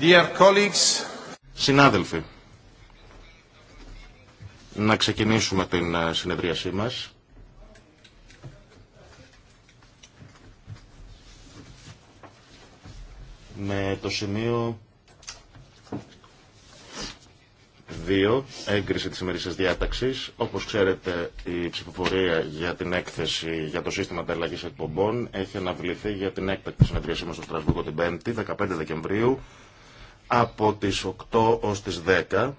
Dear colleagues. Συνάδελφοι, να ξεκινήσουμε την ε, συνεδρίασή μας. Με το σημείο 2. Έγκριση της ημερήσιας διάταξης. Όπως ξέρετε, η ψηφοφορία για την έκθεση για το σύστημα ανταλλαγής εκπομπών έχει αναβληθεί για την έκτακτη συνεδρίασή μας στο Στρασβούργο την 5η, 15 Δεκεμβρίου, από τις 8 ως τις 10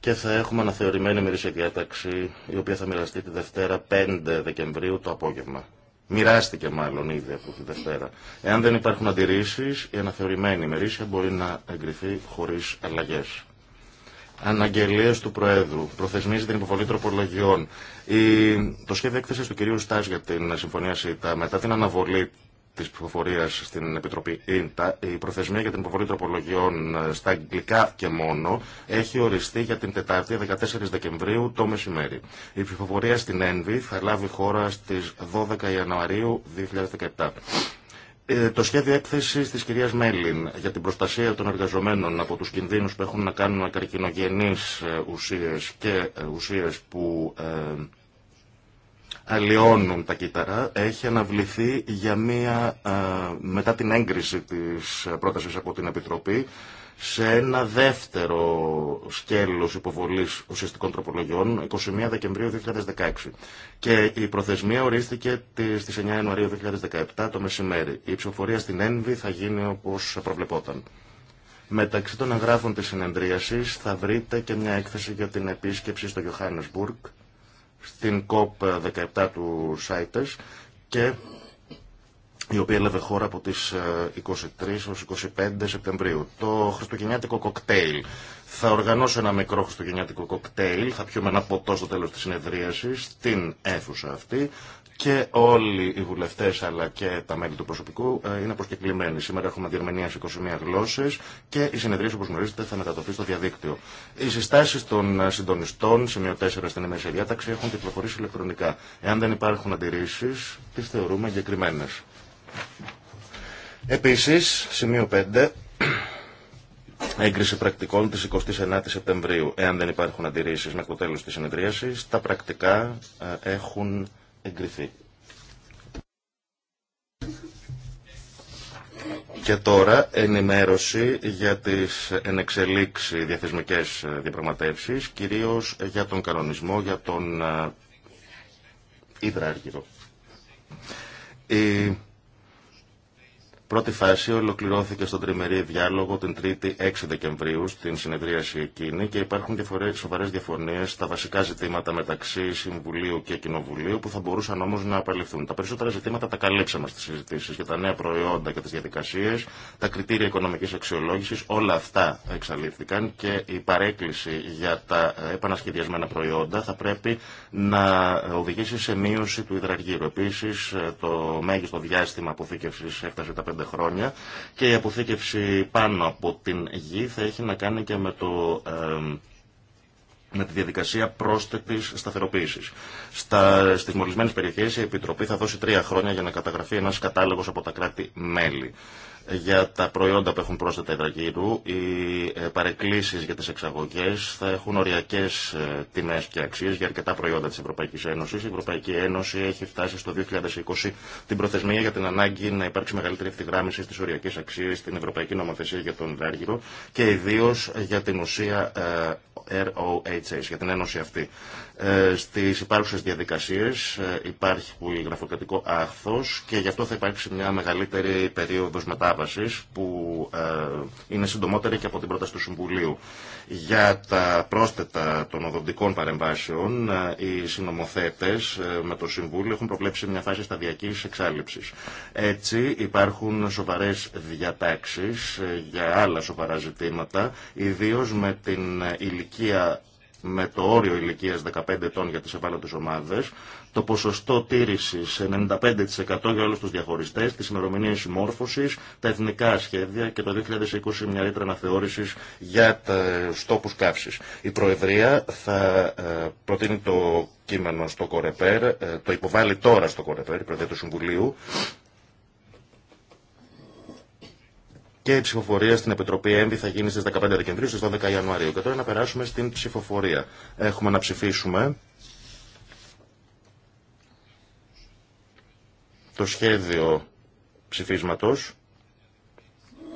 και θα έχουμε αναθεωρημένη ημερήσια διάταξη, η οποία θα μοιραστεί τη Δευτέρα 5 Δεκεμβρίου το απόγευμα. Μοιράστηκε μάλλον ήδη από τη Δευτέρα. Εάν δεν υπάρχουν αντιρρήσει, η αναθεωρημένη ημερήσια μπορεί να εγκριθεί χωρί αλλαγέ. Αναγγελίε του Προέδρου. Προθεσμίζει την υποβολή τροπολογιών. Το σχέδιο έκθεση του κυρίου Στά για την συμφωνία ΣΥΤΑ μετά την αναβολή τη ψηφοφορία στην Επιτροπή ΙΝΤΑ, η προθεσμία για την υποβολή τροπολογιών ε, στα αγγλικά και μόνο έχει οριστεί για την Τετάρτη 14 Δεκεμβρίου το μεσημέρι. Η ψηφοφορία στην ΕΝΒΗ θα λάβει χώρα στι 12 Ιανουαρίου 2017. Ε, το σχέδιο έκθεση τη κυρία Μέλιν για την προστασία των εργαζομένων από του κινδύνου που έχουν να κάνουν με καρκινογενεί ε, ουσίε και ε, ουσίε που αλλοιώνουν τα κύτταρα έχει αναβληθεί για μία, μετά την έγκριση της πρότασης από την Επιτροπή σε ένα δεύτερο σκέλος υποβολής ουσιαστικών τροπολογιών 21 Δεκεμβρίου 2016 και η προθεσμία ορίστηκε στις 9 Ιανουαρίου 2017 το μεσημέρι. Η ψηφοφορία στην ΕΝΒΗ θα γίνει όπως προβλεπόταν. Μεταξύ των εγγράφων της συνεδρίασης θα βρείτε και μια έκθεση για την επίσκεψη στο Johannesburg στην COP17 του Σάιτες και η οποία έλαβε χώρα από τις 23 ε, ως 25 Σεπτεμβρίου. Το χριστουγεννιάτικο κοκτέιλ. Θα οργανώσω ένα μικρό χριστουγεννιάτικο κοκτέιλ, θα πιούμε ένα ποτό στο τέλος της συνεδρίασης, στην αίθουσα αυτή και όλοι οι βουλευτές αλλά και τα μέλη του προσωπικού ε, είναι προσκεκλημένοι. Σήμερα έχουμε διερμηνία σε 21 γλώσσες και οι συνεδρία όπως γνωρίζετε θα μετατοπεί στο διαδίκτυο. Οι συστάσεις των συντονιστών, σημείο 4 στην διάταξη, έχουν κυκλοφορήσει ηλεκτρονικά. Εάν δεν υπάρχουν αντιρρήσεις, τις θεωρούμε εγκεκριμένες. Επίσης, σημείο 5, έγκριση πρακτικών της 29ης Σεπτεμβρίου. Εάν δεν υπάρχουν αντιρρήσεις μέχρι το τέλος της συνεδρίασης, τα πρακτικά ε, έχουν εγκριθεί. Και τώρα ενημέρωση για τις ενεξελίξει διαθεσμικές ε, διαπραγματεύσεις, κυρίως για τον κανονισμό, για τον Ιδράργυρο ε, Πρώτη φάση ολοκληρώθηκε στον τριμερή διάλογο την 3η 6 Δεκεμβρίου στην συνεδρίαση εκείνη και υπάρχουν σοβαρέ διαφωνίε στα βασικά ζητήματα μεταξύ Συμβουλίου και Κοινοβουλίου που θα μπορούσαν όμω να απαλληφθούν. Τα περισσότερα ζητήματα τα καλύψαμε στι συζητήσει για τα νέα προϊόντα και τι διαδικασίε, τα κριτήρια οικονομική αξιολόγηση, όλα αυτά εξαλείφθηκαν και η παρέκκληση για τα επανασχεδιασμένα προϊόντα θα πρέπει να οδηγήσει σε μείωση του υδραργύρου. Επίση, το μέγιστο διάστημα αποθήκευση έφτασε τα χρόνια και η αποθήκευση πάνω από την γη θα έχει να κάνει και με το με τη διαδικασία πρόσθετη σταθεροποίηση. Στι μολυσμένε περιοχέ η Επιτροπή θα δώσει τρία χρόνια για να καταγραφεί ένα κατάλογο από τα κράτη-μέλη για τα προϊόντα που έχουν πρόσθετα υδραγύρου, οι ε, παρεκκλήσεις για τις εξαγωγές θα έχουν οριακές ε, τιμές και αξίες για αρκετά προϊόντα της Ευρωπαϊκής Ένωσης. Η Ευρωπαϊκή Ένωση έχει φτάσει στο 2020 την προθεσμία για την ανάγκη να υπάρξει μεγαλύτερη ευθυγράμμιση στις οριακές αξίες στην Ευρωπαϊκή Νομοθεσία για τον Υδράγυρο και ιδίω για την ουσία ε, ROHS, για την ένωση αυτή. Ε, στις υπάρχουσες διαδικασίες ε, υπάρχει πολύ γραφειοκρατικό άχθος και γι' αυτό θα υπάρξει μια μεγαλύτερη περίοδος μετάβασης που ε, είναι συντομότερη και από την πρόταση του Συμβουλίου. Για τα πρόσθετα των οδοντικών παρεμβάσεων, οι συνομοθέτες με το Συμβούλιο έχουν προβλέψει μια φάση σταδιακής εξάλληψης. Έτσι υπάρχουν σοβαρές διατάξεις για άλλα σοβαρά ζητήματα, ιδίως με την ηλικία με το όριο ηλικίας 15 ετών για τις ευάλωτες ομάδες, το ποσοστό τήρησης 95% για όλους τους διαχωριστές, τις ημερομηνίες συμμόρφωσης, τα εθνικά σχέδια και το 2020 μια ρήτρα αναθεώρησης για τα στόχους καύσης. Η Προεδρία θα ε, προτείνει το κείμενο στο Κορεπέρ, ε, το υποβάλλει τώρα στο Κορεπέρ, η Προεδρία του Συμβουλίου, και η ψηφοφορία στην Επιτροπή ΕΜΒΗ θα γίνει στις 15 Δεκεμβρίου στις 12 Ιανουαρίου. Και τώρα να περάσουμε στην ψηφοφορία. Έχουμε να ψηφίσουμε το σχέδιο ψηφίσματος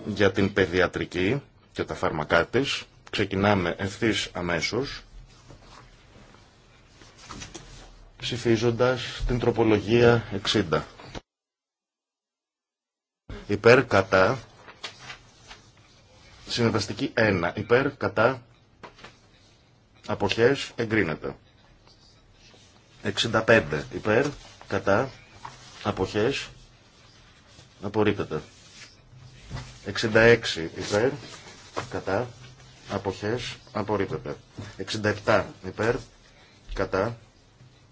για την παιδιατρική και τα φάρμακά της. Ξεκινάμε ευθύς αμέσως ψηφίζοντας την τροπολογία 60. Υπέρ κατά Συνεδραστική 1. Υπέρ, κατά, αποχές, εγκρίνεται. 65. Υπέρ, κατά, αποχές, απορρίπτεται. 66. Υπέρ, κατά, αποχές, απορρίπτεται. 67. Υπέρ, κατά,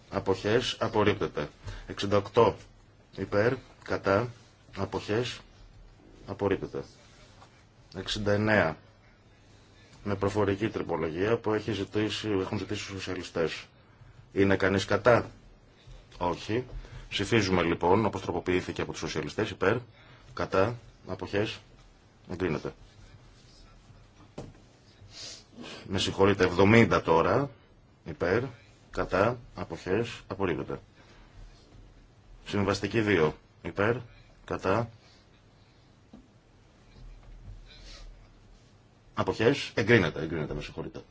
αποχές, απορρίπτεται. 68. Υπέρ, κατά, αποχές, απορρίπτεται. 69 με προφορική τριπολογία, που έχει ζητήσει, έχουν ζητήσει οι σοσιαλιστές. Είναι κανείς κατά? Όχι. Ψηφίζουμε λοιπόν, όπως τροποποιήθηκε από τους σοσιαλιστές, υπέρ, κατά, αποχές, εγκρίνεται. Με συγχωρείτε, 70 τώρα, υπέρ, κατά, αποχές, απορρίπτεται. Συμβαστική 2, υπέρ, κατά, Αποχές. Εγκρίνεται. Εγκρίνεται. Με συγχωρείτε.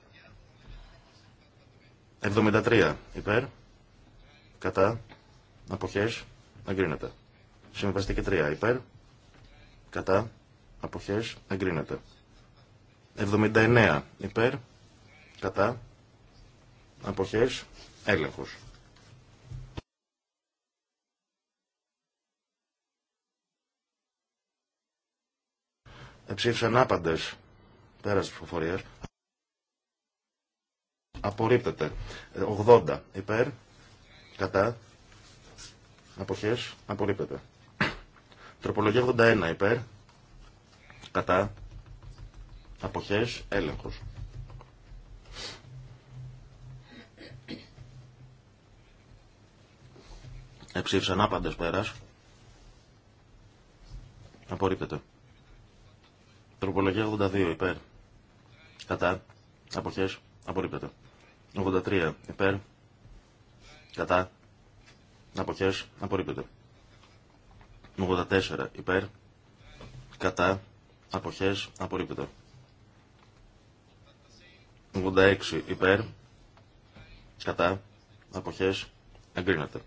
73. Υπέρ. Κατά. Αποχές. Εγκρίνεται. Συμβαστική 3. Υπέρ. Κατά. Αποχές. Εγκρίνεται. 79. Υπέρ. Κατά. Αποχές. Έλεγχος. Εψήφισαν άπαντες τη ψηφοφορίας. Απορρίπτεται. 80 ε, υπέρ. Κατά. αποχέ, Απορρίπτεται. Τροπολογία 81 υπέρ. Κατά. αποχέ, έλεγχο. Εψήφισαν άπαντε πέρα Απορρίπτεται. Τροπολογία 82 υπέρ. Κατά. Αποχές. Απορρίπτεται. 83 υπέρ. Κατά. Αποχές. Απορρίπτεται. 84 υπέρ. Κατά. Αποχές. Απορρίπτεται. 86 υπέρ. Κατά. Αποχές. Εγκρίνεται.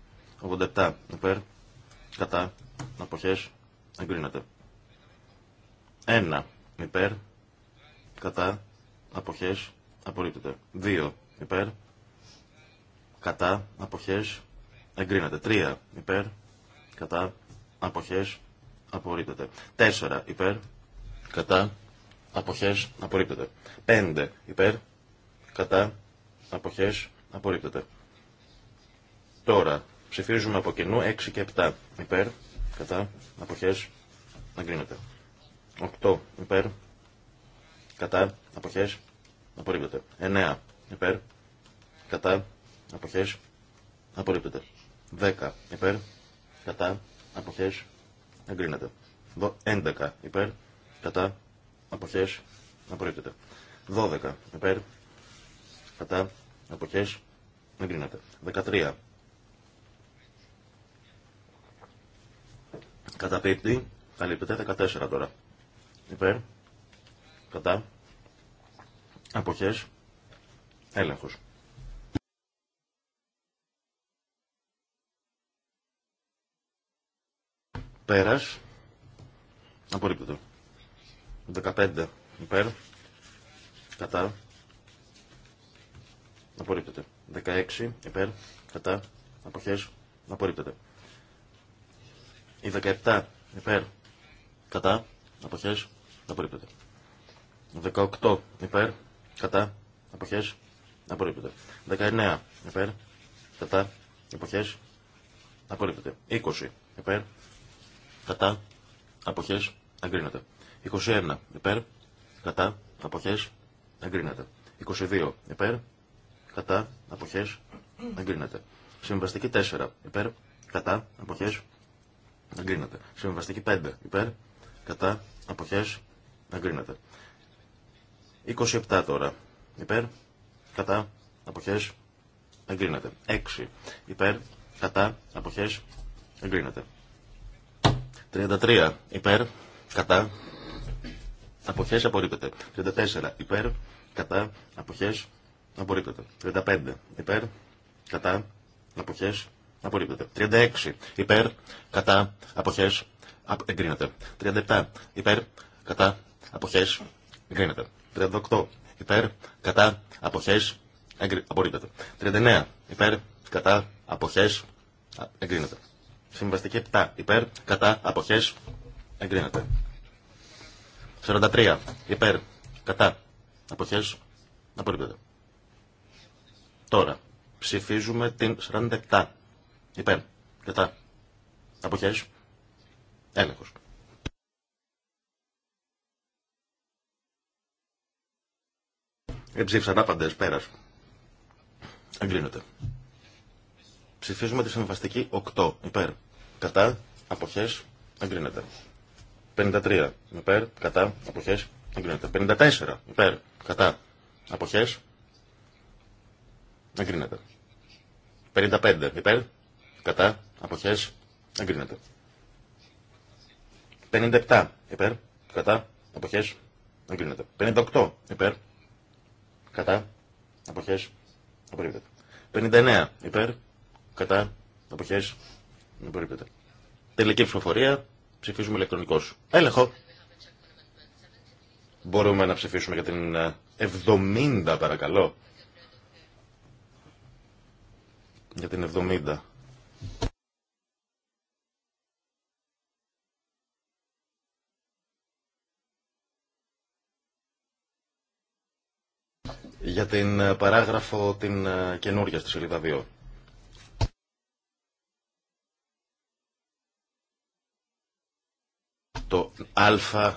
87 υπέρ. Κατά. αποχέ, Εγκρίνεται. 1 υπέρ, κατά, αποχές, απορρίπτεται. 2 υπέρ, κατά, αποχές, εγκρίνεται. 3 υπέρ, κατά, αποχές, απορρίπτεται. 4 υπέρ, κατά, αποχές, απορρίπτεται. 5 υπέρ, κατά, αποχές, απορρίπτεται. Τώρα, ψηφίζουμε από κοινού 6 και 7 υπέρ, κατά, αποχές, εγκρίνεται. 8 υπέρ. Κατά. Αποχές. Απορρίπτεται. 9 υπέρ. Κατά. Αποχές. Απορρίπτεται. 10 υπέρ. Κατά. Αποχές. Εγκρίνεται. 11 υπέρ. Κατά. Αποχές. Απορρίπτεται. 12 υπέρ. Κατά. Αποχές. Εγκρίνεται. 13. Καταπίπτει. Καλύπτεται 14 τώρα. Υπέρ. Κατά. Αποχές. Έλεγχος. Πέρας. Απορρίπτεται. 15. Υπέρ. Κατά. Απορρίπτεται. 16. Υπέρ. Κατά. Αποχές. Απορρίπτεται. Η 17. Υπέρ. Κατά. Αποχές. Απορρίπτεται. 18 υπέρ. Κατά. Αποχές. Απορρίπτεται. 19 υπέρ. Κατά. Αποχές. Απορρίπτεται. 20 υπέρ. Κατά. Αποχές. Αγκρίνεται. 21 υπέρ. Κατά. Αποχές. Αγκρίνεται. 22 υπέρ. Κατά. Αποχές. Αγκρίνεται. Συμβαστική 4 υπέρ. Κατά. Αποχές. Αγκρίνεται. Συμβαστική 5 υπέρ. Κατά. Αποχές. Εγκρίνεται. 27 τώρα. Υπέρ. Κατά. αποχέ, Εγκρίνεται. 6. Υπέρ. Κατά. Αποχές. Εγκρίνεται. 33. Υπέρ. Κατά. Αποχές απορρίπτεται. 34. Υπέρ. Κατά. Αποχές. Απορρίπτεται. 35. Υπέρ. Κατά. Αποχές. Απορρίπτεται. 36. Υπέρ. Κατά. Αποχές. Εγκρίνεται. 37. Υπέρ. Κατά αποχές, εγκρίνεται. 38 υπέρ, κατά, αποχές, απορρίπτεται. 39 υπέρ, κατά, αποχές, εγκρίνεται. Συμβαστική 7 υπέρ, κατά, αποχές, εγκρίνεται. 43 υπέρ, κατά, αποχές, απορρίπτεται. Τώρα, ψηφίζουμε την 47 υπέρ, κατά, αποχές, έλεγχος. Εψήφισαν άπαντε, πέρα. Εγκρίνεται. Ψηφίζουμε τη συμβαστική 8 υπέρ. Κατά αποχέ εγκρίνεται. 53 υπέρ. Κατά αποχέ εγκρίνεται. 54 υπέρ. Κατά αποχέ εγκρίνεται. 55 υπέρ. Κατά αποχέ εγκρίνεται. 57 υπέρ. Κατά αποχέ εγκρίνεται. 58 υπέρ. Κατά. αποχέ, Απορρίπτεται. 59. Υπέρ. Κατά. Αποχές. Απορρίπτεται. Τελική ψηφοφορία. Ψηφίζουμε ηλεκτρονικώ. Έλεγχο. Μπορούμε να ψηφίσουμε για την 70 ε, παρακαλώ. Για την 70. για την ε, παράγραφο την ε, καινούργια στη σελίδα 2. Το α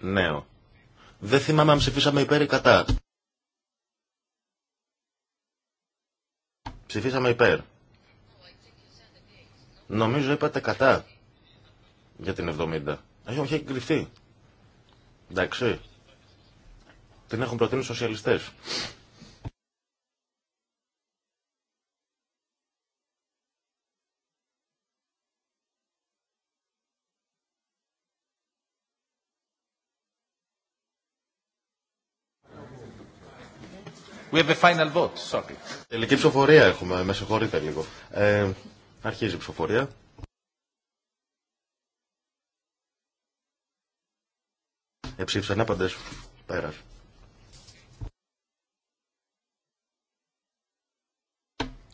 νέο. Δεν θυμάμαι αν ψηφίσαμε υπέρ ή κατά. Ψηφίσαμε υπέρ. Νομίζω είπατε κατά για την 70. Έχει, όχι, έχει Εντάξει. Την έχουν προτείνει οι σοσιαλιστές. We have a final vote, sorry. Τελική ψηφοφορία έχουμε, με συγχωρείτε λίγο. Ε, αρχίζει η ψηφοφορία. Εψήφισαν άπαντες. Πέρας.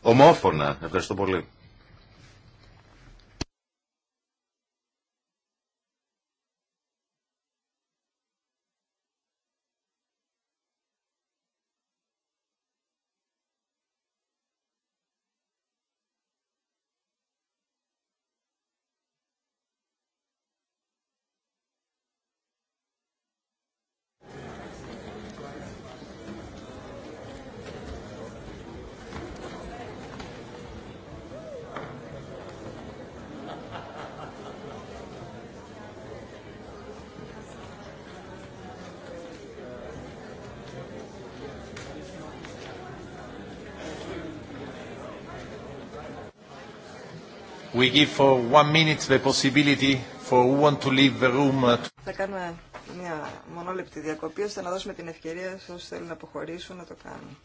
Ομόφωνα. Ευχαριστώ πολύ. Θα κάνουμε μια μονόλεπτη διακοπή ώστε να δώσουμε την ευκαιρία σε θέλουν να αποχωρήσουν να το κάνουν.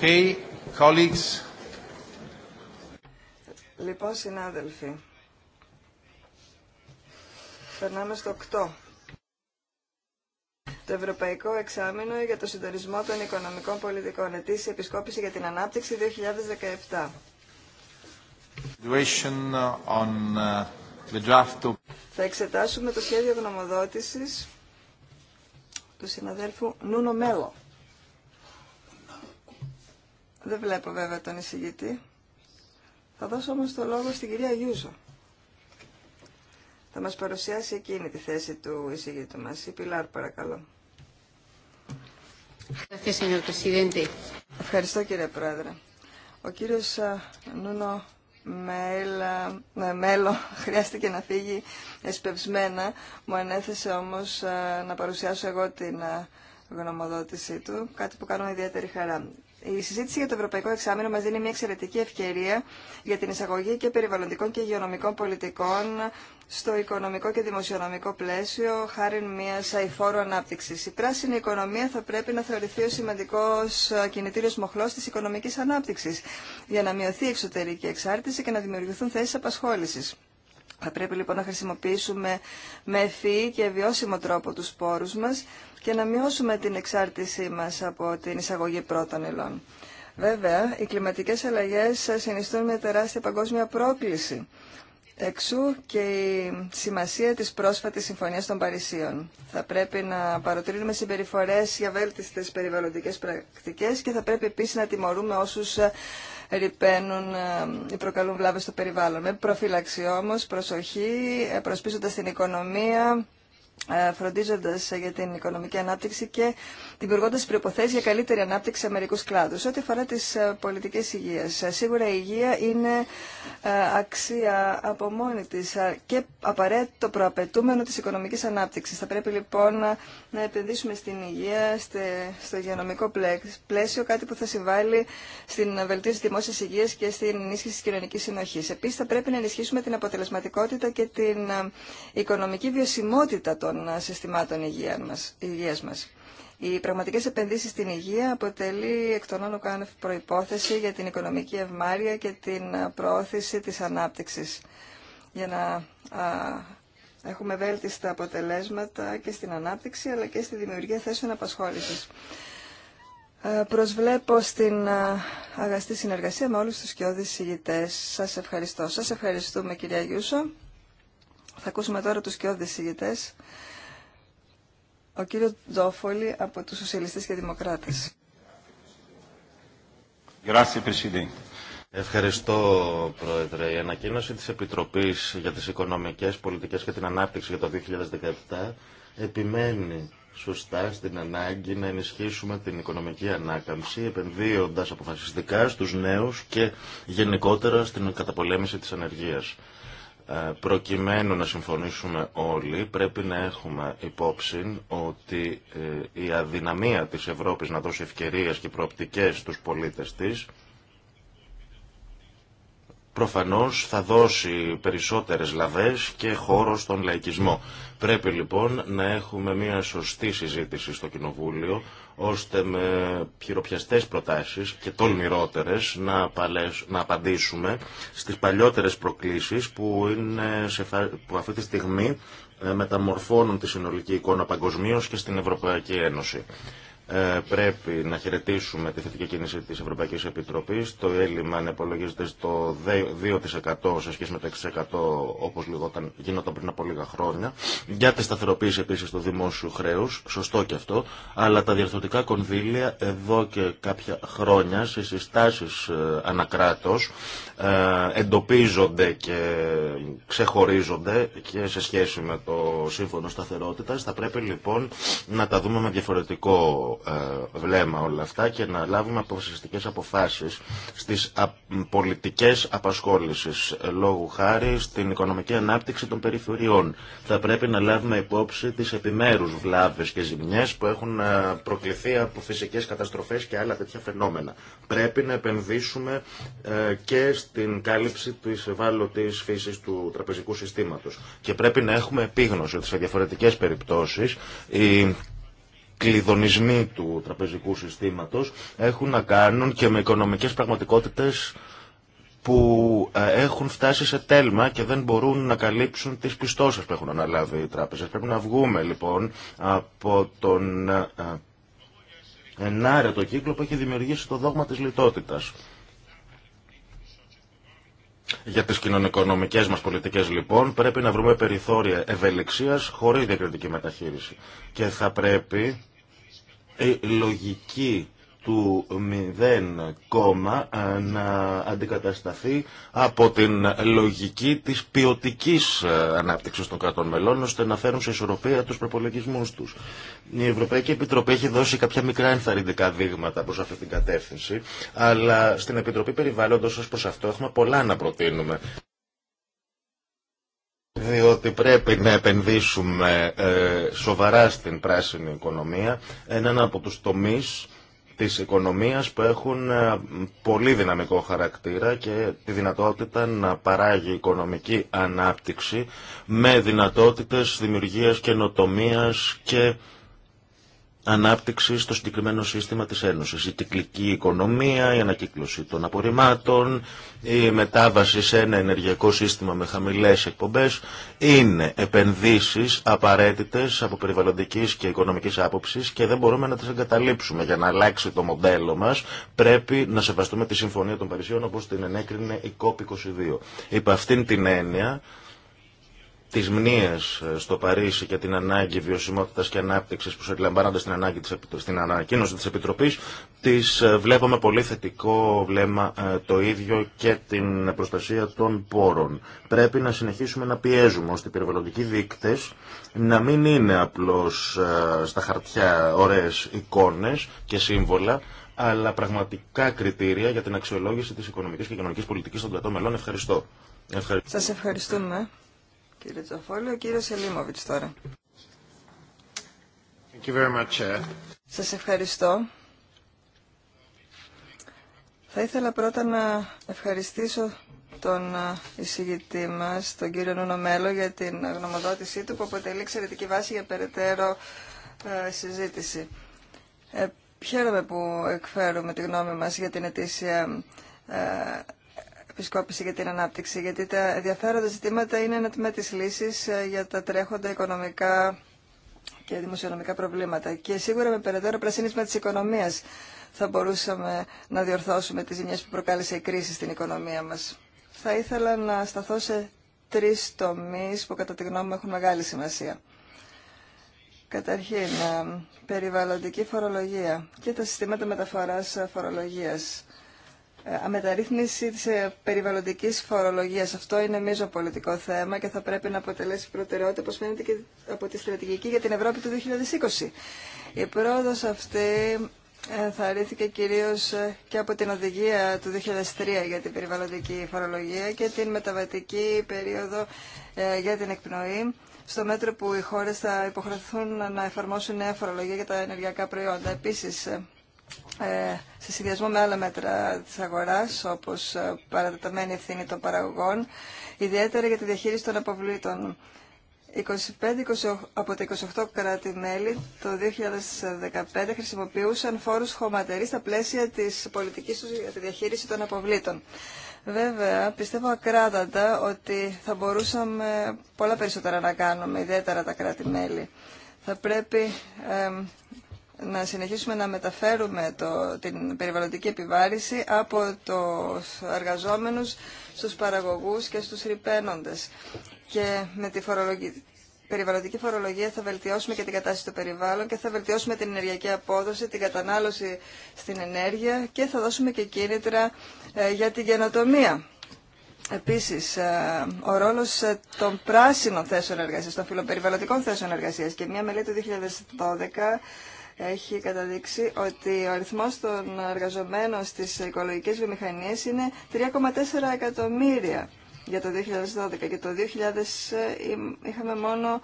Okay, colleagues. Λοιπόν, συνάδελφοι, περνάμε στο 8. Το Ευρωπαϊκό Εξάμεινο για το Συντορισμό των Οικονομικών Πολιτικών. Ετήσια Επισκόπηση για την Ανάπτυξη 2017. Uh, Θα εξετάσουμε το σχέδιο γνωμοδότησης του συναδέλφου Νούνο Μέλο. Δεν βλέπω βέβαια τον εισηγητή. Θα δώσω όμως το λόγο στην κυρία Γιούζο. Θα μας παρουσιάσει εκείνη τη θέση του εισηγητού μας. Η Πιλάρ παρακαλώ. Ευχαριστώ κύριε Πρόεδρε. Ο κύριος Νούνο Μέλα, ε, μέλο χρειάστηκε να φύγει εσπευσμένα. Μου ανέθεσε όμως να παρουσιάσω εγώ την γνωμοδότησή του, κάτι που κάνω ιδιαίτερη χαρά. Η συζήτηση για το Ευρωπαϊκό Εξάμεινο μας δίνει μια εξαιρετική ευκαιρία για την εισαγωγή και περιβαλλοντικών και υγειονομικών πολιτικών στο οικονομικό και δημοσιονομικό πλαίσιο χάρη μια αηφόρου ανάπτυξη. Η πράσινη οικονομία θα πρέπει να θεωρηθεί ο σημαντικό κινητήριο μοχλό τη οικονομική ανάπτυξη για να μειωθεί η εξωτερική εξάρτηση και να δημιουργηθούν θέσει απασχόληση. Θα πρέπει λοιπόν να χρησιμοποιήσουμε με ευφυή και βιώσιμο τρόπο τους σπόρους μας και να μειώσουμε την εξάρτησή μας από την εισαγωγή πρώτων υλών. Βέβαια, οι κλιματικές αλλαγές συνιστούν μια τεράστια παγκόσμια πρόκληση. Εξού και η σημασία της πρόσφατης Συμφωνίας των Παρισίων. Θα πρέπει να παροτρύνουμε συμπεριφορές για βέλτιστες περιβαλλοντικές πρακτικές και θα πρέπει επίσης να τιμωρούμε όσους ρηπαίνουν ε, ή προκαλούν βλάβες στο περιβάλλον. Με προφύλαξη όμως, προσοχή, ε, προσπίσοντας την οικονομία, ε, φροντίζοντας για την οικονομική ανάπτυξη και δημιουργώντα προποθέσει για καλύτερη ανάπτυξη σε μερικού κλάδου. Ό,τι αφορά τι ε, πολιτικέ υγεία. Ε, σίγουρα η υγεία είναι ε, αξία από μόνη τη και απαραίτητο προαπαιτούμενο τη οικονομική ανάπτυξη. Θα πρέπει λοιπόν να επενδύσουμε στην υγεία, στο υγειονομικό πλαίσιο, κάτι που θα συμβάλλει στην βελτίωση τη δημόσια υγεία και στην ενίσχυση τη κοινωνική συνοχή. Επίση, θα πρέπει να ενισχύσουμε την αποτελεσματικότητα και την οικονομική βιωσιμότητα των συστημάτων υγείας μας. Οι πραγματικές επενδύσεις στην υγεία αποτελεί εκ των όνων κάνευ προϋπόθεση για την οικονομική ευμάρεια και την προώθηση της ανάπτυξης. Για να έχουμε βέλτιστα αποτελέσματα και στην ανάπτυξη αλλά και στη δημιουργία θέσεων απασχόλησης. Ε, προσβλέπω στην αγαστή συνεργασία με όλους τους κοιόδης συγητές. Σας ευχαριστώ. Σας ευχαριστούμε κυρία Γιούσο. Θα ακούσουμε τώρα τους κοιόδης συγητές ο κύριος Ντόφολη από τους Σοσιαλιστές και Δημοκράτες. Ευχαριστώ, Πρόεδρε. Η ανακοίνωση της Επιτροπής για τις Οικονομικές Πολιτικές και την Ανάπτυξη για το 2017 επιμένει σωστά στην ανάγκη να ενισχύσουμε την οικονομική ανάκαμψη, επενδύοντας αποφασιστικά στους νέους και γενικότερα στην καταπολέμηση της ανεργίας. Ε, προκειμένου να συμφωνήσουμε όλοι, πρέπει να έχουμε υπόψη ότι ε, η αδυναμία της Ευρώπης να δώσει ευκαιρίες και προοπτικές στους πολίτες της προφανώς θα δώσει περισσότερες λαβές και χώρο στον λαϊκισμό. Πρέπει λοιπόν να έχουμε μια σωστή συζήτηση στο Κοινοβούλιο ώστε με χειροπιαστές προτάσεις και τολμηρότερες να, να απαντήσουμε στις παλιότερες προκλήσεις που, είναι σε, που αυτή τη στιγμή ε, μεταμορφώνουν τη συνολική εικόνα παγκοσμίω και στην Ευρωπαϊκή Ένωση. Ε, πρέπει να χαιρετήσουμε τη θετική κίνηση της Ευρωπαϊκής Επιτροπής. Το έλλειμμα ανεπολογίζεται στο 2% σε σχέση με το 6% όπως λιγόταν, γινόταν πριν από λίγα χρόνια. Για τη σταθεροποίηση επίσης του δημόσιου χρέους, σωστό και αυτό, αλλά τα διαρθρωτικά κονδύλια εδώ και κάποια χρόνια σε συστάσεις ε, ανακράτος ε, εντοπίζονται και ξεχωρίζονται και σε σχέση με το σύμφωνο σταθερότητας. Θα πρέπει λοιπόν να τα δούμε με διαφορετικό ε, βλέμμα όλα αυτά και να λάβουμε αποφασιστικές αποφάσεις στις πολιτικές απασχόλησεις λόγου χάρη στην οικονομική ανάπτυξη των περιφερειών. Θα πρέπει να λάβουμε υπόψη τις επιμέρους βλάβες και ζημιές που έχουν ε, προκληθεί από φυσικές καταστροφές και άλλα τέτοια φαινόμενα. Πρέπει να επενδύσουμε ε, και στην κάλυψη της ευάλωτης φύσης του τραπεζικού συστήματος. Και πρέπει να έχουμε επίγνωση ότι σε διαφορετικές περιπτώσεις κλειδονισμοί του τραπεζικού συστήματος έχουν να κάνουν και με οικονομικές πραγματικότητες που ε, έχουν φτάσει σε τέλμα και δεν μπορούν να καλύψουν τις πιστώσεις που έχουν αναλάβει οι τράπεζες. Πρέπει να βγούμε λοιπόν από τον ε, ενάρετο κύκλο που έχει δημιουργήσει το δόγμα της λιτότητας. Για τις κοινωνικονομικές μας πολιτικές λοιπόν πρέπει να βρούμε περιθώρια ευελιξίας χωρίς διακριτική μεταχείριση. Και θα πρέπει η ε, λογική του 0, ε, να αντικατασταθεί από την λογική της ποιοτική ε, ανάπτυξης των κρατών μελών, ώστε να φέρουν σε ισορροπία τους προπολογισμούς τους. Η Ευρωπαϊκή Επιτροπή έχει δώσει κάποια μικρά ενθαρρυντικά δείγματα προς αυτή την κατεύθυνση, αλλά στην Επιτροπή Περιβάλλοντος ως προς αυτό έχουμε πολλά να προτείνουμε διότι πρέπει να επενδύσουμε ε, σοβαρά στην πράσινη οικονομία, έναν από τους τομείς της οικονομίας που έχουν ε, πολύ δυναμικό χαρακτήρα και τη δυνατότητα να παράγει οικονομική ανάπτυξη με δυνατότητες δημιουργίας καινοτομίας και ανάπτυξη στο συγκεκριμένο σύστημα της Ένωσης. Η κυκλική οικονομία, η ανακύκλωση των απορριμμάτων, η μετάβαση σε ένα ενεργειακό σύστημα με χαμηλές εκπομπές είναι επενδύσεις απαραίτητες από περιβαλλοντικής και οικονομικής άποψης και δεν μπορούμε να τις εγκαταλείψουμε. Για να αλλάξει το μοντέλο μας πρέπει να σεβαστούμε τη Συμφωνία των Παρισιών όπως την ενέκρινε η COP22. Υπ' αυτήν την έννοια τις μνήες ε, στο Παρίσι και την ανάγκη βιωσιμότητα και ανάπτυξη που συλλαμβάνονται στην, ανάγκη της, στην ανακοίνωση της Επιτροπής, τις ε, βλέπουμε πολύ θετικό βλέμμα ε, το ίδιο και την προστασία των πόρων. Πρέπει να συνεχίσουμε να πιέζουμε ώστε οι περιβαλλοντικοί δείκτε να μην είναι απλώ στα χαρτιά ωραίε εικόνε και σύμβολα, αλλά πραγματικά κριτήρια για την αξιολόγηση της οικονομικής και κοινωνικής πολιτικής των κρατών μελών. Ευχαριστώ. Ευχαριστώ. ευχαριστούμε κύριε Τζοφόλη. Ο κύριο Σελίμωβιτς τώρα. Thank you very much. Σας ευχαριστώ. Θα ήθελα πρώτα να ευχαριστήσω τον εισηγητή μας, τον κύριο Νουνομέλο, για την γνωμοδότησή του που αποτελεί εξαιρετική βάση για περαιτέρω συζήτηση. Ε, χαίρομαι που εκφέρουμε τη γνώμη μας για την ετήσια επισκόπηση για την ανάπτυξη, γιατί τα ενδιαφέροντα ζητήματα είναι ένα τμήμα τη λύση ε, για τα τρέχοντα οικονομικά και δημοσιονομικά προβλήματα. Και σίγουρα με περαιτέρω πρασίνισμα της οικονομίας θα μπορούσαμε να διορθώσουμε τις ζημιέ που προκάλεσε η κρίση στην οικονομία μας. Θα ήθελα να σταθώ σε τρεις τομεί που κατά τη γνώμη μου έχουν μεγάλη σημασία. Καταρχήν, ε, περιβαλλοντική φορολογία και τα συστήματα μεταφοράς ε, φορολογίας αμεταρρύθμιση της ε, περιβαλλοντικής φορολογίας. Αυτό είναι μείζο πολιτικό θέμα και θα πρέπει να αποτελέσει προτεραιότητα, όπως φαίνεται και από τη στρατηγική για την Ευρώπη του 2020. Η πρόοδος αυτή θα ρίθηκε κυρίως ε, και από την οδηγία του 2003 για την περιβαλλοντική φορολογία και την μεταβατική περίοδο ε, για την εκπνοή στο μέτρο που οι χώρες θα υποχρεωθούν να εφαρμόσουν νέα φορολογία για τα ενεργειακά προϊόντα. Επίσης, ε, σε συνδυασμό με άλλα μέτρα της αγοράς, όπως ε, παρατεταμένη ευθύνη των παραγωγών, ιδιαίτερα για τη διαχείριση των αποβλήτων. 25 από τα 28 κράτη-μέλη το 2015 χρησιμοποιούσαν φόρους χωματερή στα πλαίσια της πολιτικής τους για τη διαχείριση των αποβλήτων. Βέβαια, πιστεύω ακράδαντα ότι θα μπορούσαμε πολλά περισσότερα να κάνουμε, ιδιαίτερα τα κράτη-μέλη. Θα πρέπει να συνεχίσουμε να μεταφέρουμε το, την περιβαλλοντική επιβάρηση από τους εργαζόμενους στους παραγωγούς και στους ρηπαίνοντες. Και με τη φορολογική, περιβαλλοντική φορολογία θα βελτιώσουμε και την κατάσταση του περιβάλλον και θα βελτιώσουμε την ενεργειακή απόδοση, την κατανάλωση στην ενέργεια και θα δώσουμε και κίνητρα ε, για την καινοτομία. Επίσης, ε, ο ρόλος ε, των πράσινων θέσεων εργασίας, των φιλοπεριβαλλοντικών θέσεων εργασίας και μια μελέτη του 2012 έχει καταδείξει ότι ο αριθμός των εργαζομένων στις οικολογικές βιομηχανίες είναι 3,4 εκατομμύρια για το 2012 και το 2000 ε, είχαμε μόνο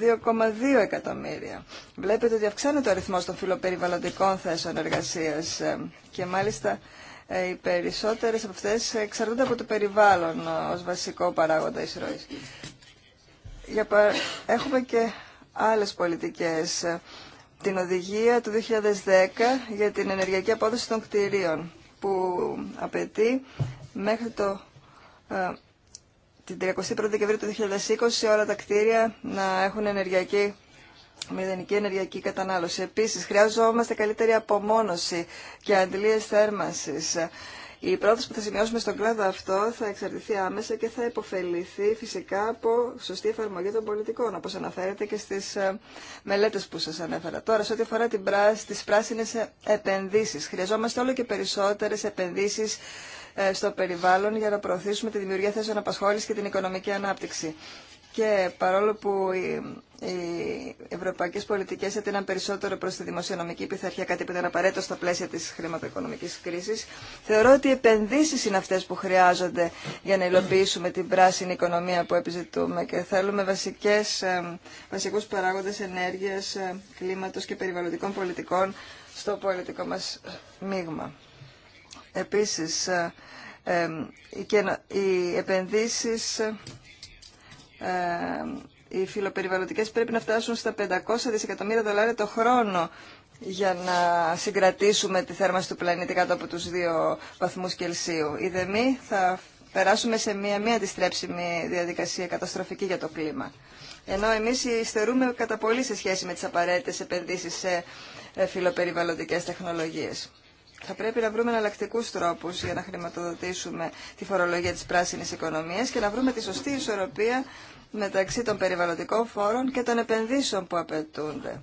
2,2 ε, εκατομμύρια. Βλέπετε ότι αυξάνεται ο αριθμός των φιλοπεριβαλλοντικών θέσεων εργασίας ε, και μάλιστα οι περισσότερες από αυτές εξαρτούνται από το περιβάλλον ως βασικό παράγοντα εισρώης. Για Έχουμε και άλλες πολιτικές την οδηγία του 2010 για την ενεργειακή απόδοση των κτηρίων που απαιτεί μέχρι το, ε, την 31η Δεκεμβρίου του 2020 όλα τα κτίρια να έχουν ενεργειακή μηδενική ενεργειακή κατανάλωση. Επίσης, χρειαζόμαστε καλύτερη απομόνωση και αντλίες θέρμανσης η πρόταση που θα σημειώσουμε στον κλάδο αυτό θα εξαρτηθεί άμεσα και θα υποφεληθεί φυσικά από σωστή εφαρμογή των πολιτικών, όπω αναφέρεται και στις ε, μελέτες που σας ανέφερα. Τώρα, σε ό,τι αφορά την πράσινε επενδύσει, επενδύσεις, χρειαζόμαστε όλο και περισσότερες επενδύσεις ε, στο περιβάλλον για να προωθήσουμε τη δημιουργία θέσεων απασχόληση και την οικονομική ανάπτυξη. Και παρόλο που οι ευρωπαϊκέ πολιτικέ έτειναν περισσότερο προ τη δημοσιονομική πειθαρχία, κάτι που ήταν απαραίτητο στα πλαίσια τη χρηματοοικονομική κρίση. Θεωρώ ότι οι επενδύσει είναι αυτέ που χρειάζονται για να υλοποιήσουμε την πράσινη οικονομία που επιζητούμε και θέλουμε βασικού παράγοντε ενέργεια, κλίματο και περιβαλλοντικών πολιτικών στο πολιτικό μα μείγμα. Επίση, οι επενδύσει ε, οι φιλοπεριβαλλοντικές πρέπει να φτάσουν στα 500 δισεκατομμύρια δολάρια το χρόνο για να συγκρατήσουμε τη θέρμανση του πλανήτη κάτω από τους δύο βαθμούς Κελσίου. Η ΔΕΜΗ θα περάσουμε σε μία μη αντιστρέψιμη διαδικασία καταστροφική για το κλίμα. Ενώ εμείς υστερούμε κατά πολύ σε σχέση με τις απαραίτητες επενδύσεις σε ε, φιλοπεριβαλλοντικές τεχνολογίες. Θα πρέπει να βρούμε εναλλακτικού τρόπου για να χρηματοδοτήσουμε τη φορολογία τη πράσινη οικονομία και να βρούμε τη σωστή ισορροπία μεταξύ των περιβαλλοντικών φόρων και των επενδύσεων που απαιτούνται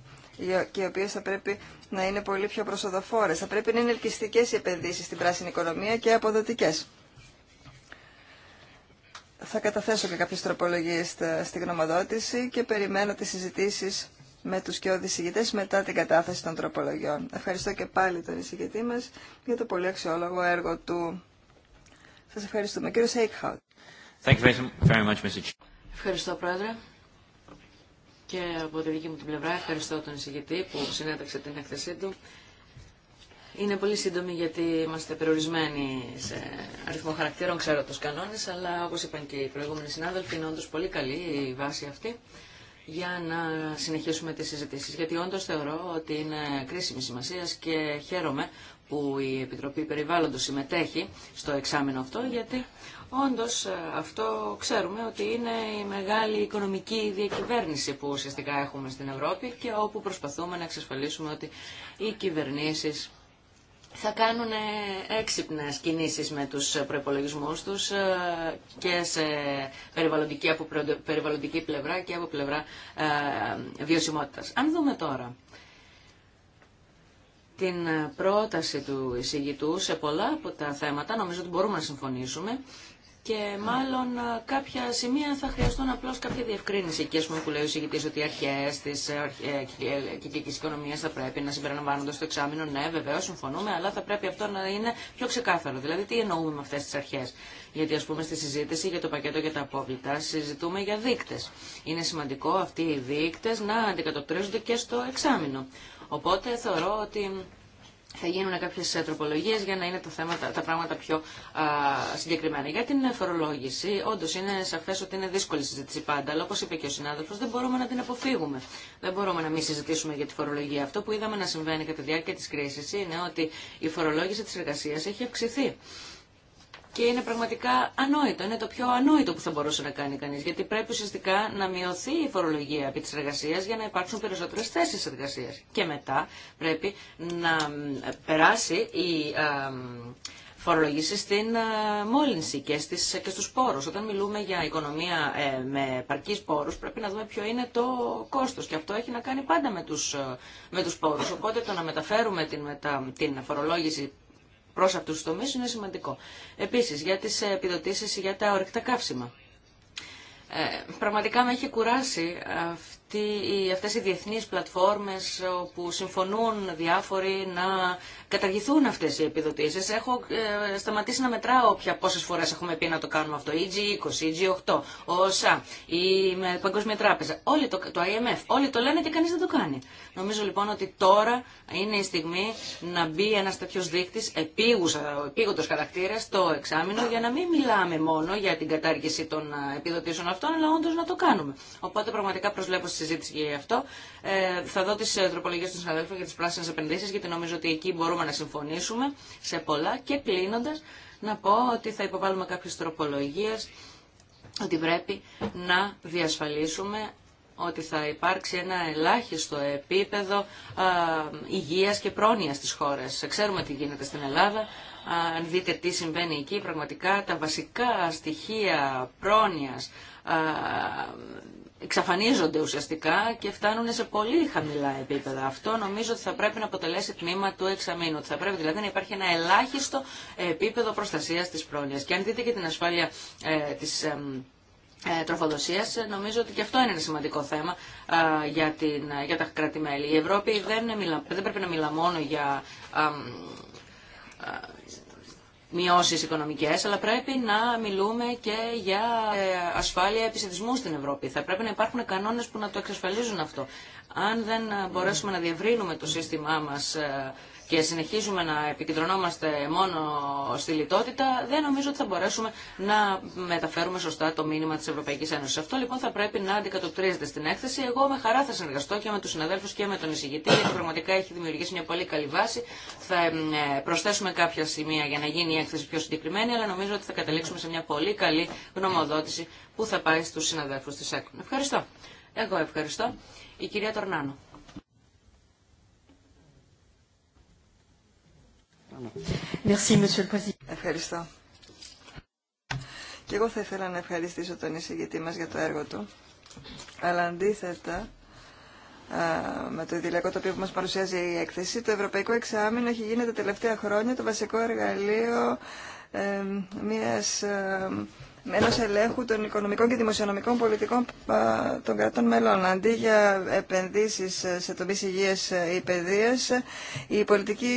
και οι οποίε θα πρέπει να είναι πολύ πιο προσοδοφόρε. Θα πρέπει να είναι ελκυστικέ οι επενδύσει στην πράσινη οικονομία και αποδοτικέ. Θα καταθέσω και κάποιε τροπολογίε στη γνωμοδότηση και περιμένω τι συζητήσει με τους και οδησηγητές μετά την κατάθεση των τροπολογιών. Ευχαριστώ και πάλι τον εισηγητή μας για το πολύ αξιόλογο έργο του. Σας ευχαριστούμε. Κύριο Σέικχαουτ. Ευχαριστώ, Πρόεδρε. Και από τη δική μου την πλευρά ευχαριστώ τον εισηγητή που συνέταξε την έκθεσή του. Είναι πολύ σύντομη γιατί είμαστε περιορισμένοι σε αριθμό χαρακτήρων, ξέρω τους κανόνες, αλλά όπως είπαν και οι προηγούμενοι συνάδελφοι είναι όντως πολύ καλή η βάση αυτή για να συνεχίσουμε τις συζητήσεις, γιατί όντως θεωρώ ότι είναι κρίσιμη σημασία και χαίρομαι που η Επιτροπή Περιβάλλοντος συμμετέχει στο εξάμεινο αυτό, γιατί όντως ε, αυτό ξέρουμε ότι είναι η μεγάλη οικονομική διακυβέρνηση που ουσιαστικά έχουμε στην Ευρώπη και όπου προσπαθούμε να εξασφαλίσουμε ότι οι κυβερνήσεις θα κάνουν ε, έξυπνες κινήσεις με τους προϋπολογισμούς τους ε, και σε περιβαλλοντική, από περιβαλλοντική πλευρά και από πλευρά ε, βιωσιμότητας. Αν δούμε τώρα την πρόταση του εισηγητού σε πολλά από τα θέματα, νομίζω ότι μπορούμε να συμφωνήσουμε και μάλλον ε, κάποια σημεία θα χρειαστούν απλώς κάποια διευκρίνηση. Και ας πούμε που λέει ο συγκεκριτή ότι οι αρχές της ε, ε, κυκλικής οικονομίας θα πρέπει να συμπεριλαμβάνονται στο εξάμεινο. Ναι, βεβαίως, συμφωνούμε, αλλά θα πρέπει αυτό να είναι πιο ξεκάθαρο. Δηλαδή, τι εννοούμε με αυτές τις αρχές. Γιατί ας πούμε στη συζήτηση για το πακέτο για τα απόβλητα συζητούμε για δείκτες. Είναι σημαντικό αυτοί οι δείκτες να αντικατοπτρίζονται και στο εξάμεινο. Οπότε θεωρώ ότι θα γίνουν κάποιε τροπολογίε για να είναι τα, θέματα, τα πράγματα πιο α, συγκεκριμένα. Για την φορολόγηση, όντω είναι σαφέ ότι είναι δύσκολη συζήτηση πάντα, αλλά όπω είπε και ο συνάδελφο, δεν μπορούμε να την αποφύγουμε. Δεν μπορούμε να μην συζητήσουμε για τη φορολογία. Αυτό που είδαμε να συμβαίνει κατά τη διάρκεια τη κρίση είναι ότι η φορολόγηση τη εργασία έχει αυξηθεί και είναι πραγματικά ανόητο. Είναι το πιο ανόητο που θα μπορούσε να κάνει κανεί. Γιατί πρέπει ουσιαστικά να μειωθεί η φορολογία επί τη εργασία για να υπάρξουν περισσότερε θέσει εργασία. Και μετά πρέπει να περάσει η ε, φορολογήση στην ε, μόλυνση και, στις, και στους πόρους. Όταν μιλούμε για οικονομία ε, με παρκείς πόρους πρέπει να δούμε ποιο είναι το κόστος και αυτό έχει να κάνει πάντα με τους, με τους πόρους. Οπότε το να μεταφέρουμε την, μετα, την φορολόγηση προ αυτού του τομεί είναι σημαντικό. Επίση, για τι επιδοτήσει για τα ορυκτά καύσιμα. Ε, πραγματικά με έχει κουράσει αυτή ότι αυτές οι διεθνείς πλατφόρμες που συμφωνούν διάφοροι να καταργηθούν αυτές οι επιδοτήσεις. Έχω ε, σταματήσει να μετράω πια πόσες φορές έχουμε πει να το κάνουμε αυτό. Η G20, η G8, ο ΩΣΑ, η Παγκόσμια Τράπεζα, όλοι το, το IMF, όλοι το λένε και κανείς δεν το κάνει. Νομίζω λοιπόν ότι τώρα είναι η στιγμή να μπει ένας τέτοιος δείκτης επίγοντος χαρακτήρα στο εξάμεινο για να μην μιλάμε μόνο για την κατάργηση των ε, επιδοτήσεων αυτών, αλλά όντω να το κάνουμε. Οπότε πραγματικά προσβλέπω συζήτηση για αυτό. Ε, θα δω τις ε, τροπολογίες των συναδέλφων για τι πράσινε επενδύσει, γιατί νομίζω ότι εκεί μπορούμε να συμφωνήσουμε σε πολλά. Και κλείνοντα να πω ότι θα υποβάλουμε κάποιε τροπολογίε ότι πρέπει να διασφαλίσουμε ότι θα υπάρξει ένα ελάχιστο επίπεδο α, ε, υγείας και πρόνοιας στις χώρες. Ξέρουμε τι γίνεται στην Ελλάδα. Αν δείτε τι συμβαίνει εκεί, πραγματικά τα βασικά στοιχεία πρόνοιας, εξαφανίζονται ουσιαστικά και φτάνουν σε πολύ χαμηλά επίπεδα. Αυτό νομίζω ότι θα πρέπει να αποτελέσει τμήμα του εξαμήνου. θα πρέπει δηλαδή να υπάρχει ένα ελάχιστο επίπεδο προστασίας της πρόνοιας. Και αν δείτε και την ασφάλεια ε, της ε, τροφοδοσίας, νομίζω ότι και αυτό είναι ένα σημαντικό θέμα για, την, για τα κράτη-μέλη. Η Ευρώπη δεν, δεν πρέπει να μιλά μόνο για μειώσεις οικονομικές, αλλά πρέπει να μιλούμε και για ε, ασφάλεια επισκεπτισμού στην Ευρώπη. Θα πρέπει να υπάρχουν κανόνες που να το εξασφαλίζουν αυτό. Αν δεν ε, μπορέσουμε να διευρύνουμε το σύστημά μας ε, και συνεχίζουμε να επικεντρωνόμαστε μόνο στη λιτότητα, δεν νομίζω ότι θα μπορέσουμε να μεταφέρουμε σωστά το μήνυμα της Ευρωπαϊκής Ένωσης. Αυτό λοιπόν θα πρέπει να αντικατοπτρίζεται στην έκθεση. Εγώ με χαρά θα συνεργαστώ και με τους συναδέλφους και με τον εισηγητή, γιατί πραγματικά έχει δημιουργήσει μια πολύ καλή βάση. Θα ε, προσθέσουμε κάποια σημεία για να γίνει η έκθεση πιο συγκεκριμένη, αλλά νομίζω ότι θα καταλήξουμε σε μια πολύ καλή γνωμοδότηση που θα πάει στους συναδέλφους της ΕΚΟ. Ευχαριστώ. Εγώ ευχαριστώ. Η κυρία Τορνάνο. Ευχαριστώ. Και εγώ θα ήθελα να ευχαριστήσω τον εισηγητή μας για το έργο του. Αλλά αντίθετα, με το ειδηλιακό το οποίο μας παρουσιάζει η έκθεση, το Ευρωπαϊκό Εξάμεινο έχει γίνει τα τελευταία χρόνια το βασικό εργαλείο ε, μιας ε, ενός ελέγχου των οικονομικών και δημοσιονομικών πολιτικών των κρατών μελών. Αντί για επενδύσεις σε τομείς υγείας ε, ή παιδείας, η πολιτική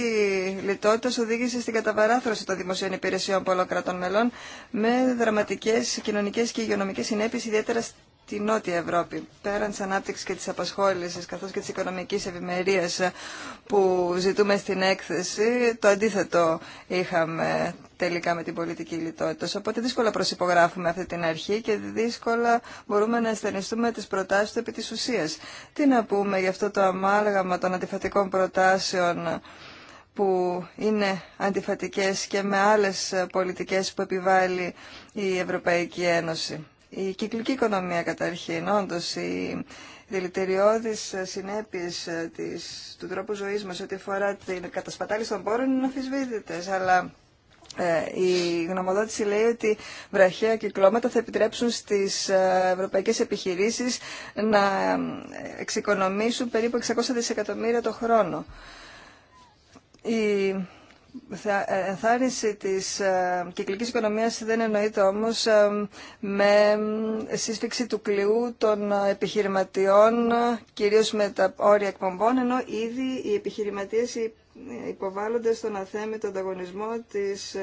λιτότητα οδήγησε στην καταβαράθρωση των δημοσίων υπηρεσιών πολλών κρατών μελών με δραματικές κοινωνικές και υγειονομικές συνέπειες, ιδιαίτερα τη Νότια Ευρώπη. Πέραν της ανάπτυξης και της απασχόλησης, καθώς και της οικονομικής ευημερίας που ζητούμε στην έκθεση, το αντίθετο είχαμε τελικά με την πολιτική λιτότητα. Οπότε δύσκολα προσυπογράφουμε αυτή την αρχή και δύσκολα μπορούμε να ασθενιστούμε τις προτάσεις του επί της ουσίας. Τι να πούμε για αυτό το αμάλγαμα των αντιφατικών προτάσεων που είναι αντιφατικές και με άλλες πολιτικές που επιβάλλει η Ευρωπαϊκή Ένωση. Η κυκλική οικονομία καταρχήν, όντως οι δηλητηριώδεις συνέπειες ε, της, του τρόπου ζωής μας ό,τι αφορά την κατασπατάληση των πόρων είναι αμφισβήτητες, αλλά ε, η γνωμοδότηση λέει ότι βραχαία κυκλώματα θα επιτρέψουν στις ε, ευρωπαϊκές επιχειρήσεις να εξοικονομήσουν περίπου 600 δισεκατομμύρια το χρόνο. Η ε, ενθάρρυνση της ε, κυκλικής οικονομίας δεν εννοείται όμως ε, με σύσφυξη του κλειού των επιχειρηματιών, κυρίως με τα όρια εκπομπών, ενώ ήδη οι επιχειρηματίες υποβάλλονται στον αθέμητο ανταγωνισμό της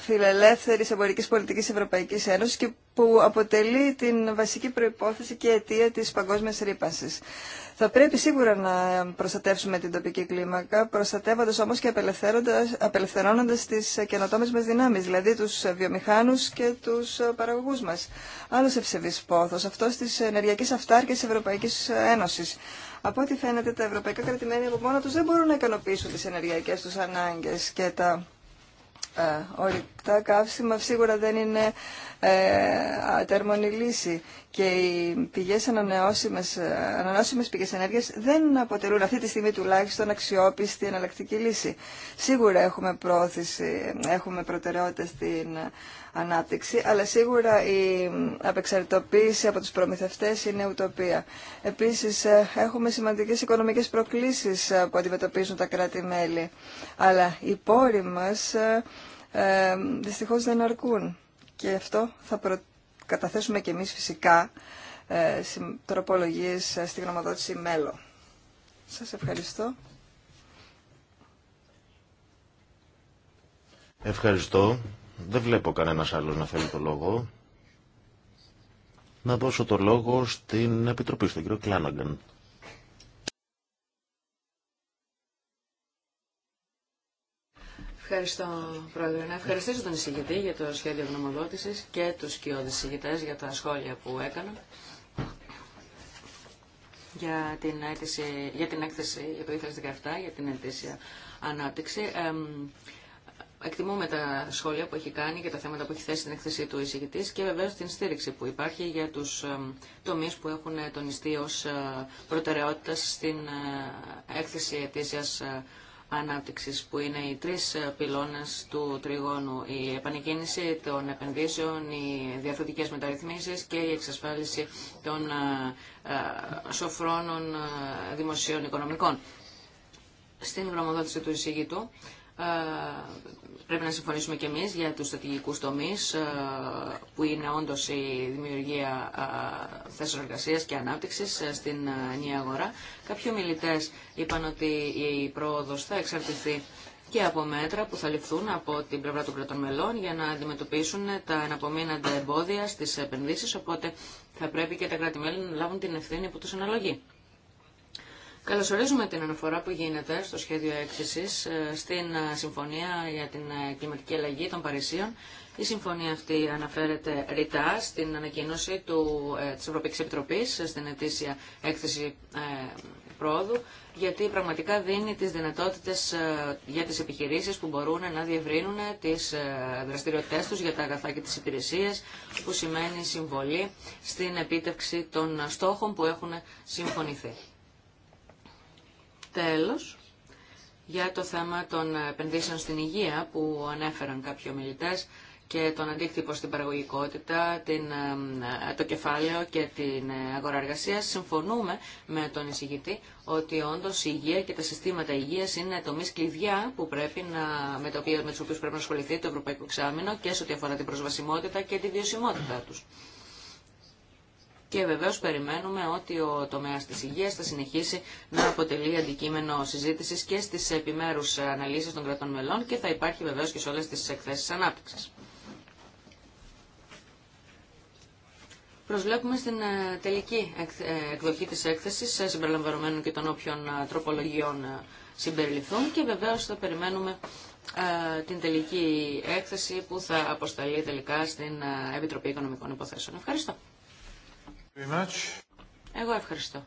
φιλελεύθερης εμπορικής πολιτικής Ευρωπαϊκής Ένωσης και που αποτελεί την βασική προϋπόθεση και αιτία της παγκόσμιας ρήπανσης. Θα πρέπει σίγουρα να προστατεύσουμε την τοπική κλίμακα, προστατεύοντας όμως και απελευθερώνοντας τις καινοτόμες μας δυνάμεις, δηλαδή τους βιομηχάνους και τους παραγωγούς μας. Άλλος ευσεβής πόθος, αυτός της ενεργειακής αυτάρκειας της Ευρωπαϊκής Ένωσης. Από ό,τι φαίνεται τα ευρωπαϊκά κρατημένη από μόνα τους δεν μπορούν να ικανοποιήσουν τις ενεργειακές τους ανάγκες και τα ε, ορυκτά καύσιμα σίγουρα δεν είναι ε, ατέρμονη λύση και οι πηγές ανανεώσιμες, ε, ανανεώσιμες πηγές ενέργειας δεν αποτελούν αυτή τη στιγμή τουλάχιστον αξιόπιστη εναλλακτική λύση. Σίγουρα έχουμε πρόθεση, έχουμε προτεραιότητα στην ανάπτυξη, αλλά σίγουρα η απεξαρτητοποίηση από τους προμηθευτές είναι ουτοπία. Επίσης, ε, έχουμε σημαντικές οικονομικές προκλήσεις ε, που αντιμετωπίζουν τα κράτη-μέλη, αλλά οι πόροι μας ε, ε, δυστυχώς δεν αρκούν. Και αυτό θα προ... καταθέσουμε και εμείς φυσικά ε, τροπολογίες στη γνωμοδότηση μέλο. Σας ευχαριστώ. Ευχαριστώ. Δεν βλέπω κανένας άλλος να θέλει το λόγο. Να δώσω το λόγο στην Επιτροπή, στον κύριο Κλάναγκαν. Ευχαριστώ, Πρόεδρε. Να ευχαριστήσω τον εισηγητή για το σχέδιο γνωμοδότησης και τους κοιόδης εισηγητές για τα σχόλια που έκαναν για την, αίτηση, για την έκθεση για το 2017, για την ετήσια ανάπτυξη εκτιμούμε τα σχόλια που έχει κάνει και τα θέματα που έχει θέσει στην εκθεσή του εισηγητή και βεβαίω την στήριξη που υπάρχει για του ε, τομεί που έχουν ε, τονιστεί ω ε, προτεραιότητα στην έκθεση ετήσια ανάπτυξης που είναι οι τρεις πυλώνες του τριγώνου. Η επανεκκίνηση των επενδύσεων, οι διαθετικέ μεταρρυθμίσει και η εξασφάλιση των σοφρόνων δημοσίων οικονομικών. Στην γνωμοδότηση του εισηγητού ε, πρέπει να συμφωνήσουμε και εμείς για τους στρατηγικούς τομείς ε, που είναι όντως η δημιουργία ε, θέσεων εργασία και ανάπτυξης στην νέα αγορά. Κάποιοι ομιλητέ είπαν ότι η πρόοδος θα εξαρτηθεί και από μέτρα που θα ληφθούν από την πλευρά των κρατών μελών για να αντιμετωπίσουν τα αναπομείναντα εμπόδια στις επενδύσεις, οπότε θα πρέπει και τα κράτη-μέλη να λάβουν την ευθύνη που τους αναλογεί. Καλωσορίζουμε την αναφορά που γίνεται στο σχέδιο έκθεσης ε, στην ε, Συμφωνία για την ε, Κλιματική Αλλαγή των Παρισίων. Η συμφωνία αυτή αναφέρεται ρητά στην ανακοίνωση του, της Ευρωπαϊκής Επιτροπής στην ετήσια έκθεση πρόοδου, γιατί πραγματικά δίνει τις δυνατότητες για τις επιχειρήσεις που μπορούν να διευρύνουν τις δραστηριότητές τους για τα αγαθά και τις υπηρεσίες, που σημαίνει συμβολή στην επίτευξη των στόχων που έχουν συμφωνηθεί. Τέλος, για το θέμα των επενδύσεων στην υγεία που ανέφεραν κάποιοι ομιλητές και τον αντίκτυπο στην παραγωγικότητα, την, ε, το κεφάλαιο και την ε, αγορά εργασία. Συμφωνούμε με τον εισηγητή ότι όντω η υγεία και τα συστήματα υγεία είναι τομεί κλειδιά που πρέπει να, με, το με του οποίου πρέπει να ασχοληθεί το Ευρωπαϊκό Εξάμεινο και σε ό,τι αφορά την προσβασιμότητα και τη βιωσιμότητά του και βεβαίως περιμένουμε ότι ο τομέας της υγείας θα συνεχίσει να αποτελεί αντικείμενο συζήτησης και στις επιμέρους αναλύσεις των κρατών μελών και θα υπάρχει βεβαίως και σε όλες τις εκθέσεις ανάπτυξης. Προσβλέπουμε στην ε, τελική ε, εκδοχή της έκθεσης, ε, συμπεριλαμβανομένων και των όποιων τροπολογιών συμπεριληφθούν και βεβαίως θα περιμένουμε την τελική έκθεση που θα αποσταλεί τελικά στην Επιτροπή Οικονομικών Υποθέσεων. Ευχαριστώ. Εγώ ευχαριστώ.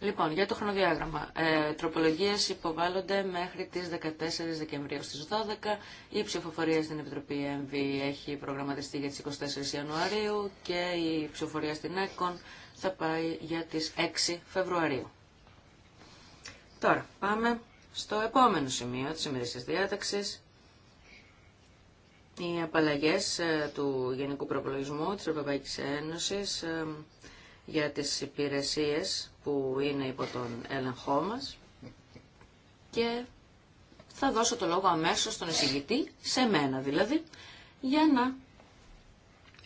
Λοιπόν, για το χρονοδιάγραμμα. Ε, τροπολογίες υποβάλλονται μέχρι τις 14 Δεκεμβρίου στις 12. Η ψηφοφορία στην Επιτροπή ΕΜΒ έχει προγραμματιστεί για τις 24 Ιανουαρίου και η ψηφοφορία στην ΕΚΟΝ θα πάει για τις 6 Φεβρουαρίου. Τώρα, πάμε στο επόμενο σημείο τη ημερήσιας διάταξης. Οι απαλλαγές ε, του Γενικού Προπολογισμού της Ευρωπαϊκής Ένωσης ε, για τις υπηρεσίες που είναι υπό τον έλεγχό μας και θα δώσω το λόγο αμέσως στον εισηγητή, σε μένα δηλαδή, για να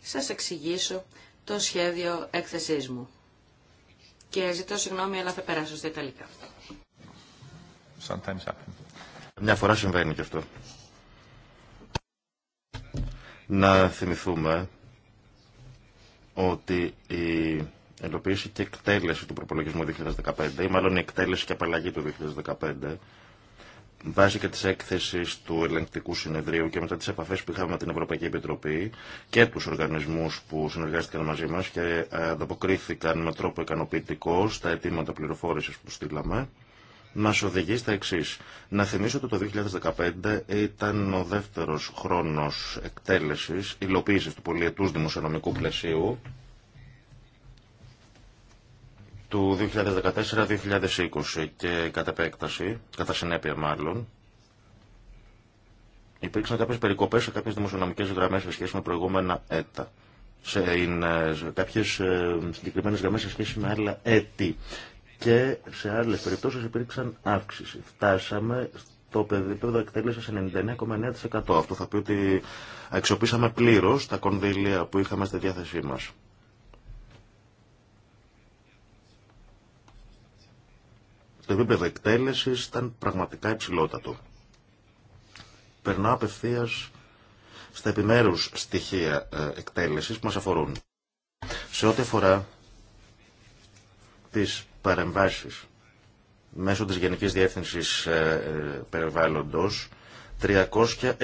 σας εξηγήσω το σχέδιο έκθεσής μου. Και ζητώ συγγνώμη, αλλά θα περάσω στα Ιταλικά. Μια φορά συμβαίνει και αυτό να θυμηθούμε ότι η ελοποίηση και εκτέλεση του προπολογισμού 2015 ή μάλλον η εκτέλεση και απαλλαγή του 2015 βάσει και τη έκθεση του ελεγκτικού συνεδρίου και μετά τις επαφές που είχαμε με την Ευρωπαϊκή Επιτροπή και τους οργανισμούς που συνεργάστηκαν μαζί μας και ε, ανταποκρίθηκαν με τρόπο ικανοποιητικό στα αιτήματα πληροφόρησης που στείλαμε, Μα οδηγεί στα εξή. Να θυμίσω ότι το 2015 ήταν ο δεύτερο χρόνο εκτέλεση υλοποίηση του πολιετού δημοσιονομικού πλαισίου του 2014-2020 και κατά επέκταση, κατά συνέπεια μάλλον, υπήρξαν κάποιες περικοπές σε κάποιες δημοσιονομικές γραμμές σε σχέση με προηγούμενα έτα σε, κάποιε σε κάποιες ε, συγκεκριμένες γραμμές σε σχέση με άλλα έτη και σε άλλε περιπτώσει υπήρξαν αύξηση. Φτάσαμε στο επίπεδο εκτέλεση 99,9%. Αυτό θα πει ότι αξιοποιήσαμε πλήρω τα κονδύλια που είχαμε στη διάθεσή μα. Το επίπεδο εκτέλεση ήταν πραγματικά υψηλότατο. Περνάω απευθεία στα επιμέρου στοιχεία ε, εκτέλεση που μα αφορούν. Σε ό,τι αφορά τις παρεμβάσεις μέσω της Γενικής Διεύθυνσης ε, ε, Περιβάλλοντος 369.251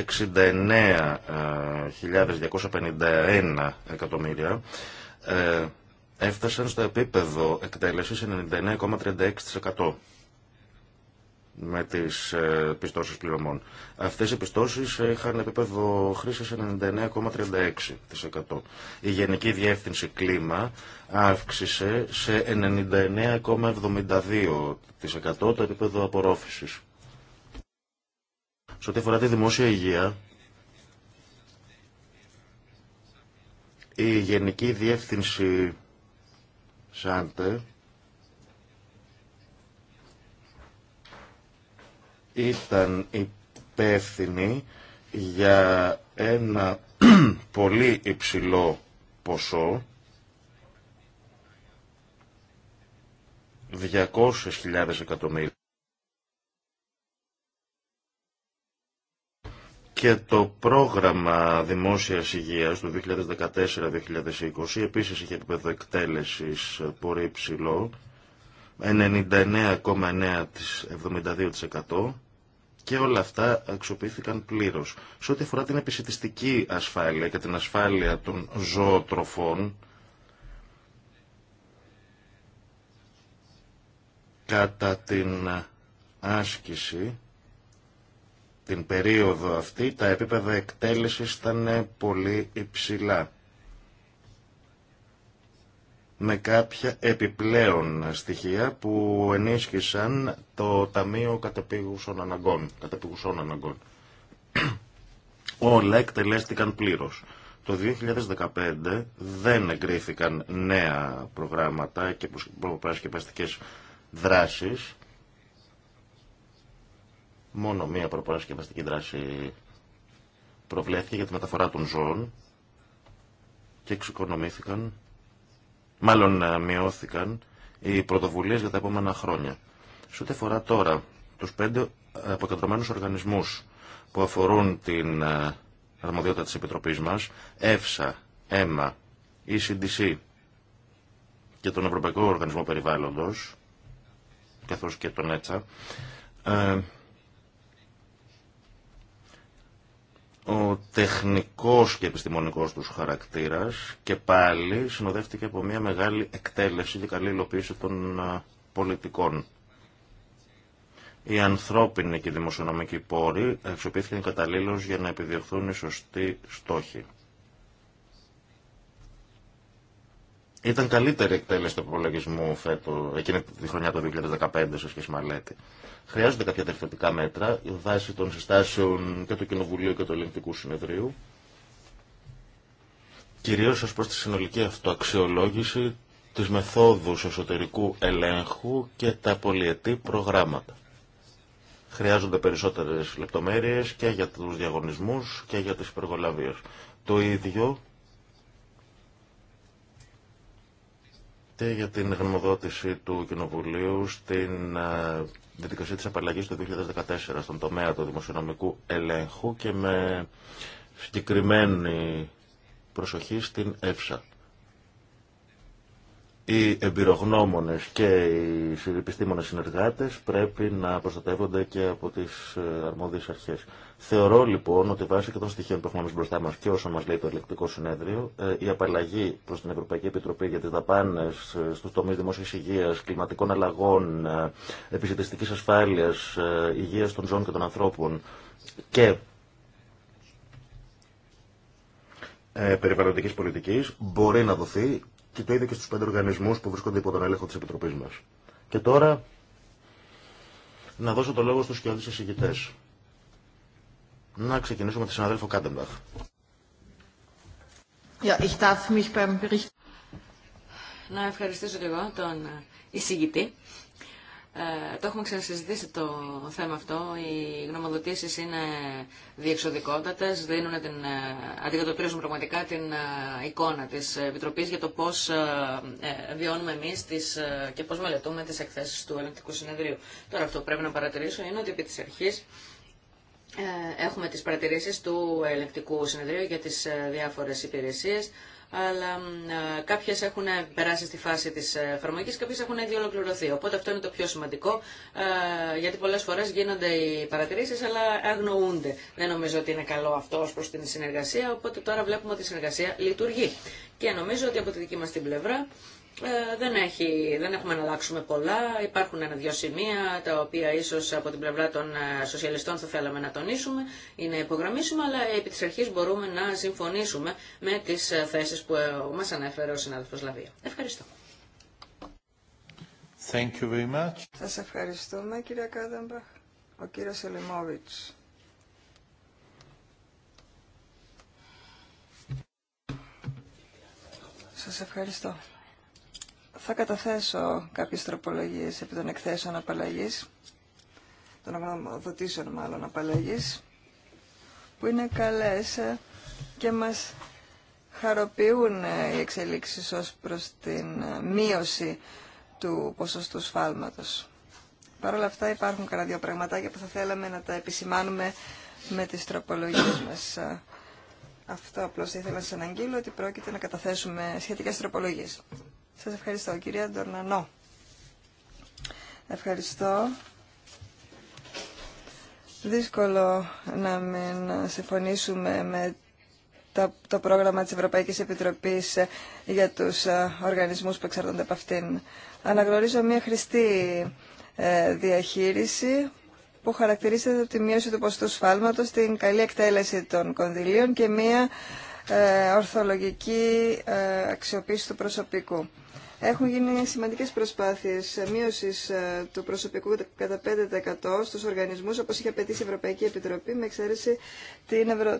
ε, εκατομμύρια έφτασαν στο επίπεδο εκτέλεσης 99,36% με τι ε, πιστώσει πληρωμών. Αυτέ οι πιστώσει είχαν επίπεδο χρήση 99,36%. Η Γενική Διεύθυνση Κλίμα αύξησε σε 99,72% το επίπεδο απορρόφηση. Σε ό,τι αφορά τη δημόσια υγεία, η Γενική Διεύθυνση Σάντε ήταν υπεύθυνη για ένα πολύ υψηλό ποσό 200.000 εκατομμύρια και το πρόγραμμα δημόσιας υγείας του 2014-2020 επίσης είχε επίπεδο εκτέλεσης πολύ υψηλό 99,9% 72%. Και όλα αυτά αξιοποιήθηκαν πλήρω. Σε ό,τι αφορά την επισητιστική ασφάλεια και την ασφάλεια των ζωοτροφών, κατά την άσκηση, την περίοδο αυτή, τα επίπεδα εκτέλεσης ήταν πολύ υψηλά με κάποια επιπλέον στοιχεία που ενίσχυσαν το Ταμείο Κατεπίγουσων Αναγκών. αναγκών. Όλα εκτελέστηκαν πλήρως. Το 2015 δεν εγκρίθηκαν νέα προγράμματα και προπαρασκευαστικές δράσεις. Μόνο μία προπαρασκευαστική δράση προβλέφθηκε για τη μεταφορά των ζώων και εξοικονομήθηκαν μάλλον ε, μειώθηκαν οι πρωτοβουλίες για τα επόμενα χρόνια. Σε ό,τι αφορά τώρα τους πέντε ε, αποκεντρωμένους οργανισμούς που αφορούν την ε, αρμοδιότητα της Επιτροπής μας, ΕΦΣΑ, ΕΜΑ, ECDC και τον Ευρωπαϊκό Οργανισμό Περιβάλλοντος, καθώς και τον ΕΤΣΑ, Ο τεχνικός και επιστημονικός τους χαρακτήρας και πάλι συνοδεύτηκε από μια μεγάλη εκτέλεση και καλή υλοποίηση των πολιτικών. Οι ανθρώπινοι και οι δημοσιονομικοί πόροι αξιοποιήθηκαν καταλήλως για να επιδιωχθούν οι σωστοί στόχοι. Ήταν καλύτερη εκτέλεση του προπολογισμού φέτο, εκείνη τη χρονιά του 2015 σε σχέση με αλέτη. Χρειάζονται κάποια διαφορετικά μέτρα βάσει των συστάσεων και του Κοινοβουλίου και του Ελληνικού Συνεδρίου. Κυρίω ω προ τη συνολική αυτοαξιολόγηση τη μεθόδου εσωτερικού ελέγχου και τα πολιετή προγράμματα. Χρειάζονται περισσότερε λεπτομέρειε και για του διαγωνισμού και για τι υπεργολαβίε. Το ίδιο και για την γνωμοδότηση του Κοινοβουλίου στην ε, διαδικασία της απαλλαγής του 2014 στον τομέα του δημοσιονομικού ελέγχου και με συγκεκριμένη προσοχή στην ΕΦΣΑ οι εμπειρογνώμονες και οι επιστήμονες συνεργάτες πρέπει να προστατεύονται και από τις ε, αρμόδιες αρχές. Θεωρώ λοιπόν ότι βάσει και των στοιχείων που έχουμε μπροστά μας και όσο μας λέει το ελεκτικό συνέδριο, ε, η απαλλαγή προς την Ευρωπαϊκή Επιτροπή για τις δαπάνες ε, στους τομείς δημόσιας υγείας, κλιματικών αλλαγών, επιζητιστικής ασφάλειας, υγείας των ζώων και των ανθρώπων και περιβαλλοντικής πολιτικής μπορεί να δοθεί και το είδε και στους πέντε οργανισμούς που βρισκόνται υπό τον έλεγχο της Επιτροπής μας. Και τώρα να δώσω το λόγο στους κοιόδους εισηγητές. Να ξεκινήσουμε με τη συναδέλφο Κάντεμπαχ. Yeah, ich darf mich beim Bericht... Να ευχαριστήσω και εγώ τον εισηγητή ε, το έχουμε ξανασυζητήσει το θέμα αυτό. Οι γνωμοδοτήσεις είναι διεξοδικότατες, δίνουν την, ε, αντικατοπτρίζουν πραγματικά την ε, εικόνα της Επιτροπής για το πώς βιώνουμε εμείς και πώς μελετούμε τις εκθέσεις του Ελεκτικού Συνεδρίου. Τώρα αυτό που πρέπει να παρατηρήσω είναι ότι επί της αρχής έχουμε τις παρατηρήσεις του Ελεκτικού Συνεδρίου για τις διάφορες υπηρεσίες αλλά ε, κάποιες έχουν περάσει στη φάση της ε, εφαρμογή, κάποιες έχουν ήδη ολοκληρωθεί. Οπότε αυτό είναι το πιο σημαντικό, ε, γιατί πολλές φορές γίνονται οι παρατηρήσεις, αλλά αγνοούνται. Δεν νομίζω ότι είναι καλό αυτό ως προς την συνεργασία, οπότε τώρα βλέπουμε ότι η συνεργασία λειτουργεί και νομίζω ότι από τη δική μας την πλευρά ε, δεν, έχουμε να αλλάξουμε πολλά. Υπάρχουν ένα-δυο σημεία τα οποία ίσως από την πλευρά των ε, σοσιαλιστών θα θέλαμε να τονίσουμε ή να υπογραμμίσουμε, αλλά επί της αρχής μπορούμε να συμφωνήσουμε με τις ε, θέσεις που μας ανέφερε ο συνάδελφος Λαβία. Ευχαριστώ. Thank you Σας ευχαριστούμε κύριε Κάδεμπαχ. Ο κύριος Σας ευχαριστώ. Θα καταθέσω κάποιες τροπολογίες επί των εκθέσεων απαλλαγής, των γνωμοδοτήσεων μάλλον απαλλαγής, που είναι καλές και μας χαροποιούν οι εξελίξεις ως προς την μείωση του ποσοστού σφάλματος. Παρ' όλα αυτά υπάρχουν κανένα δύο πραγματάκια που θα θέλαμε να τα επισημάνουμε με τις τροπολογίες μας. Αυτό απλώ ήθελα να σα αναγγείλω ότι πρόκειται να καταθέσουμε σχετικέ τροπολογίε. Σας ευχαριστώ, κυρία Ντορνανό. Ευχαριστώ. Δύσκολο να μην συμφωνήσουμε με το πρόγραμμα της Ευρωπαϊκής Επιτροπής ε, για τους ε, οργανισμούς που εξαρτώνται από αυτήν. Αναγνωρίζω μια χρηστή ε, διαχείριση που χαρακτηρίζεται από τη μείωση του ποστού σφάλματος, την καλή εκτέλεση των κονδυλίων και μία ε, ορθολογική ε, αξιοποίηση του προσωπικού. Έχουν γίνει σημαντικές προσπάθειες μείωσης ε, του προσωπικού κατά 5% στους οργανισμούς, όπως είχε απαιτήσει η Ευρωπαϊκή Επιτροπή, με εξαίρεση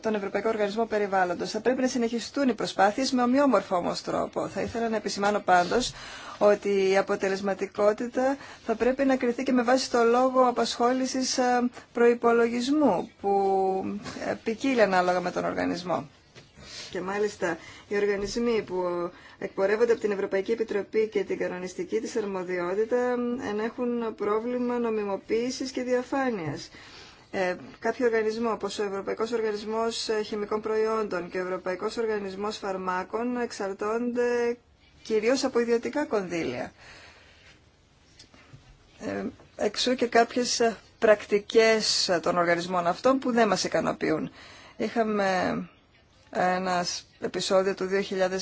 τον Ευρωπαϊκό Οργανισμό Περιβάλλοντος. Θα πρέπει να συνεχιστούν οι προσπάθειες με ομοιόμορφο όμως τρόπο. Θα ήθελα να επισημάνω πάντως ότι η αποτελεσματικότητα θα πρέπει να κριθεί και με βάση το λόγο απασχόλησης ε, προϋπολογισμού, που ε, ποικίλει ανάλογα με τον οργανισμό και μάλιστα οι οργανισμοί που εκπορεύονται από την Ευρωπαϊκή Επιτροπή και την κανονιστική της αρμοδιότητα ενέχουν πρόβλημα νομιμοποίησης και διαφάνειας. Ε, κάποιο οργανισμό, όπως ο Ευρωπαϊκός Οργανισμός Χημικών Προϊόντων και ο Ευρωπαϊκός Οργανισμός Φαρμάκων εξαρτώνται κυρίως από ιδιωτικά κονδύλια. Ε, εξού και κάποιες πρακτικές των οργανισμών αυτών που δεν μας ικανοποιούν ένα επεισόδιο του 2014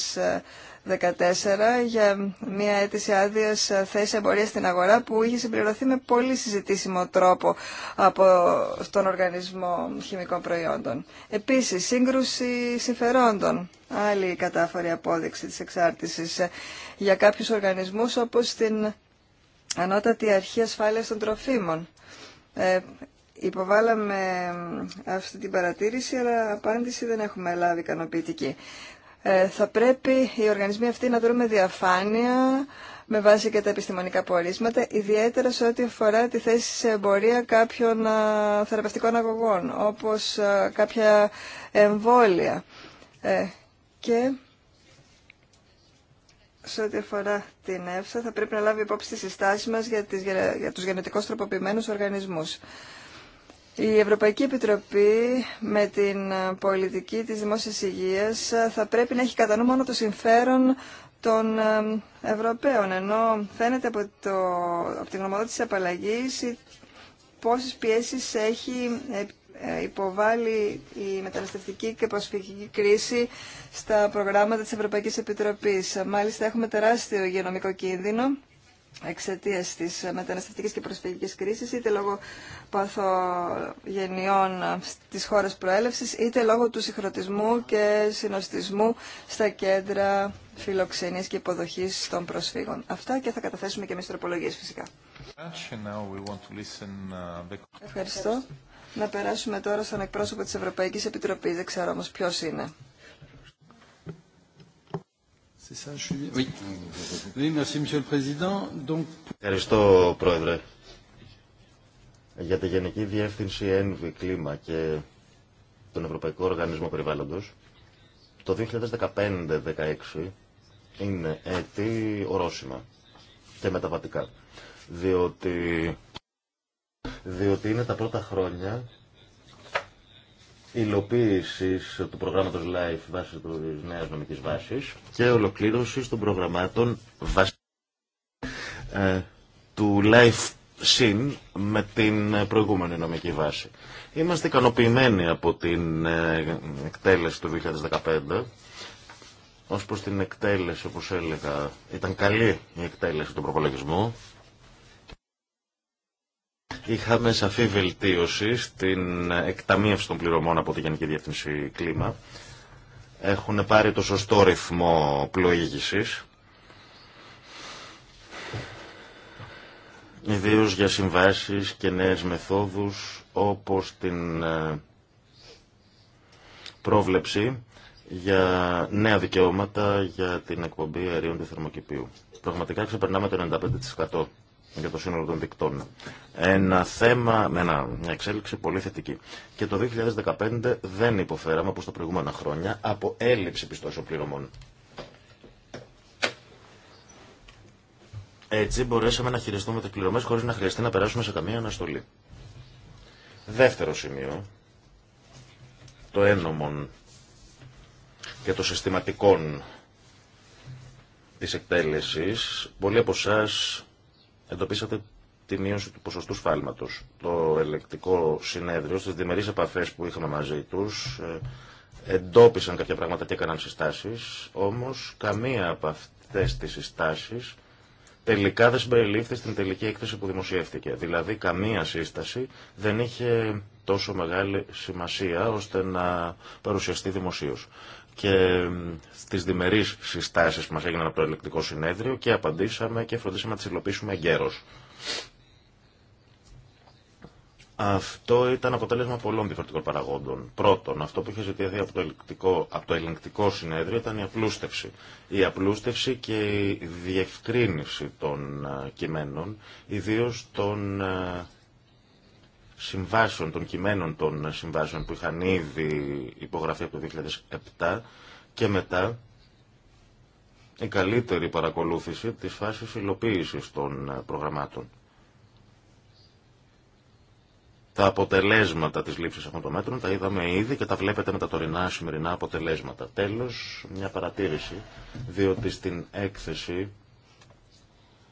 για μια αίτηση άδεια ε, θέση εμπορία στην αγορά που είχε συμπληρωθεί με πολύ συζητήσιμο τρόπο από τον Οργανισμό Χημικών Προϊόντων. Επίση, σύγκρουση συμφερόντων, άλλη κατάφορη απόδειξη τη εξάρτηση ε, για κάποιου οργανισμούς όπω την Ανώτατη Αρχή ασφάλεια των Τροφίμων. Ε, Υποβάλαμε αυτή την παρατήρηση, αλλά απάντηση δεν έχουμε λάβει ικανοποιητική. Ε, θα πρέπει οι οργανισμοί αυτοί να δρούμε διαφάνεια με βάση και τα επιστημονικά πορίσματα, ιδιαίτερα σε ό,τι αφορά τη θέση σε εμπορία κάποιων θεραπευτικών αγωγών, όπως κάποια εμβόλια. Ε, και σε ό,τι αφορά την ΕΦΣΑ θα πρέπει να λάβει υπόψη τις συστάσεις μας για, τις, για τους γενετικώς τροποποιημένους οργανισμούς. Η Ευρωπαϊκή Επιτροπή με την πολιτική της δημόσιας υγείας θα πρέπει να έχει κατά νου μόνο το συμφέρον των Ευρωπαίων, ενώ φαίνεται από, το, από την γνωμοδότηση απαλλαγής πόσες πιέσεις έχει ε, υποβάλει η μεταναστευτική και προσφυγική κρίση στα προγράμματα της Ευρωπαϊκής Επιτροπής. Μάλιστα έχουμε τεράστιο υγειονομικό κίνδυνο εξαιτία τη μεταναστευτική και προσφυγική κρίση, είτε λόγω παθογενειών στι χώρε προέλευση, είτε λόγω του συγχρονισμού και συνοστισμού στα κέντρα φιλοξενία και υποδοχή των προσφύγων. Αυτά και θα καταθέσουμε και εμεί τροπολογίε φυσικά. Ευχαριστώ. Να περάσουμε τώρα στον εκπρόσωπο της Ευρωπαϊκής Επιτροπής. Δεν ξέρω όμως ποιος είναι. Ευχαριστώ, Πρόεδρε. Για τη Γενική Διεύθυνση ΕΝΒΙ Κλίμα και τον Ευρωπαϊκό Οργανισμό Περιβάλλοντος, το 2015-2016 είναι έτη ορόσημα και μεταβατικά. Διότι, διότι είναι τα πρώτα χρόνια υλοποίηση του προγράμματο LIFE βάσει τη νέα νομική βάση και ολοκλήρωση των προγραμμάτων βάσει του LIFE συν με την προηγούμενη νομική βάση. Είμαστε ικανοποιημένοι από την ε, εκτέλεση του 2015. Ως προς την εκτέλεση, όπως έλεγα, ήταν καλή η εκτέλεση του προπολογισμού. Είχαμε σαφή βελτίωση στην εκταμείευση των πληρωμών από τη Γενική Διεύθυνση Κλίμα. Έχουν πάρει το σωστό ρυθμό πλοήγησης. Ιδίως για συμβάσεις και νέες μεθόδους όπως την ε, πρόβλεψη για νέα δικαιώματα για την εκπομπή αερίων του θερμοκηπίου. Πραγματικά ξεπερνάμε το 95% για το σύνολο των δικτών. Ένα θέμα με ένα, μια εξέλιξη πολύ θετική. Και το 2015 δεν υποφέραμε όπως τα προηγούμενα χρόνια από έλλειψη πιστώσεων πληρωμών. Έτσι μπορέσαμε να χειριστούμε τι πληρωμές χωρίς να χρειαστεί να περάσουμε σε καμία αναστολή. Δεύτερο σημείο, το ένομον και το συστηματικόν της εκτέλεσης. Πολλοί από εσάς εντοπίσατε τη μείωση του ποσοστού σφάλματος. Το ελεκτικό συνέδριο στις διμερείς επαφές που είχαμε μαζί τους ε, εντόπισαν κάποια πράγματα και έκαναν συστάσεις, όμως καμία από αυτές τις συστάσεις τελικά δεν συμπεριλήφθη στην τελική έκθεση που δημοσιεύτηκε. Δηλαδή καμία σύσταση δεν είχε τόσο μεγάλη σημασία ώστε να παρουσιαστεί δημοσίως και στις διμερεί συστάσεις που μας έγιναν από το ελεκτικό συνέδριο και απαντήσαμε και φροντίσαμε να τις υλοποιήσουμε Αυτό ήταν αποτέλεσμα πολλών διαφορετικών παραγόντων. Πρώτον, αυτό που είχε ζητηθεί από το, ελεκτικό από το ελεγκτικό συνέδριο ήταν η απλούστευση. Η απλούστευση και η διευκρίνηση των ε, κειμένων, ιδίω των ε, συμβάσεων, των κειμένων των συμβάσεων που είχαν ήδη υπογραφεί από το 2007 και μετά η καλύτερη παρακολούθηση της φάσης υλοποίησης των ε, προγραμμάτων. Τα αποτελέσματα της λήψης αυτών των μέτρων τα είδαμε ήδη και τα βλέπετε με τα τωρινά σημερινά αποτελέσματα. Τέλος, μια παρατήρηση, διότι στην έκθεση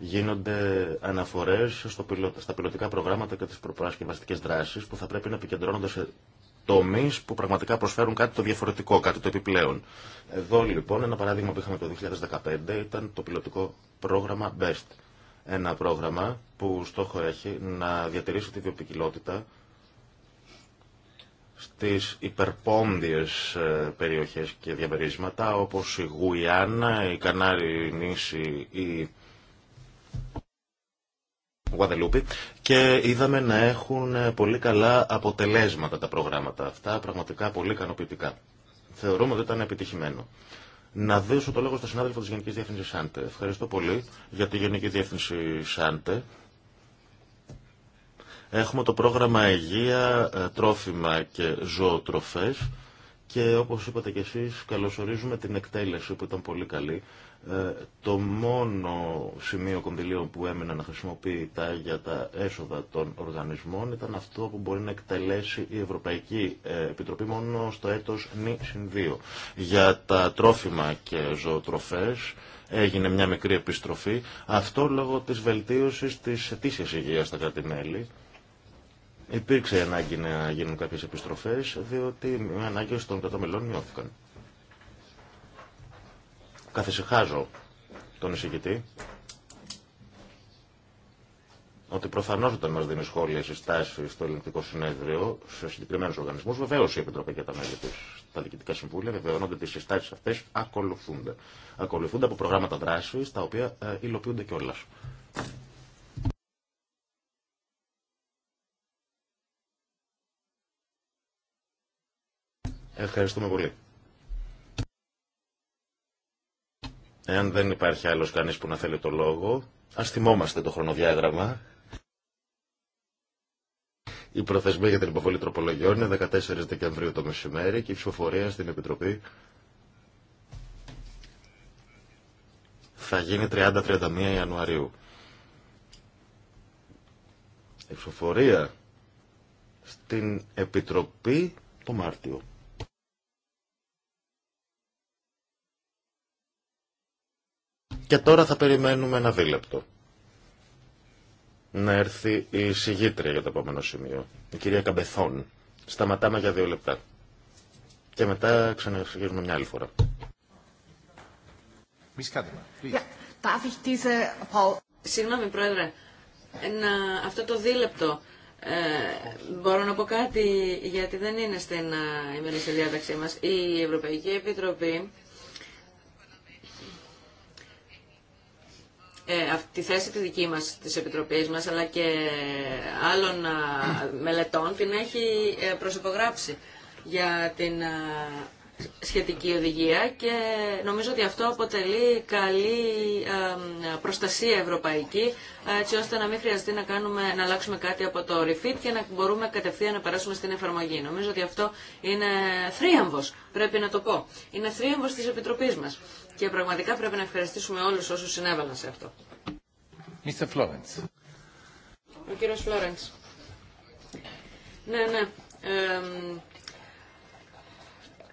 γίνονται αναφορές στο στα πιλωτικά προγράμματα και τι προπαρασκευαστικέ δράσεις που θα πρέπει να επικεντρώνονται σε τομεί που πραγματικά προσφέρουν κάτι το διαφορετικό, κάτι το επιπλέον. Εδώ λοιπόν ένα παράδειγμα που είχαμε το 2015 ήταν το πιλωτικό πρόγραμμα BEST. Ένα πρόγραμμα που στόχο έχει να διατηρήσει τη βιοπικιλότητα στις υπερπόμδιες ε, περιοχές και διαμερίσματα όπως η Γουιάννα, η Κανάρι νήσι, η Guadalupe, και είδαμε να έχουν πολύ καλά αποτελέσματα τα προγράμματα αυτά, πραγματικά πολύ ικανοποιητικά. Θεωρούμε ότι ήταν επιτυχημένο. Να δώσω το λόγο στον συνάδελφο της Γενικής Διεύθυνση ΣΑΝΤΕ. Ευχαριστώ πολύ για τη Γενική Διεύθυνση ΣΑΝΤΕ. Έχουμε το πρόγραμμα Υγεία, ε, Τρόφιμα και Ζωοτροφές και όπως είπατε και εσείς καλωσορίζουμε την εκτέλεση που ήταν πολύ καλή ε, το μόνο σημείο κονδυλίων που έμενα να χρησιμοποιεί τα για τα έσοδα των οργανισμών ήταν αυτό που μπορεί να εκτελέσει η Ευρωπαϊκή ε, Επιτροπή μόνο στο έτος νη συν Για τα τρόφιμα και ζωοτροφές έγινε μια μικρή επιστροφή. Αυτό λόγω της βελτίωσης της αιτήσιας υγείας στα κράτη-μέλη. Υπήρξε ανάγκη να γίνουν κάποιες επιστροφές διότι οι ανάγκες των κρατομελών μειώθηκαν καθησυχάζω τον εισηγητή ότι προφανώ όταν μα δίνει σχόλια συστάσει στο ελληνικό συνέδριο σε συγκεκριμένου οργανισμού, βεβαίω η Επιτροπή και τα μέλη τη, τα διοικητικά συμβούλια, βεβαιώνονται ότι οι συστάσει αυτέ ακολουθούνται. Ακολουθούνται από προγράμματα δράση τα οποία ε, υλοποιούνται κιόλα. Ευχαριστούμε πολύ. Εάν δεν υπάρχει άλλος κανείς που να θέλει το λόγο, ας θυμόμαστε το χρονοδιάγραμμα. Η προθεσμία για την υποβολή τροπολογιών είναι 14 Δεκεμβρίου το μεσημέρι και η ψηφοφορία στην Επιτροπή θα γίνει 30-31 Ιανουαρίου. Η ψηφοφορία στην Επιτροπή το Μάρτιο. Και τώρα θα περιμένουμε ένα δίλεπτο να έρθει η συγγήτρια για το επόμενο σημείο, η κυρία Καμπεθών. Σταματάμε για δύο λεπτά. Και μετά ξανασυγγίζουμε μια άλλη φορά. Συγγνώμη, Πρόεδρε. αυτό το δίλεπτο ε, μπορώ να πω κάτι γιατί δεν είναι στην ε, ημερήσια διάταξή μας. Η Ευρωπαϊκή Επιτροπή Ε, τη θέση τη δική μας, της Επιτροπής μας, αλλά και άλλων μελετών, την έχει ε, προσυπογράψει για την σχετική οδηγία και νομίζω ότι αυτό αποτελεί καλή προστασία ευρωπαϊκή έτσι ώστε να μην χρειαστεί να, κάνουμε, να αλλάξουμε κάτι από το refit και να μπορούμε κατευθείαν να περάσουμε στην εφαρμογή. Νομίζω ότι αυτό είναι θρίαμβος, πρέπει να το πω. Είναι θρίαμβος της Επιτροπής μας και πραγματικά πρέπει να ευχαριστήσουμε όλους όσους συνέβαλαν σε αυτό. Mr. Ο Ναι, ναι.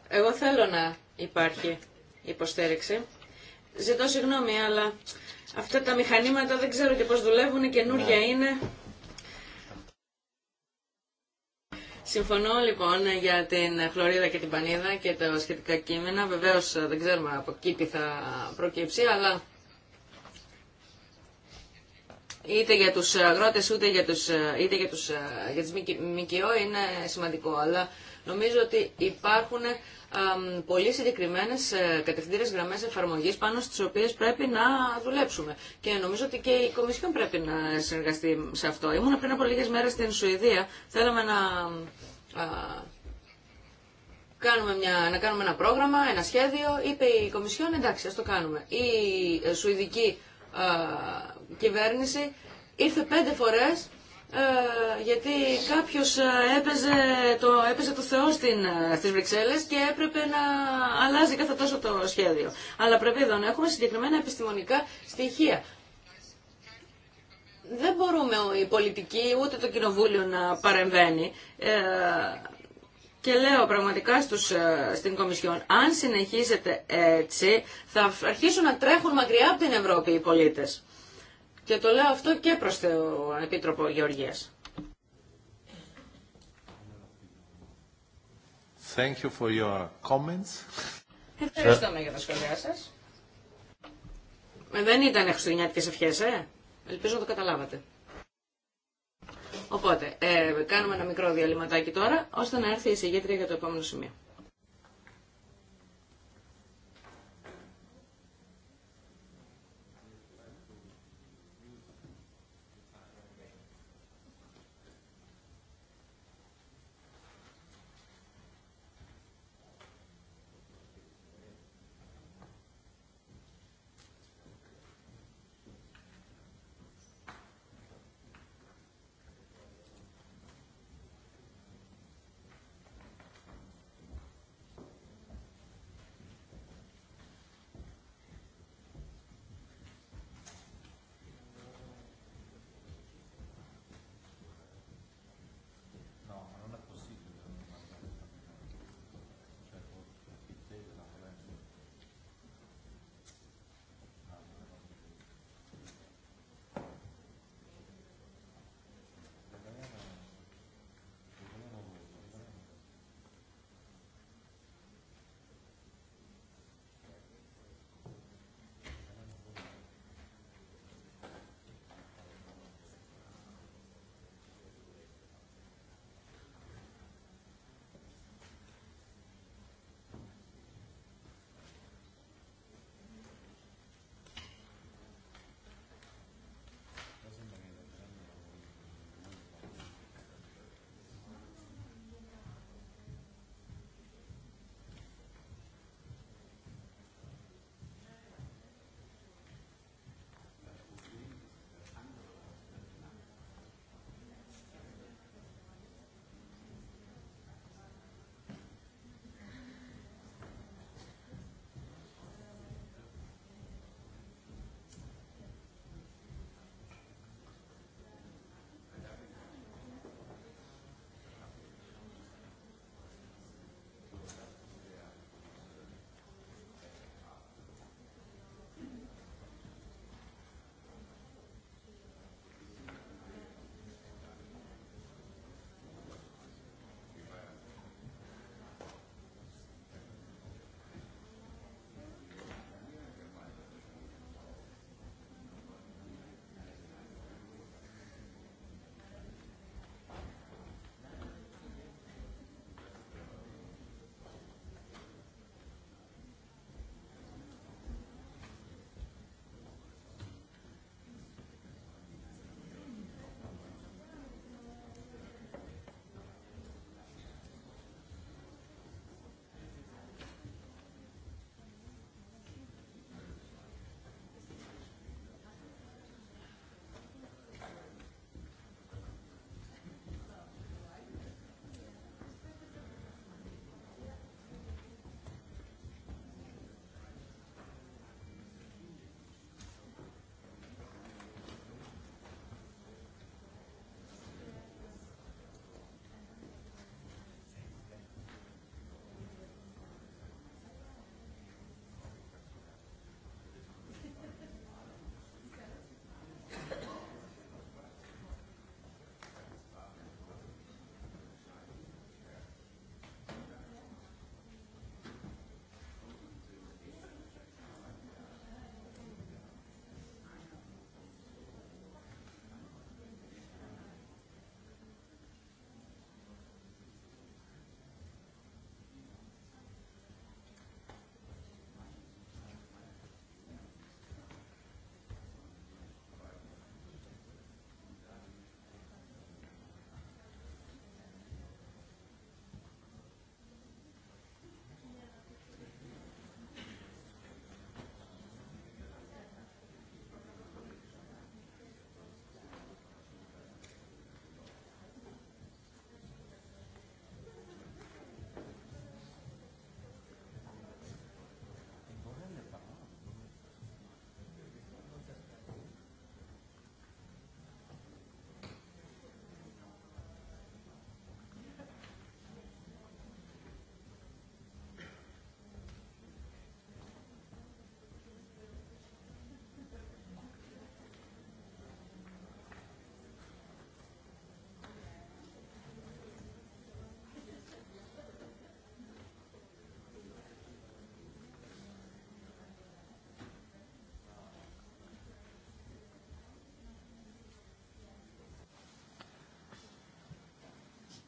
εγώ θέλω να υπάρχει υποστήριξη. Ζητώ συγγνώμη, αλλά αυτά τα μηχανήματα δεν ξέρω και πώς δουλεύουν, καινούργια ναι. είναι. Συμφωνώ λοιπόν για την χλωρίδα και την πανίδα και τα σχετικά κείμενα. Βεβαίως δεν ξέρουμε από εκεί θα προκύψει, αλλά είτε για τους αγρότες ούτε για, τους, είτε για, τους, για ΜΚΟ είναι σημαντικό. Αλλά νομίζω ότι υπάρχουν πολύ συγκεκριμένε κατευθυντήρε γραμμέ εφαρμογή πάνω στι οποίε πρέπει να δουλέψουμε. Και νομίζω ότι και η Κομισιόν πρέπει να συνεργαστεί σε αυτό. Ήμουν πριν από λίγε μέρε στην Σουηδία. Θέλαμε να. Κάνουμε μια, να κάνουμε ένα πρόγραμμα, ένα σχέδιο, είπε η Κομισιόν, εντάξει, ας το κάνουμε. Η ε, Σουηδική κυβέρνηση ήρθε πέντε φορές ε, γιατί κάποιος ε, έπαιζε το, έπαιζε το Θεό στην, ε, στις Βρυξέλλες και έπρεπε να αλλάζει κάθε τόσο το σχέδιο. Αλλά πρέπει εδώ να έχουμε συγκεκριμένα επιστημονικά στοιχεία. Δεν μπορούμε οι πολιτικοί ούτε το κοινοβούλιο να παρεμβαίνει. Ε, και λέω πραγματικά στους, στην Κομισιόν, αν συνεχίσετε έτσι θα αρχίσουν να τρέχουν μακριά από την Ευρώπη οι πολίτες. Και το λέω αυτό και προς τον Επίτροπο Γεωργίας. Thank you for your comments. Ευχαριστούμε για τα σχόλιά σας. Ε, δεν ήταν χριστουγεννιάτικες ευχές, ε. Ελπίζω να το καταλάβατε. Οπότε, ε, κάνουμε ένα μικρό διαλυματάκι τώρα, ώστε να έρθει η συγγήτρια για το επόμενο σημείο.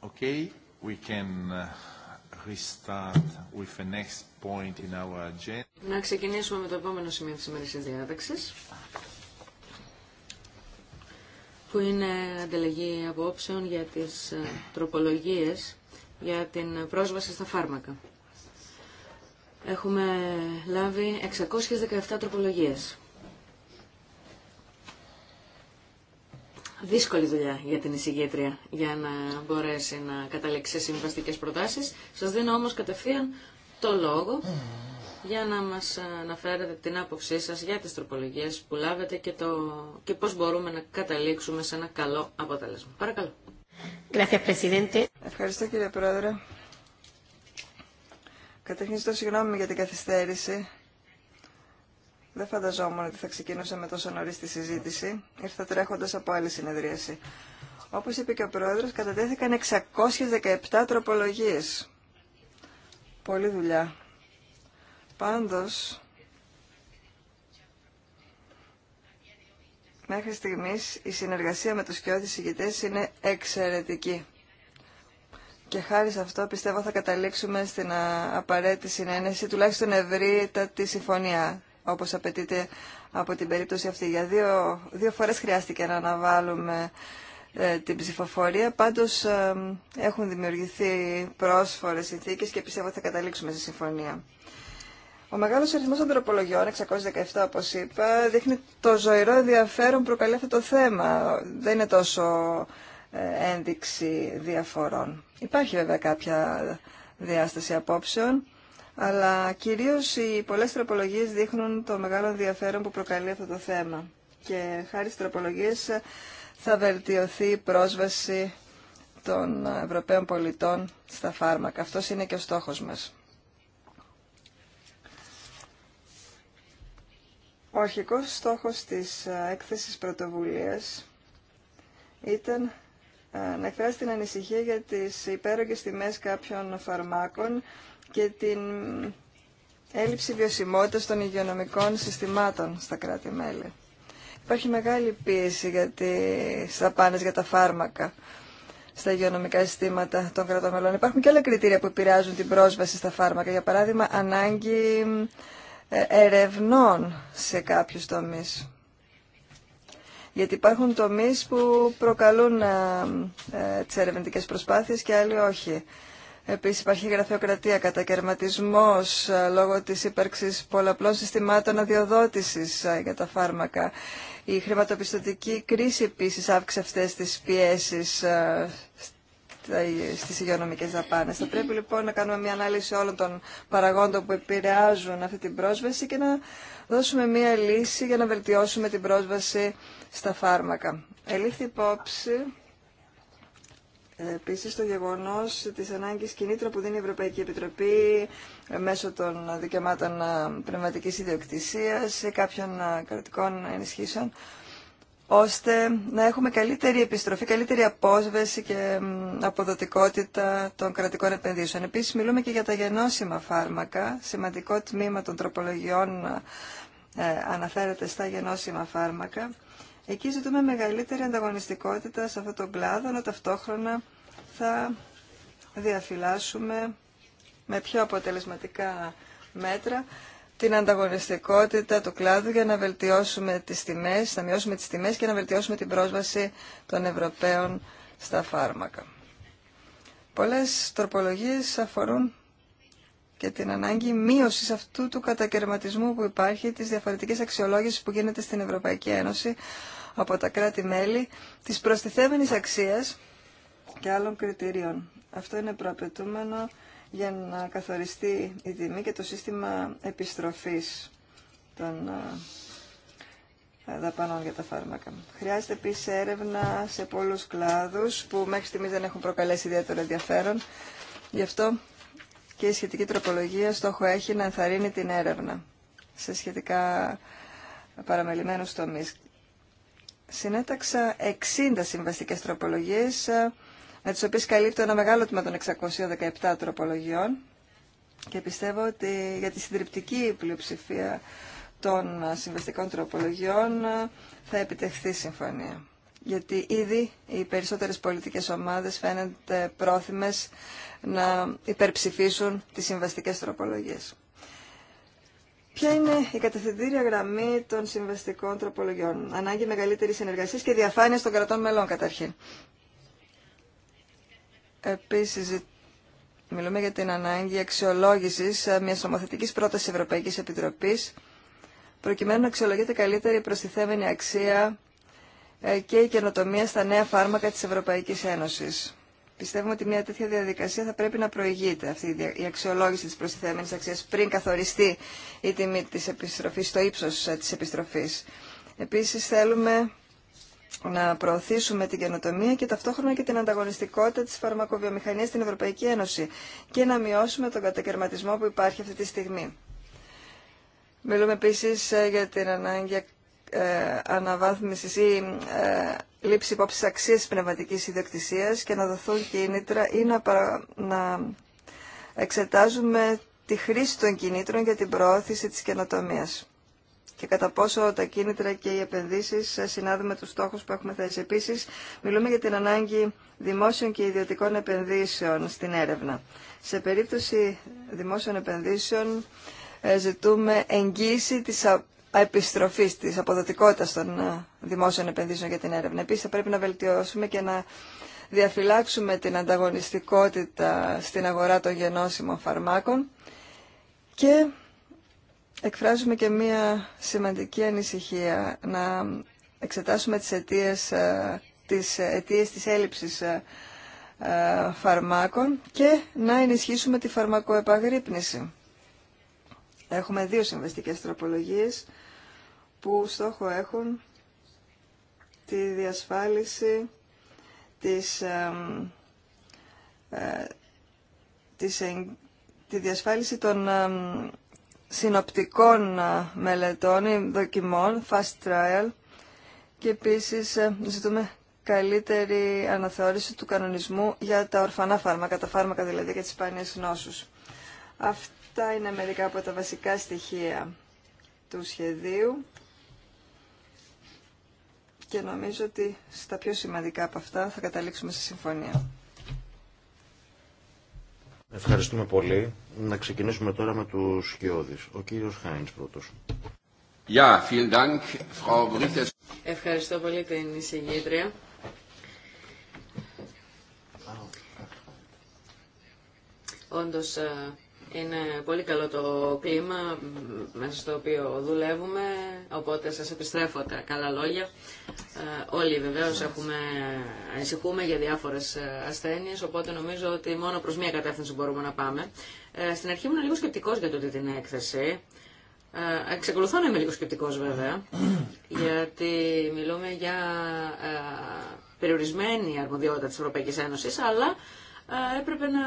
Okay, we can uh, restart with the next point in our agenda. Να ξεκινήσουμε με το επόμενο σημείο της σημερινής διάταξης, που είναι ανταλλαγή απόψεων για τις ε, τροπολογίες για την πρόσβαση στα φάρμακα. Έχουμε λάβει 617 τροπολογίες. δύσκολη δουλειά για την εισηγήτρια για να μπορέσει να καταλήξει σε συμβαστικές προτάσεις. Σας δίνω όμως κατευθείαν το λόγο για να μας αναφέρετε την άποψή σας για τις τροπολογίες που λάβετε και, το, και πώς μπορούμε να καταλήξουμε σε ένα καλό αποτέλεσμα. Παρακαλώ. Ευχαριστώ κύριε Πρόεδρε. Καταρχήν συγγνώμη για την καθυστέρηση. Δεν φανταζόμουν ότι θα ξεκίνωσα με τόσο νωρί τη συζήτηση. Ήρθα τρέχοντα από άλλη συνεδρίαση. Όπω είπε και ο πρόεδρο, κατατέθηκαν 617 τροπολογίε. Πολύ δουλειά. Πάντω, μέχρι στιγμή η συνεργασία με του κοιόδη ηγητέ είναι εξαιρετική. Και χάρη σε αυτό πιστεύω θα καταλήξουμε στην απαραίτητη συνένεση, τουλάχιστον ευρύτατη συμφωνία όπως απαιτείται από την περίπτωση αυτή. Για δύο, δύο φορές χρειάστηκε να αναβάλουμε ε, την ψηφοφορία. Πάντως ε, έχουν δημιουργηθεί πρόσφορες συνθήκε και πιστεύω ότι θα καταλήξουμε σε συμφωνία. Ο μεγάλο αριθμό ανθρωπολογιών, 617 όπω είπα, δείχνει το ζωηρό ενδιαφέρον που προκαλεί αυτό το θέμα. Δεν είναι τόσο ε, ένδειξη διαφορών. Υπάρχει βέβαια κάποια διάσταση απόψεων αλλά κυρίως οι πολλές τροπολογίες δείχνουν το μεγάλο ενδιαφέρον που προκαλεί αυτό το θέμα. Και χάρη στις θα βελτιωθεί η πρόσβαση των Ευρωπαίων πολιτών στα φάρμακα. Αυτός είναι και ο στόχος μας. Ο αρχικός στόχος της έκθεσης πρωτοβουλίας ήταν ε, να εκφράσει την ανησυχία για τις υπέρογες τιμές κάποιων φαρμάκων και την έλλειψη βιωσιμότητας των υγειονομικών συστημάτων στα κράτη-μέλη. Υπάρχει μεγάλη πίεση για τι για τα φάρμακα στα υγειονομικά συστήματα των κρατών Υπάρχουν και άλλα κριτήρια που επηρεάζουν την πρόσβαση στα φάρμακα. Για παράδειγμα, ανάγκη ε, ερευνών σε κάποιους τομείς. Γιατί υπάρχουν τομείς που προκαλούν τι ε, ε, τις ερευνητικές προσπάθειες και άλλοι όχι. Επίσης υπάρχει γραφειοκρατία, κατακαιρματισμός ε, λόγω της ύπαρξης πολλαπλών συστημάτων αδειοδότησης ε, για τα φάρμακα. Η χρηματοπιστωτική κρίση επίσης αύξησε αυτές τις πιέσεις ε, στις υγειονομικέ δαπάνε. Θα πρέπει λοιπόν να κάνουμε μια ανάλυση όλων των παραγόντων που επηρεάζουν αυτή την πρόσβαση και να δώσουμε μια λύση για να βελτιώσουμε την πρόσβαση στα φάρμακα. Ελήφθη υπόψη Επίση, το γεγονό τη ανάγκη κινήτρων που δίνει η Ευρωπαϊκή Επιτροπή μέσω των δικαιωμάτων ε, πνευματική ιδιοκτησία ή κάποιων ε, κρατικών ενισχύσεων, ώστε να έχουμε καλύτερη επιστροφή, καλύτερη απόσβεση και αποδοτικότητα των κρατικών επενδύσεων. Επίση, μιλούμε και για τα γενώσιμα φάρμακα. Σημαντικό τμήμα των τροπολογιών ε, αναφέρεται στα γενώσιμα φάρμακα. Εκεί ζητούμε μεγαλύτερη ανταγωνιστικότητα σε αυτό τον κλάδο, ενώ ταυτόχρονα θα διαφυλάσσουμε με πιο αποτελεσματικά μέτρα την ανταγωνιστικότητα του κλάδου για να βελτιώσουμε τις τιμές, να μειώσουμε τις τιμές και να βελτιώσουμε την πρόσβαση των Ευρωπαίων στα φάρμακα. Πολλές τροπολογίες αφορούν και την ανάγκη μείωση αυτού του κατακαιρματισμού που υπάρχει, της διαφορετικής αξιολόγηση που γίνεται στην Ευρωπαϊκή Ένωση από τα κράτη-μέλη, της προστιθέμενη αξίας και άλλων κριτηρίων. Αυτό είναι προαπαιτούμενο για να καθοριστεί η τιμή και το σύστημα επιστροφής των ε, δαπανών για τα φάρμακα. Χρειάζεται επίση έρευνα σε πολλούς κλάδους που μέχρι στιγμής δεν έχουν προκαλέσει ιδιαίτερο ενδιαφέρον. Γι' αυτό και η σχετική τροπολογία στόχο έχει να ενθαρρύνει την έρευνα σε σχετικά παραμελημένους τομείς. Συνέταξα 60 συμβαστικές τροπολογίες, ε, με τις οποίες καλύπτω ένα μεγάλο τμήμα των 617 τροπολογιών και πιστεύω ότι για τη συντριπτική πλειοψηφία των συμβαστικών τροπολογιών ε, θα επιτευχθεί συμφωνία γιατί ήδη οι περισσότερες πολιτικές ομάδες φαίνονται πρόθυμες να υπερψηφίσουν τις συμβαστικές τροπολογίες. Ποια είναι η κατευθυντήρια γραμμή των συμβαστικών τροπολογιών. Ανάγκη μεγαλύτερη συνεργασία και διαφάνεια των κρατών μελών καταρχήν. Επίσης, μιλούμε για την ανάγκη αξιολόγησης ε, μια νομοθετική πρότασης Ευρωπαϊκής Επιτροπής, προκειμένου να αξιολογείται καλύτερη προστιθέμενη αξία ε, και η καινοτομία στα νέα φάρμακα της Ευρωπαϊκής Ένωσης. Πιστεύουμε ότι μια τέτοια διαδικασία θα πρέπει να προηγείται αυτή η αξιολόγηση της προστιθέμενης αξίας πριν καθοριστεί η τιμή της επιστροφής, το ύψος ε, της επιστροφής. Επίσης θέλουμε να προωθήσουμε την καινοτομία και ταυτόχρονα και την ανταγωνιστικότητα της φαρμακοβιομηχανίας στην Ευρωπαϊκή Ένωση και να μειώσουμε τον κατακαιρματισμό που υπάρχει αυτή τη στιγμή. Μιλούμε επίσης ε, για την ανάγκη ε, αναβάθμιση ή ε, λήψη υπόψη αξία πνευματική ιδιοκτησία και να δοθούν κίνητρα ή να, να εξετάζουμε τη χρήση των κινήτρων για την προώθηση της καινοτομία και κατά πόσο τα κίνητρα και οι επενδύσεις συνάδουν με τους στόχους που έχουμε θέσει. Επίσης, μιλούμε για την ανάγκη δημόσιων και ιδιωτικών επενδύσεων στην έρευνα. Σε περίπτωση δημόσιων επενδύσεων, ε, ζητούμε εγγύηση της Επιστροφή τη αποδοτικότητας των ε, δημόσιων επενδύσεων για την έρευνα. Επίση θα πρέπει να βελτιώσουμε και να διαφυλάξουμε την ανταγωνιστικότητα στην αγορά των γενώσιμων φαρμάκων και εκφράζουμε και μία σημαντική ανησυχία να εξετάσουμε τις αιτίες, ε, τις αιτίες της έλλειψης ε, φαρμάκων και να ενισχύσουμε τη φαρμακοεπαγρύπνηση. Έχουμε δύο συμβαστικές τροπολογίες που στόχο έχουν τη διασφάλιση της, ε, τη διασφάλιση των συνοπτικών ε, μελετών ή δοκιμών, fast trial, και επίσης ε, ζητούμε καλύτερη αναθεώρηση του κανονισμού για τα ορφανά φάρμακα, τα φάρμακα δηλαδή και τις σπάνιες νόσους. Αυτά είναι μερικά από τα βασικά στοιχεία του σχεδίου και νομίζω ότι στα πιο σημαντικά από αυτά θα καταλήξουμε σε συμφωνία. Ευχαριστούμε πολύ. Να ξεκινήσουμε τώρα με τους Σκιώδη. Ο κύριος Χάινς πρώτος. Ja, vielen Dank, Frau Ευχαριστώ πολύ την εισηγήτρια. Όντως ε, είναι πολύ καλό το κλίμα μέσα στο οποίο δουλεύουμε, οπότε σας επιστρέφω τα καλά λόγια. Ε, όλοι βεβαίως έχουμε, ανησυχούμε για διάφορες ε, ασθένειες, οπότε νομίζω ότι μόνο προς μία κατεύθυνση μπορούμε να πάμε. Ε, στην αρχή ήμουν λίγο σκεπτικός για το ότι την έκθεση. εξακολουθώ να είμαι λίγο σκεπτικός βέβαια, γιατί μιλούμε για περιορισμένη αρμοδιότητα της Ευρωπαϊκής Ένωσης, αλλά έπρεπε να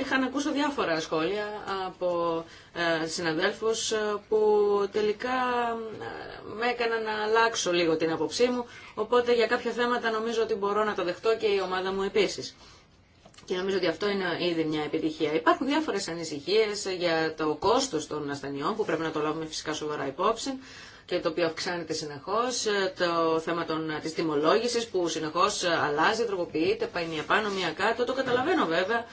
είχα να ακούσω διάφορα σχόλια από ε, συναδέλφους ε, που τελικά ε, με έκαναν να αλλάξω λίγο την άποψή μου, οπότε για κάποια θέματα νομίζω ότι μπορώ να το δεχτώ και η ομάδα μου επίσης. Και νομίζω ότι αυτό είναι ήδη μια επιτυχία. Υπάρχουν διάφορες ανησυχίες για το κόστος των ασθενειών που πρέπει να το λάβουμε φυσικά σοβαρά υπόψη και το οποίο αυξάνεται συνεχώ, ε, το θέμα τη ε, της που συνεχώ ε, αλλάζει, τροποποιείται, πάει μία πάνω, μία κάτω, το καταλαβαίνω βέβαια.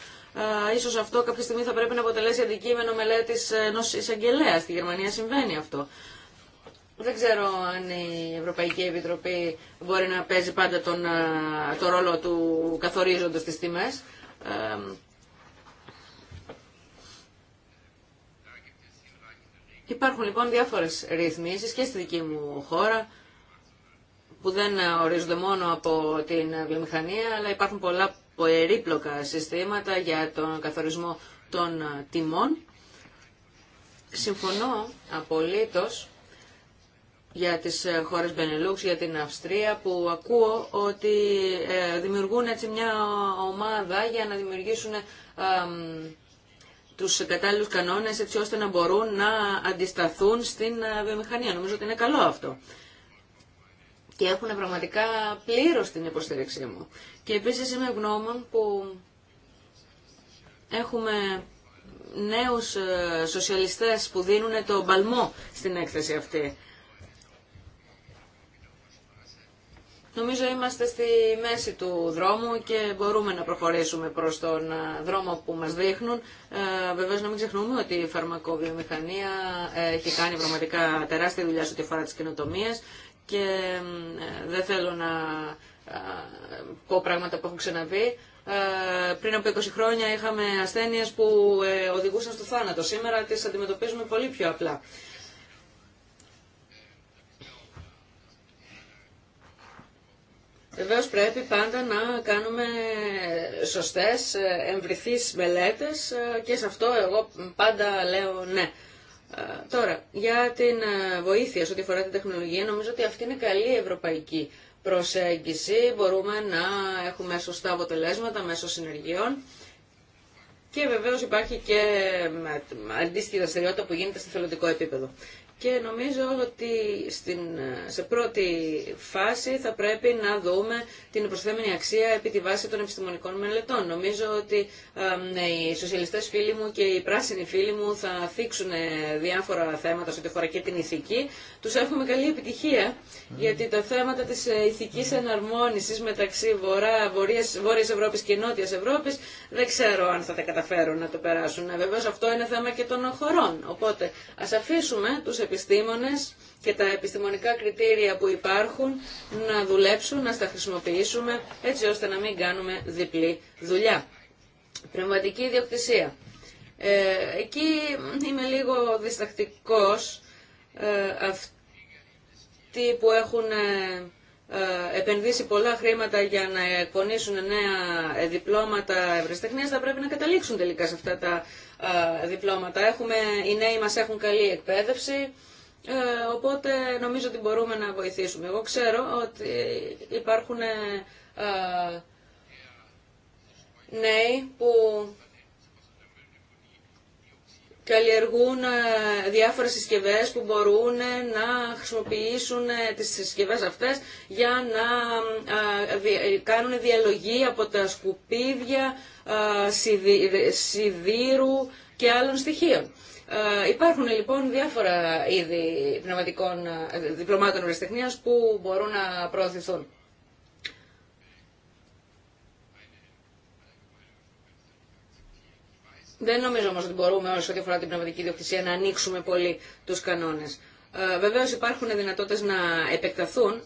ίσως αυτό κάποια στιγμή θα πρέπει να αποτελέσει αντικείμενο μελέτη ενό εισαγγελέα. Στη Γερμανία συμβαίνει αυτό. Δεν ξέρω αν η Ευρωπαϊκή Επιτροπή μπορεί να παίζει πάντα τον, το ρόλο του καθορίζοντα τις τιμές. Υπάρχουν λοιπόν διάφορες ρυθμίσεις και στη δική μου χώρα που δεν ορίζονται μόνο από την βιομηχανία αλλά υπάρχουν πολλά περίπλοκα συστήματα για τον καθορισμό των τιμών. Συμφωνώ απολύτως για τις χώρες Μπενελούξ, για την Αυστρία, που ακούω ότι ε, δημιουργούν έτσι μια ομάδα για να δημιουργήσουν ε, τους κατάλληλους κανόνες έτσι ώστε να μπορούν να αντισταθούν στην ε, βιομηχανία. Νομίζω ότι είναι καλό αυτό. Και έχουν πραγματικά πλήρως την υποστήριξή μου. Και επίσης είμαι γνώμη που έχουμε νέους ε, σοσιαλιστές που δίνουν το μπαλμό στην έκθεση αυτή. Νομίζω είμαστε στη μέση του δρόμου και μπορούμε να προχωρήσουμε προς τον ε, δρόμο που μας δείχνουν. Ε, βεβαίως να μην ξεχνούμε ότι η φαρμακοβιομηχανία ε, έχει κάνει πραγματικά τεράστια δουλειά σε ό,τι αφορά τις καινοτομίες και ε, δεν θέλω να πω πράγματα που έχω ξαναβεί. πριν από 20 χρόνια είχαμε ασθένειες που οδηγούσαν στο θάνατο. Σήμερα τις αντιμετωπίζουμε πολύ πιο απλά. Βεβαίως πρέπει πάντα να κάνουμε σωστές, ε, εμβριθείς μελέτες ε, και σε αυτό εγώ πάντα λέω ναι. Ε, τώρα, για την βοήθεια σε ό,τι αφορά την τεχνολογία, νομίζω ότι αυτή είναι καλή ευρωπαϊκή προσέγγιση. Μπορούμε να έχουμε σωστά αποτελέσματα μέσω συνεργειών. Και βεβαίως υπάρχει και αντίστοιχη δραστηριότητα που γίνεται στο θελοντικό επίπεδο και νομίζω ότι στην, σε πρώτη φάση θα πρέπει να δούμε την προσθέμενη αξία επί τη βάση των επιστημονικών μελετών. Νομίζω ότι οι σοσιαλιστές φίλοι μου και οι πράσινοι φίλοι μου θα θίξουν ε, διάφορα θέματα σε ό,τι αφορά και την ηθική. Τους εύχομαι καλή επιτυχία, γιατί τα θέματα της ε, ηθικής εναρμόνισης μεταξύ βορρά, βορείας, Βόρειας Ευρώπης και Νότιας Ευρώπης δεν ξέρω αν θα τα καταφέρουν να το περάσουν. Ε, βεβαίως αυτό είναι θέμα και των χωρών. Οπότε ας αφήσουμε τους επιστήμονες και τα επιστημονικά κριτήρια που υπάρχουν να δουλέψουν, να τα χρησιμοποιήσουμε έτσι ώστε να μην κάνουμε διπλή δουλειά. Πνευματική ιδιοκτησία. Ε, εκεί είμαι λίγο διστακτικός. Ε, αυτοί που έχουν ε, ε, επενδύσει πολλά χρήματα για να εκπονήσουν νέα διπλώματα ευρεσιτεχνία θα πρέπει να καταλήξουν τελικά σε αυτά τα ε, διπλώματα. Έχουμε, οι νέοι μας έχουν καλή εκπαίδευση, ε, οπότε νομίζω ότι μπορούμε να βοηθήσουμε. Εγώ ξέρω ότι υπάρχουν ε, νέοι που καλλιεργούν ε, διάφορες συσκευές που μπορούν ε, να χρησιμοποιήσουν ε, τις συσκευές αυτές για να κάνουν διαλογή από τα σκουπίδια, σιδήρου και άλλων στοιχείων. Υπάρχουν λοιπόν διάφορα είδη πνευματικών διπλωμάτων ευρεσιτεχνίας που μπορούν να προωθηθούν. Δεν νομίζω όμω ότι μπορούμε όσο αφορά την πνευματική ιδιοκτησία να ανοίξουμε πολύ του κανόνε. Ε, Βεβαίω υπάρχουν δυνατότητε να επεκταθούν ε,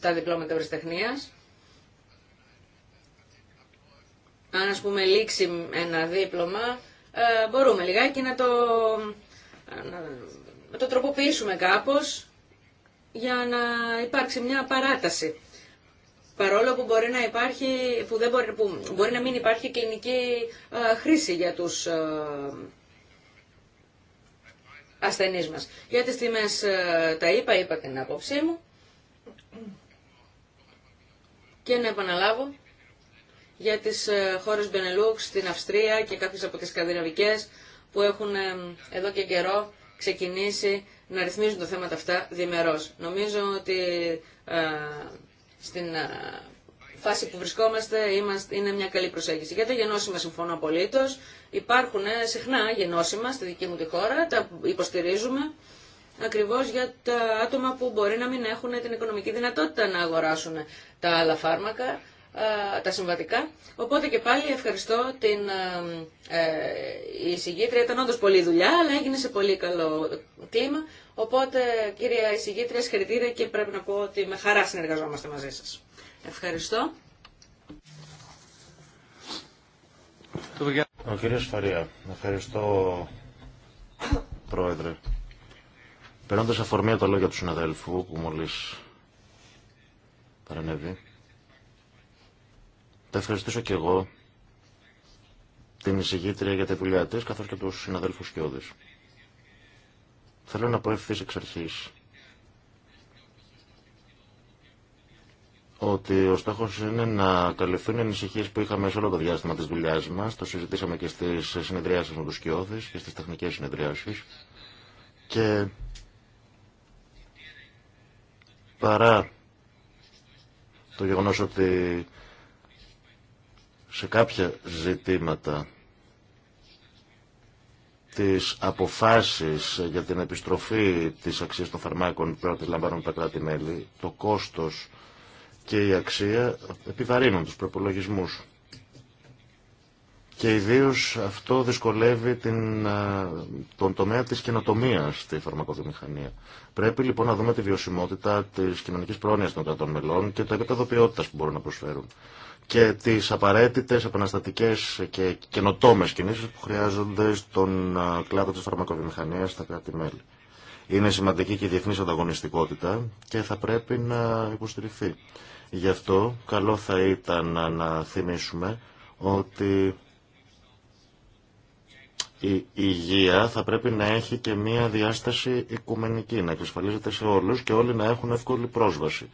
τα διπλώματα ευρεσιτεχνία. Αν α πούμε λήξει ένα δίπλωμα, ε, μπορούμε λιγάκι να το, να το τροποποιήσουμε κάπως για να υπάρξει μια παράταση παρόλο που μπορεί να υπάρχει, που, δεν μπορεί, που μπορεί να μην υπάρχει κλινική ε, χρήση για τους ε, ασθενείς μας. Για τις τιμέ ε, τα είπα, είπα την άποψή μου και να επαναλάβω για τις χώρες Μπενελούξ, την Αυστρία και κάποιες από τις σκανδιναβικές που έχουν εδώ και καιρό ξεκινήσει να ρυθμίζουν τα θέματα αυτά διμερώς. Νομίζω ότι στην ε, φάση που βρισκόμαστε είμαστε, είναι μια καλή προσέγγιση. Για τα γενώσιμα συμφωνώ απολύτω. Υπάρχουν ε, συχνά γενώσιμα στη δική μου τη χώρα, τα υποστηρίζουμε ακριβώ για τα άτομα που μπορεί να μην έχουν την οικονομική δυνατότητα να αγοράσουν τα άλλα φάρμακα. Ε, τα συμβατικά. Οπότε και πάλι ευχαριστώ την ε, ε εισηγήτρια. Ήταν όντω πολλή δουλειά, αλλά έγινε σε πολύ καλό κλίμα. Οπότε, κύρια εισηγήτρια, συγχαρητήρια και πρέπει να πω ότι με χαρά συνεργαζόμαστε μαζί σας. Ευχαριστώ. Ο κύριος Φαρία, ευχαριστώ πρόεδρε. Περνώντας αφορμή από τα λόγια του συναδέλφου που μόλις παρενέβη, θα ευχαριστήσω και εγώ την εισηγήτρια για τη δουλειά τη καθώς και τους συναδέλφους Κιώδης. Θέλω να πω ευθύς εξ αρχή. ότι ο στόχο είναι να καλυφθούν οι ανησυχίε που είχαμε σε όλο το διάστημα τη δουλειά μα. Το συζητήσαμε και στι συνεδριάσει με του και στι τεχνικέ συνεδριάσει. Και παρά το γεγονό ότι σε κάποια ζητήματα τις αποφάσεις για την επιστροφή της αξίας των φαρμάκων που τις λαμβάνουν τα κράτη-μέλη, το κόστος και η αξία επιβαρύνουν τους προπολογισμούς. Και ιδίως αυτό δυσκολεύει την, τον τομέα της καινοτομία στη φαρμακοβιομηχανία. Πρέπει λοιπόν να δούμε τη βιωσιμότητα της κοινωνικής πρόνοιας των κρατών μελών και το επίπεδο ποιότητας που μπορούν να προσφέρουν και τις απαραίτητες επαναστατικές και καινοτόμες κινήσεις που χρειάζονται στον κλάδο της φαρμακοβιομηχανίας στα κράτη-μέλη. Είναι σημαντική και η διεθνής ανταγωνιστικότητα και θα πρέπει να υποστηριχθεί. Γι' αυτό καλό θα ήταν να θυμίσουμε ότι η υγεία θα πρέπει να έχει και μία διάσταση οικουμενική, να εξασφαλίζεται σε όλους και όλοι να έχουν εύκολη πρόσβαση.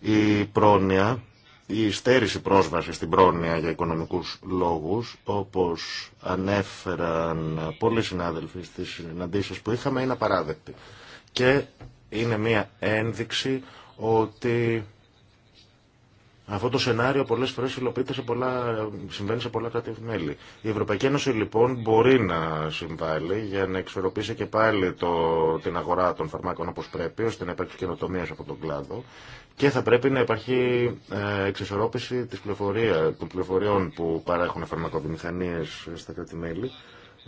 Η πρόνοια η στέρηση πρόσβαση στην πρόνοια για οικονομικούς λόγους, όπως ανέφεραν πολλοί συνάδελφοι στις συναντήσεις που είχαμε, είναι απαράδεκτη. Και είναι μία ένδειξη ότι αυτό το σενάριο πολλέ φορέ πολλά, συμβαίνει σε πολλά κράτη-μέλη. Η Ευρωπαϊκή Ένωση λοιπόν μπορεί να συμβάλλει για να εξορροπήσει και πάλι το, την αγορά των φαρμάκων όπω πρέπει, ώστε να υπάρξει καινοτομία από τον κλάδο και θα πρέπει να υπάρχει ε, εξισορρόπηση της πληροφορία, των πληροφοριών που παρέχουν φαρμακοβιομηχανίε στα κράτη-μέλη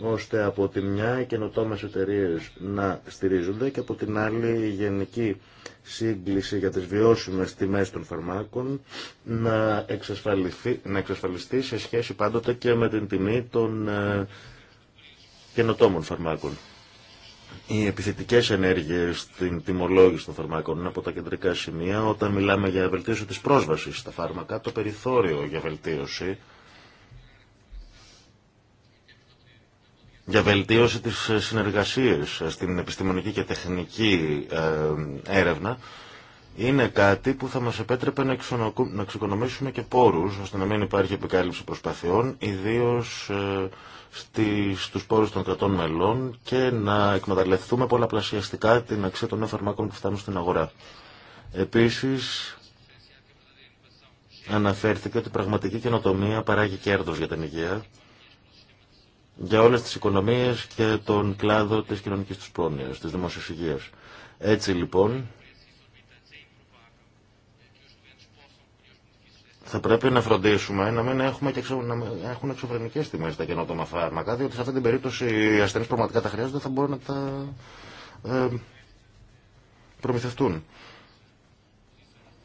ώστε από τη μια οι καινοτόμε εταιρείε να στηρίζονται και από την άλλη η γενική σύγκληση για τις βιώσιμες τιμές των φαρμάκων να, εξασφαλιστεί, να σε σχέση πάντοτε και με την τιμή των ε, καινοτόμων φαρμάκων. Οι επιθετικές ενέργειες στην τιμολόγηση των φαρμάκων είναι από τα κεντρικά σημεία. Όταν μιλάμε για βελτίωση της πρόσβασης στα φάρμακα, το περιθώριο για βελτίωση για βελτίωση τη ε, συνεργασία ε, στην επιστημονική και τεχνική ε, έρευνα είναι κάτι που θα μας επέτρεπε να εξοικονομήσουμε και πόρους ώστε να μην υπάρχει επικάλυψη προσπαθειών ιδίως στις, στους πόρους των κρατών μελών και να εκμεταλλευτούμε πολλαπλασιαστικά την αξία των νέων φαρμάκων που φτάνουν στην αγορά. Επίσης, αναφέρθηκε ότι η πραγματική καινοτομία παράγει κέρδος για την υγεία για όλε τι οικονομίες και τον κλάδο της κοινωνική του πρόνοιας, τη δημόσια υγεία. Έτσι λοιπόν, θα πρέπει να φροντίσουμε να μην έχουμε και να έχουν εξωφρενικέ τιμέ τα καινοτόμα φάρμακα, διότι σε αυτή την περίπτωση οι ασθενείς πραγματικά τα χρειάζονται, θα μπορούν να τα ε, προμηθευτούν.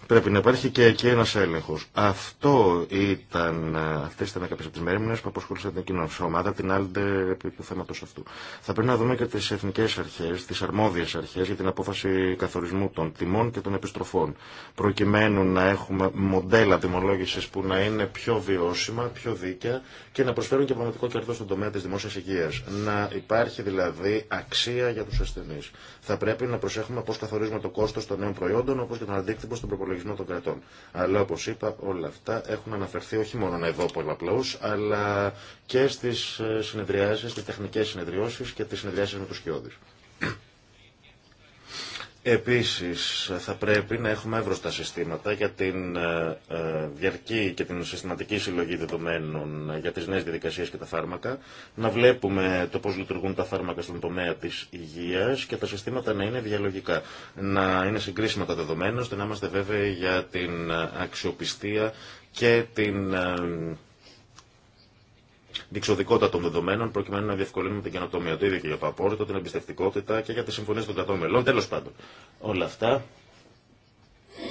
Πρέπει να υπάρχει και εκεί ένα έλεγχο. Αυτό ήταν, ε, αυτέ ήταν κάποιε από τι μέρημνε που απασχολούσαν την κοινωνική ομάδα, την άλλη επί του θέματο αυτού. Θα πρέπει να δούμε και τι εθνικέ αρχέ, τι αρμόδιε αρχέ για την απόφαση καθορισμού των τιμών και των επιστροφών. Προκειμένου να έχουμε μοντέλα τιμολόγηση που να είναι πιο βιώσιμα, πιο δίκαια και να προσφέρουν και πραγματικό κερδό στον τομέα τη δημόσια υγεία. Να υπάρχει δηλαδή αξία για του ασθενεί. Θα πρέπει να προσέχουμε πώ καθορίζουμε το κόστο των νέων προϊόντων όπω και τον αντίκτυπο στον προπολογισμό των κρατών. Αλλά όπως είπα όλα αυτά έχουν αναφερθεί όχι μόνο εδώ πολλαπλώς αλλά και στις ε, συνεδριάσεις, τις τεχνικές συνεδριώσεις και τις συνεδριάσεις με τους κοιόδης. Επίσης θα πρέπει να έχουμε εύρωστα συστήματα για την ε, ε, διαρκή και την συστηματική συλλογή δεδομένων για τις νέες διαδικασίες και τα φάρμακα, να βλέπουμε το πώς λειτουργούν τα φάρμακα στον τομέα της υγείας και τα συστήματα να είναι διαλογικά, να είναι συγκρίσιμα τα δεδομένα, ώστε να είμαστε βέβαιοι για την αξιοπιστία και την ε, διεξοδικότητα των δεδομένων προκειμένου να διευκολύνουμε την καινοτομία. Το ίδιο και για το απόρριτο, την εμπιστευτικότητα και για τι συμφωνίε των κρατών μελών. Τέλο πάντων, όλα αυτά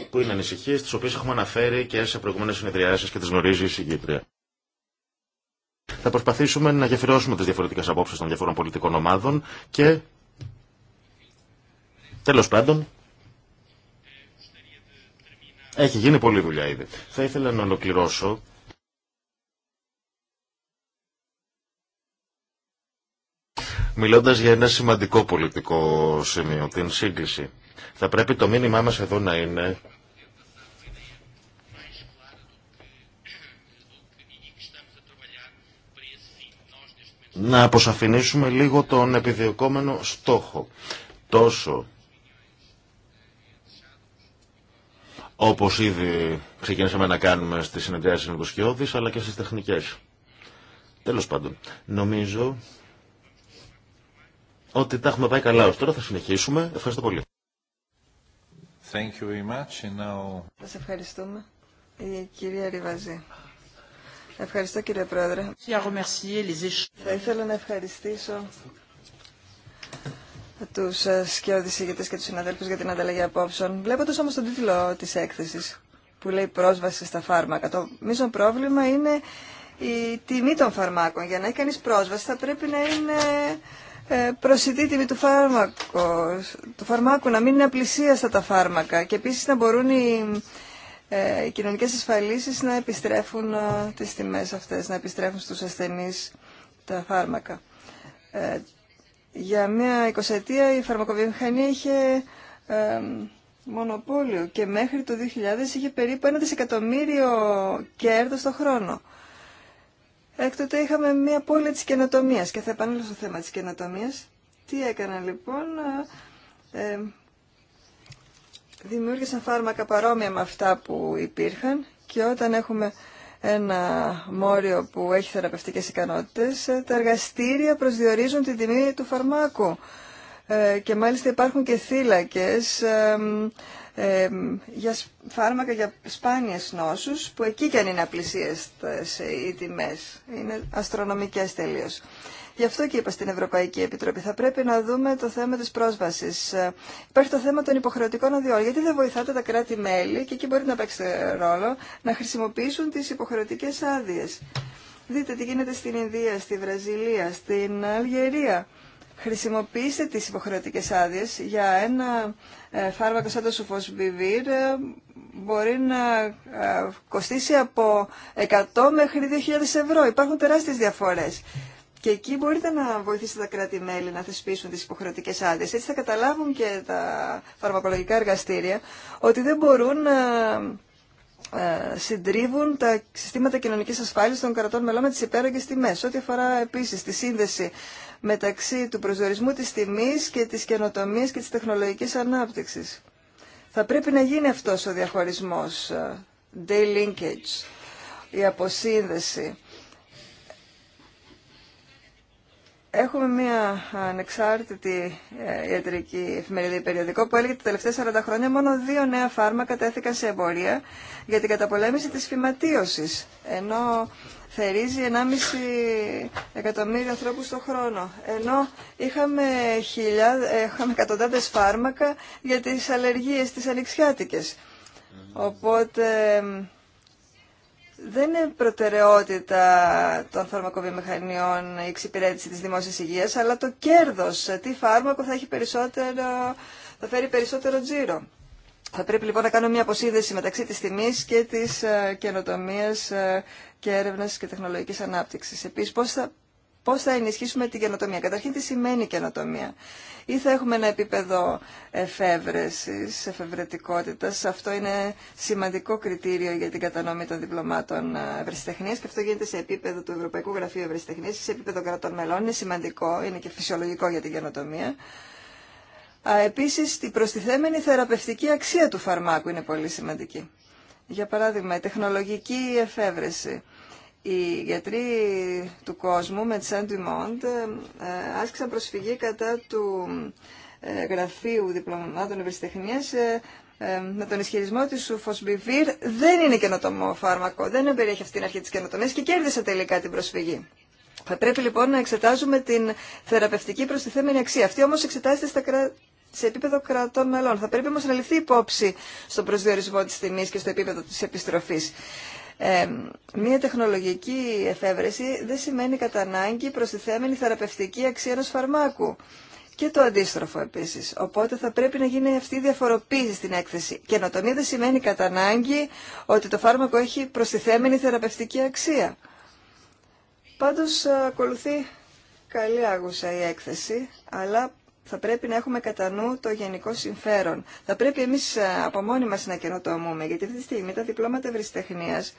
που είναι ανησυχίε, τι οποίε έχουμε αναφέρει και σε προηγούμενε συνεδριάσει και τι γνωρίζει η συγκήτρια. Θα προσπαθήσουμε να γεφυρώσουμε τι διαφορετικέ απόψει των διαφορών πολιτικών ομάδων και τέλο πάντων έχει γίνει πολλή δουλειά ήδη. Θα ήθελα να ολοκληρώσω μιλώντας για ένα σημαντικό πολιτικό σημείο, την σύγκληση. Θα πρέπει το μήνυμά μας εδώ να είναι να αποσαφηνίσουμε λίγο τον επιδιωκόμενο στόχο. Τόσο όπως ήδη ξεκινήσαμε να κάνουμε στις συνεδριάσεις συνοδοσκιώδης, αλλά και στις τεχνικές. Τέλος πάντων, νομίζω ότι τα έχουμε πάει καλά ως τώρα. Θα συνεχίσουμε. Ευχαριστώ πολύ. Thank Σας ευχαριστούμε. Η κυρία Ριβαζή. Ευχαριστώ κύριε Πρόεδρε. Θα ήθελα να ευχαριστήσω τους ε, σκιώδης ηγετές και τους συναδέλφους για την ανταλλαγή απόψεων. Βλέποντας όμως τον τίτλο της έκθεσης που λέει πρόσβαση στα φάρμακα. Το μείζον πρόβλημα είναι η τιμή των φαρμάκων. Για να έχει κανείς πρόσβαση θα πρέπει να είναι ε, προσιτή τιμή του, φάρμακο, του φαρμάκου, να μην είναι απλησίαστα τα φάρμακα και επίσης να μπορούν οι, ε, οι κοινωνικές ασφαλίσεις να επιστρέφουν ε, τις τιμές αυτές, να επιστρέφουν στους ασθενείς τα φάρμακα. για μια εικοσαετία η φαρμακοβιομηχανία είχε μονοπόλιο και μέχρι το 2000 είχε περίπου ένα δισεκατομμύριο κέρδος το χρόνο. Έκτοτε είχαμε μια πόλη της καινοτομίας και θα επανέλθω στο θέμα της καινοτομίας. Τι έκαναν λοιπόν, ε, ε, δημιούργησαν φάρμακα παρόμοια με αυτά που υπήρχαν και όταν έχουμε ένα μόριο που έχει θεραπευτικές ικανότητες, ε, τα εργαστήρια προσδιορίζουν την τιμή του φαρμάκου ε, και μάλιστα υπάρχουν και θύλακες για φάρμακα για σπάνιες νόσους που εκεί και αν είναι απλησίες ε, οι τιμές. Είναι αστρονομικές τελείως. Γι' αυτό και είπα στην Ευρωπαϊκή Επιτροπή. Θα πρέπει να δούμε το θέμα τη πρόσβαση. Ε, υπάρχει το θέμα των υποχρεωτικών αδειών. Γιατί δεν βοηθάτε τα κράτη-μέλη, και εκεί μπορεί να παίξετε ρόλο, να χρησιμοποιήσουν τι υποχρεωτικέ άδειε. Δείτε τι γίνεται στην Ινδία, στη Βραζιλία, στην Αλγερία χρησιμοποιήστε τις υποχρεωτικές άδειες για ένα ε, φάρμακο σαν το σουφοσμπιβίρ ε, μπορεί να ε, κοστίσει από 100 μέχρι 2.000 ευρώ. Υπάρχουν τεράστιες διαφορές. Και εκεί μπορείτε να βοηθήσετε τα κράτη-μέλη να θεσπίσουν τις υποχρεωτικές άδειες. Έτσι θα καταλάβουν και τα φαρμακολογικά εργαστήρια ότι δεν μπορούν να συντρίβουν τα συστήματα κοινωνικής ασφάλειας των κρατών μελών με τις υπέρογες τιμές. Ό,τι αφορά επίσης τη σύνδεση μεταξύ του προσδιορισμού της τιμής και της καινοτομίας και της τεχνολογικής ανάπτυξης. Θα πρέπει να γίνει αυτός ο διαχωρισμός, ε, day linkage, η αποσύνδεση. Έχουμε μία ανεξάρτητη ε, ιατρική εφημερίδα περιοδικό που έλεγε τα τελευταία 40 χρόνια μόνο δύο νέα φάρμακα τέθηκαν σε εμπορία για την καταπολέμηση της φυματίωσης. Ενώ θερίζει 1,5 εκατομμύρια ανθρώπους το χρόνο. Ενώ είχαμε, εκατοντάδε ε, είχαμε εκατοντάδες φάρμακα για τις αλλεργίες, τις ανοιξιάτικες. Οπότε δεν είναι προτεραιότητα των φαρμακοβιομηχανιών η εξυπηρέτηση της δημόσιας υγείας, αλλά το κέρδος. Τι φάρμακο θα, έχει περισσότερο, θα φέρει περισσότερο τζίρο. Θα πρέπει λοιπόν να κάνουμε μια αποσύνδεση μεταξύ της τιμής και της ε, καινοτομίας ε, και έρευνα και τεχνολογική ανάπτυξη. Επίση, πώ θα, πώς θα ενισχύσουμε την καινοτομία. Καταρχήν, τι σημαίνει καινοτομία. Ή θα έχουμε ένα επίπεδο εφεύρεση, εφευρετικότητα, Αυτό είναι σημαντικό κριτήριο για την κατανόμη των διπλωμάτων ευρεσιτεχνία και αυτό γίνεται σε επίπεδο του Ευρωπαϊκού Γραφείου Ευρεσιτεχνία, σε επίπεδο κρατών μελών. Είναι σημαντικό, είναι και φυσιολογικό για την καινοτομία. Επίση, η προστιθέμενη θεραπευτική αξία του φαρμάκου είναι πολύ σημαντική. Για παράδειγμα, η τεχνολογική εφεύρεση. Οι γιατροί του κόσμου, με τη saint Μόντ, ε, άσκησαν προσφυγή κατά του ε, γραφείου διπλωμάτων ευρεσιτεχνίας ε, με τον ισχυρισμό ότι σου φοσμπιβίρ δεν είναι καινοτομό φάρμακο, δεν περιέχει αυτή την αρχή της καινοτομίας και κέρδισε τελικά την προσφυγή. Θα πρέπει λοιπόν να εξετάζουμε την θεραπευτική προστιθέμενη αξία. Αυτή όμως εξετάζεται στα, κράτη σε επίπεδο κρατών μελών. Θα πρέπει όμω να ληφθεί υπόψη στον προσδιορισμό τη τιμή και στο επίπεδο τη επιστροφή. Ε, μία τεχνολογική εφεύρεση δεν σημαίνει κατά ανάγκη προστιθέμενη θεραπευτική αξία ενό φαρμάκου. Και το αντίστροφο επίση. Οπότε θα πρέπει να γίνει αυτή η διαφοροποίηση στην έκθεση. Καινοτομία δεν σημαίνει κατά ανάγκη ότι το φάρμακο έχει προστιθέμενη θεραπευτική αξία. Πάντω ε, ακολουθεί καλή άγουσα η έκθεση, αλλά θα πρέπει να έχουμε κατά νου το γενικό συμφέρον. Θα πρέπει εμείς ε, από μόνοι μας να καινοτομούμε, γιατί αυτή τη στιγμή τα διπλώματα ευρυστεχνίας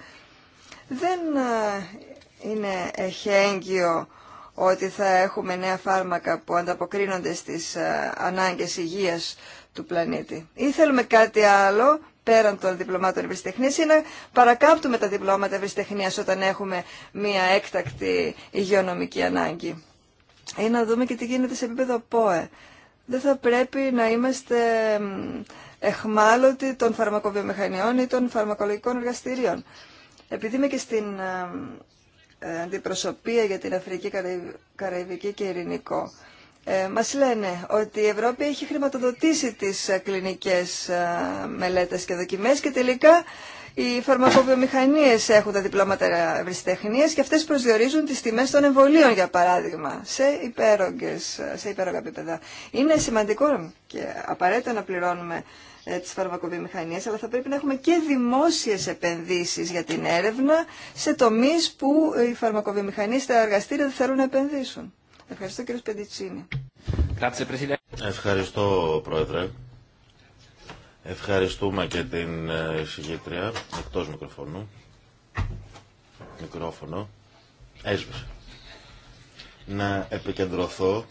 δεν ε, είναι εχέγγυο ότι θα έχουμε νέα φάρμακα που ανταποκρίνονται στις ε, ανάγκες υγείας του πλανήτη. Ή θέλουμε κάτι άλλο πέραν των διπλωμάτων ευρυστεχνία ή να παρακάπτουμε τα διπλώματα ευρυστεχνία όταν έχουμε μία έκτακτη υγειονομική ανάγκη ή ε, να δούμε και τι γίνεται σε επίπεδο ΠΟΕ. Δεν θα πρέπει να είμαστε εχμάλωτοι των φαρμακοβιομηχανιών ή των φαρμακολογικών εργαστηρίων. Επειδή είμαι και στην ε, ε, αντιπροσωπεία για την Αφρική, Καραϊβική και Ειρηνικό, ε, μας λένε ότι η Ευρώπη έχει χρηματοδοτήσει τις κλινικές μελέτες και δοκιμές και τελικά οι φαρμακοβιομηχανίες έχουν τα διπλώματα ευρεσιτεχνία και αυτές προσδιορίζουν τις τιμέ των εμβολίων, για παράδειγμα, σε, υπέρογκες, σε υπέρογκα επίπεδα. Είναι σημαντικό και απαραίτητο να πληρώνουμε ε, τις φαρμακοβιομηχανίες, αλλά θα πρέπει να έχουμε και δημόσιες επενδύσεις για την έρευνα σε τομείς που οι φαρμακοβιομηχανίες στα εργαστήρια δεν θέλουν να επενδύσουν. Ευχαριστώ κύριο Πεντητσίνη. Ευχαριστώ Πρόεδρε. Ευχαριστούμε και την ε, συγγετρία, εκτός μικροφωνού. Μικρόφωνο. Έσβησε. Να επικεντρωθώ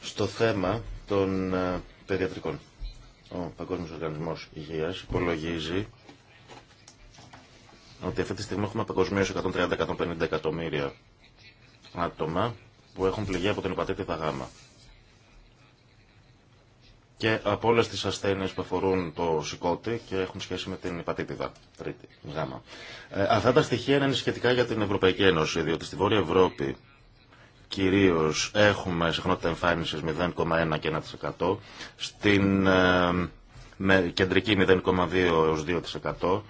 στο θέμα των ε, παιδιατρικών. Ο Παγκόσμιος Οργανισμός Υγείας υπολογίζει ότι αυτή τη στιγμή έχουμε παγκοσμίω 130-150 εκατομμύρια άτομα που έχουν πληγεί από την υπατήτητα γάμα και από όλε τι ασθένειε που αφορούν το σηκώτη και έχουν σχέση με την υπατήτηδα, τρίτη γάμα. Ε, αυτά τα στοιχεία είναι σχετικά για την Ευρωπαϊκή Ένωση, διότι στη Βόρεια Ευρώπη κυρίω έχουμε συχνότητα εμφάνιση 0,1 και 1%, στην ε, με κεντρική 0,2 έω 2%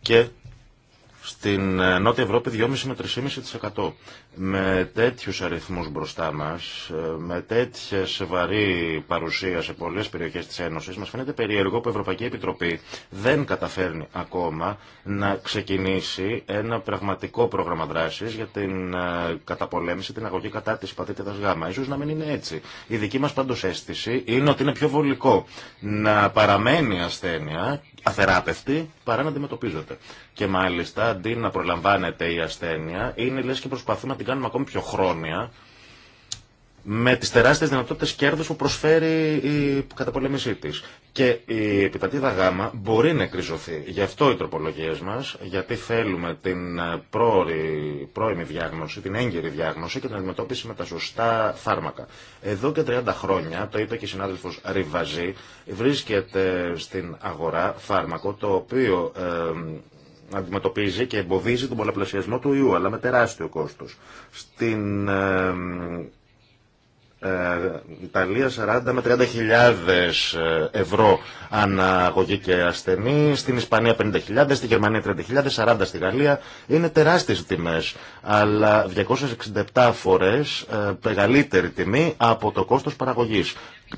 και στην ε, Νότια Ευρώπη 2,5 με 3,5%. Με τέτοιους αριθμούς μπροστά μας, ε, με τέτοια σεβαρή παρουσία σε πολλές περιοχές της Ένωσης, μας φαίνεται περίεργο που η Ευρωπαϊκή Επιτροπή δεν καταφέρνει ακόμα να ξεκινήσει ένα πραγματικό πρόγραμμα δράσης για την ε, καταπολέμηση, την αγωγή κατά της πατήτητας γάμα. Ίσως να μην είναι έτσι. Η δική μας πάντως αίσθηση είναι ότι είναι πιο βολικό να παραμένει ασθένεια αθεράπευτη παρά να αντιμετωπίζεται. Και μάλιστα αντί να προλαμβάνεται η ασθένεια, είναι λες και προσπαθούμε να την κάνουμε ακόμη πιο χρόνια με τι τεράστιε δυνατότητε κέρδους που προσφέρει η καταπολέμησή τη. Και η επιτατήδα Γ μπορεί να εκκριζωθεί. Γι' αυτό οι τροπολογίε μα, γιατί θέλουμε την πρόημη διάγνωση, την έγκυρη διάγνωση και την αντιμετώπιση με τα σωστά φάρμακα. Εδώ και 30 χρόνια, το είπε και η Συνάδελφο Ριβαζή, βρίσκεται στην αγορά φάρμακο το οποίο... αντιμετωπίζει και εμποδίζει τον πολλαπλασιασμό του ιού, αλλά με τεράστιο κόστος. Στην ε, Ιταλία 40 με 30.000 ε, ευρώ αναγωγή και ασθενή, στην Ισπανία 50.000, στη Γερμανία 30.000, 40 στη Γαλλία. Είναι τεράστιες τιμές, αλλά 267 φορές ε, μεγαλύτερη τιμή από το κόστος παραγωγής.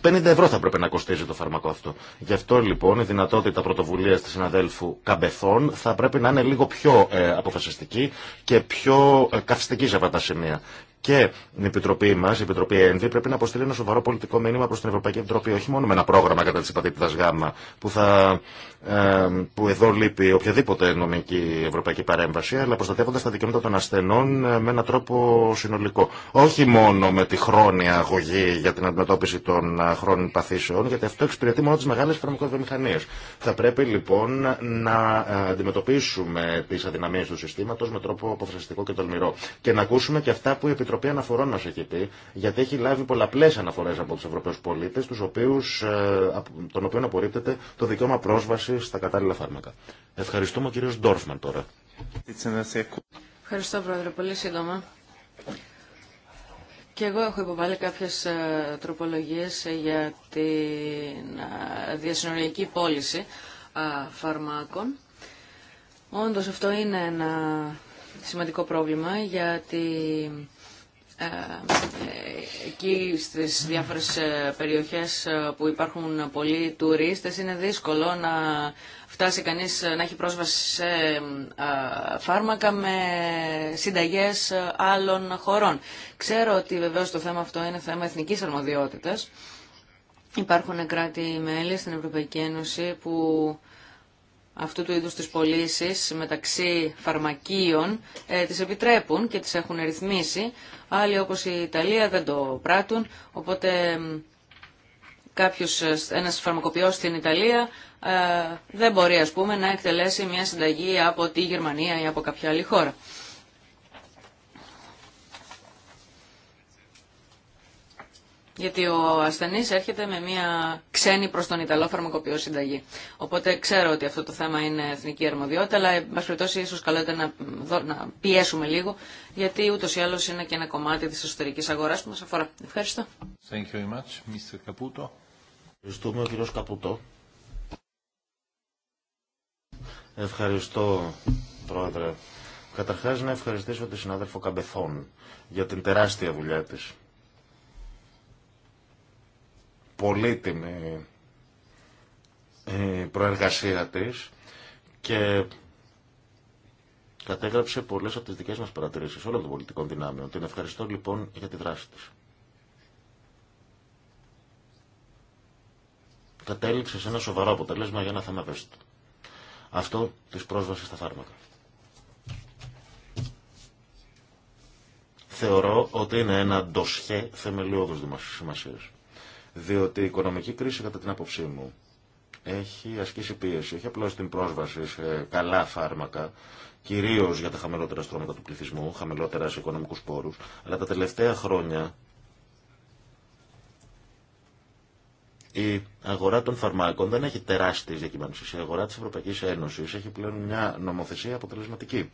50 ευρώ θα πρέπει να κοστίζει το φάρμακο αυτό. Γι' αυτό λοιπόν η δυνατότητα πρωτοβουλία τη συναδέλφου Καμπεθών θα πρέπει να είναι λίγο πιο αποφασιστική και πιο ε, καυστική σε αυτά τα σημεία. Και η Επιτροπή μα, η Επιτροπή ΕΝΒΗ, πρέπει να αποστείλει ένα σοβαρό πολιτικό μήνυμα προ την Ευρωπαϊκή Επιτροπή, όχι μόνο με ένα πρόγραμμα κατά τη υπατήτητα Γ, που, θα, ε, που εδώ λείπει οποιαδήποτε νομική ευρωπαϊκή παρέμβαση, αλλά προστατεύοντα τα δικαιώματα των ασθενών ε, με έναν τρόπο συνολικό. Όχι μόνο με τη χρόνια αγωγή για την αντιμετώπιση των ε, χρόνων παθήσεων, γιατί αυτό εξυπηρετεί μόνο τι μεγάλε φαρμακοβιομηχανίε. Θα πρέπει λοιπόν να ε, αντιμετωπίσουμε τι αδυναμίε του συστήματο με τρόπο αποφασιστικό και τολμηρό. Και να ακούσουμε και αυτά που η Επιτροπή Αναφορών μα έχει πει, γιατί έχει λάβει πολλαπλέ αναφορέ από του Ευρωπαίου πολίτε, ε, των οποίων απορρίπτεται το δικαίωμα πρόσβαση στα κατάλληλα φάρμακα. Ευχαριστούμε ο κύριο Ντόρφμαν τώρα. Ευχαριστώ, Πρόεδρε. Πολύ σύντομα. Και εγώ έχω υποβάλει κάποιες ε, τροπολογίες για την ε, διασυνοριακή πώληση φαρμάκων. Όντως αυτό είναι ένα σημαντικό πρόβλημα γιατί ε, εκεί στις διάφορες ε, περιοχές ε, που υπάρχουν πολλοί τουρίστες είναι δύσκολο να φτάσει κανείς να έχει πρόσβαση σε φάρμακα με συνταγές άλλων χωρών. Ξέρω ότι βεβαίως το θέμα αυτό είναι θέμα εθνικής αρμοδιότητας. Υπάρχουν κράτη-μέλη στην Ευρωπαϊκή Ένωση που αυτού του είδους τις πωλήσει μεταξύ φαρμακείων ε, τις επιτρέπουν και τις έχουν ρυθμίσει. Άλλοι όπως η Ιταλία δεν το πράττουν, οπότε κάποιος, ε, ένας φαρμακοποιός στην Ιταλία ε, δεν μπορεί ας πούμε να εκτελέσει μια συνταγή από τη Γερμανία ή από κάποια άλλη χώρα. γιατί ο ασθενή έρχεται με μια ξένη προ τον Ιταλό φαρμακοποιό συνταγή. Οπότε ξέρω ότι αυτό το θέμα είναι εθνική αρμοδιότητα, αλλά εν πάση ίσως καλό καλύτερα να, να πιέσουμε λίγο, γιατί ούτω ή άλλω είναι και ένα κομμάτι τη εσωτερική αγορά που μας αφορά. Ευχαριστώ. Thank you very much, Ευχαριστούμε ο κύριος Καπούτο. Ευχαριστώ, Πρόεδρε. Καταρχά να ευχαριστήσω τη συνάδελφο Καμπεθών για την τεράστια δουλειά τη πολύτιμη η ε, προεργασία της και κατέγραψε πολλές από τις δικές μας παρατηρήσεις όλων των πολιτικών δυνάμεων. Την ευχαριστώ λοιπόν για τη δράση της. Κατέληξε σε ένα σοβαρό αποτελέσμα για ένα θέμα Αυτό της πρόσβασης στα φάρμακα. Θεωρώ ότι είναι ένα ντοσχέ θεμελιώδους δημοσίας σημασίας. Διότι η οικονομική κρίση, κατά την άποψή μου, έχει ασκήσει πίεση, έχει απλώ την πρόσβαση σε καλά φάρμακα, κυρίω για τα χαμηλότερα στρώματα του πληθυσμού, χαμηλότερα σε οικονομικού πόρου, αλλά τα τελευταία χρόνια η αγορά των φαρμάκων δεν έχει τεράστιες διακυμάνσει. Η αγορά της Ευρωπαϊκή Ένωση έχει πλέον μια νομοθεσία αποτελεσματική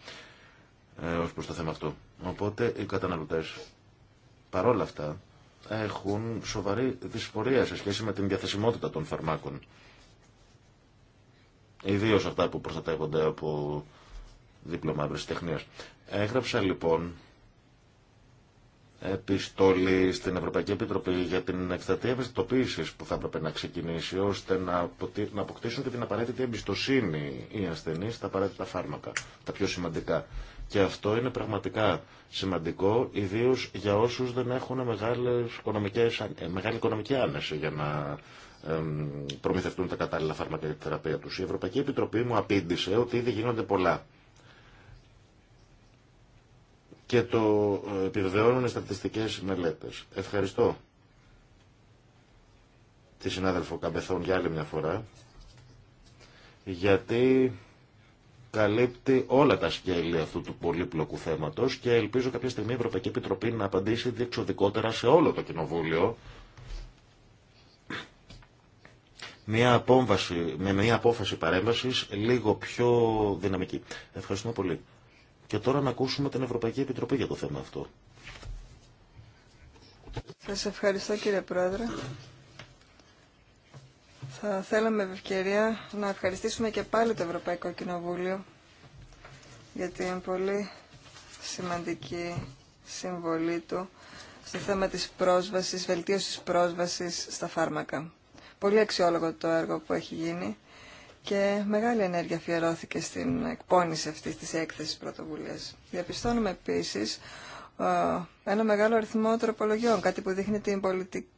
ε, ως προς το θέμα αυτό. Οπότε οι καταναλωτέ, παρόλα αυτά έχουν σοβαρή δυσφορία σε σχέση με την διαθεσιμότητα των φαρμάκων. Ιδίως αυτά που προστατεύονται από δίπλωμα τεχνίας. Έγραψα λοιπόν επιστολή στην Ευρωπαϊκή Επιτροπή για την εκστατεία ευαισθητοποίηση που θα έπρεπε να ξεκινήσει ώστε να, να αποκτήσουν και την απαραίτητη εμπιστοσύνη οι ασθενείς στα απαραίτητα φάρμακα, τα πιο σημαντικά. Και αυτό είναι πραγματικά σημαντικό, ιδίω για όσου δεν έχουν μεγάλη οικονομική άνεση για να προμηθευτούν τα κατάλληλα φάρμακα για τη θεραπεία του. Η Ευρωπαϊκή Επιτροπή μου απήντησε ότι ήδη γίνονται πολλά. Και το ε, επιβεβαιώνουν οι στατιστικέ μελέτε. Ευχαριστώ τη συνάδελφο Καμπεθόν για άλλη μια φορά γιατί καλύπτει όλα τα σκέλη αυτού του πολύπλοκου θέματος και ελπίζω κάποια στιγμή η Ευρωπαϊκή Επιτροπή να απαντήσει διεξοδικότερα σε όλο το Κοινοβούλιο μια απόμβαση, με μια απόφαση παρέμβασης λίγο πιο δυναμική. Ευχαριστούμε πολύ. Και τώρα να ακούσουμε την Ευρωπαϊκή Επιτροπή για το θέμα αυτό. Σας ευχαριστώ κύριε Πρόεδρε. Θα θέλαμε ευκαιρία να ευχαριστήσουμε και πάλι το Ευρωπαϊκό Κοινοβούλιο για την πολύ σημαντική συμβολή του στο θέμα της πρόσβασης, βελτίωσης πρόσβασης στα φάρμακα. Πολύ αξιόλογο το έργο που έχει γίνει και μεγάλη ενέργεια αφιερώθηκε στην εκπόνηση αυτής της έκθεσης πρωτοβουλίας. Διαπιστώνουμε επίσης ε, ένα μεγάλο αριθμό τροπολογιών, κάτι που δείχνει την πολιτική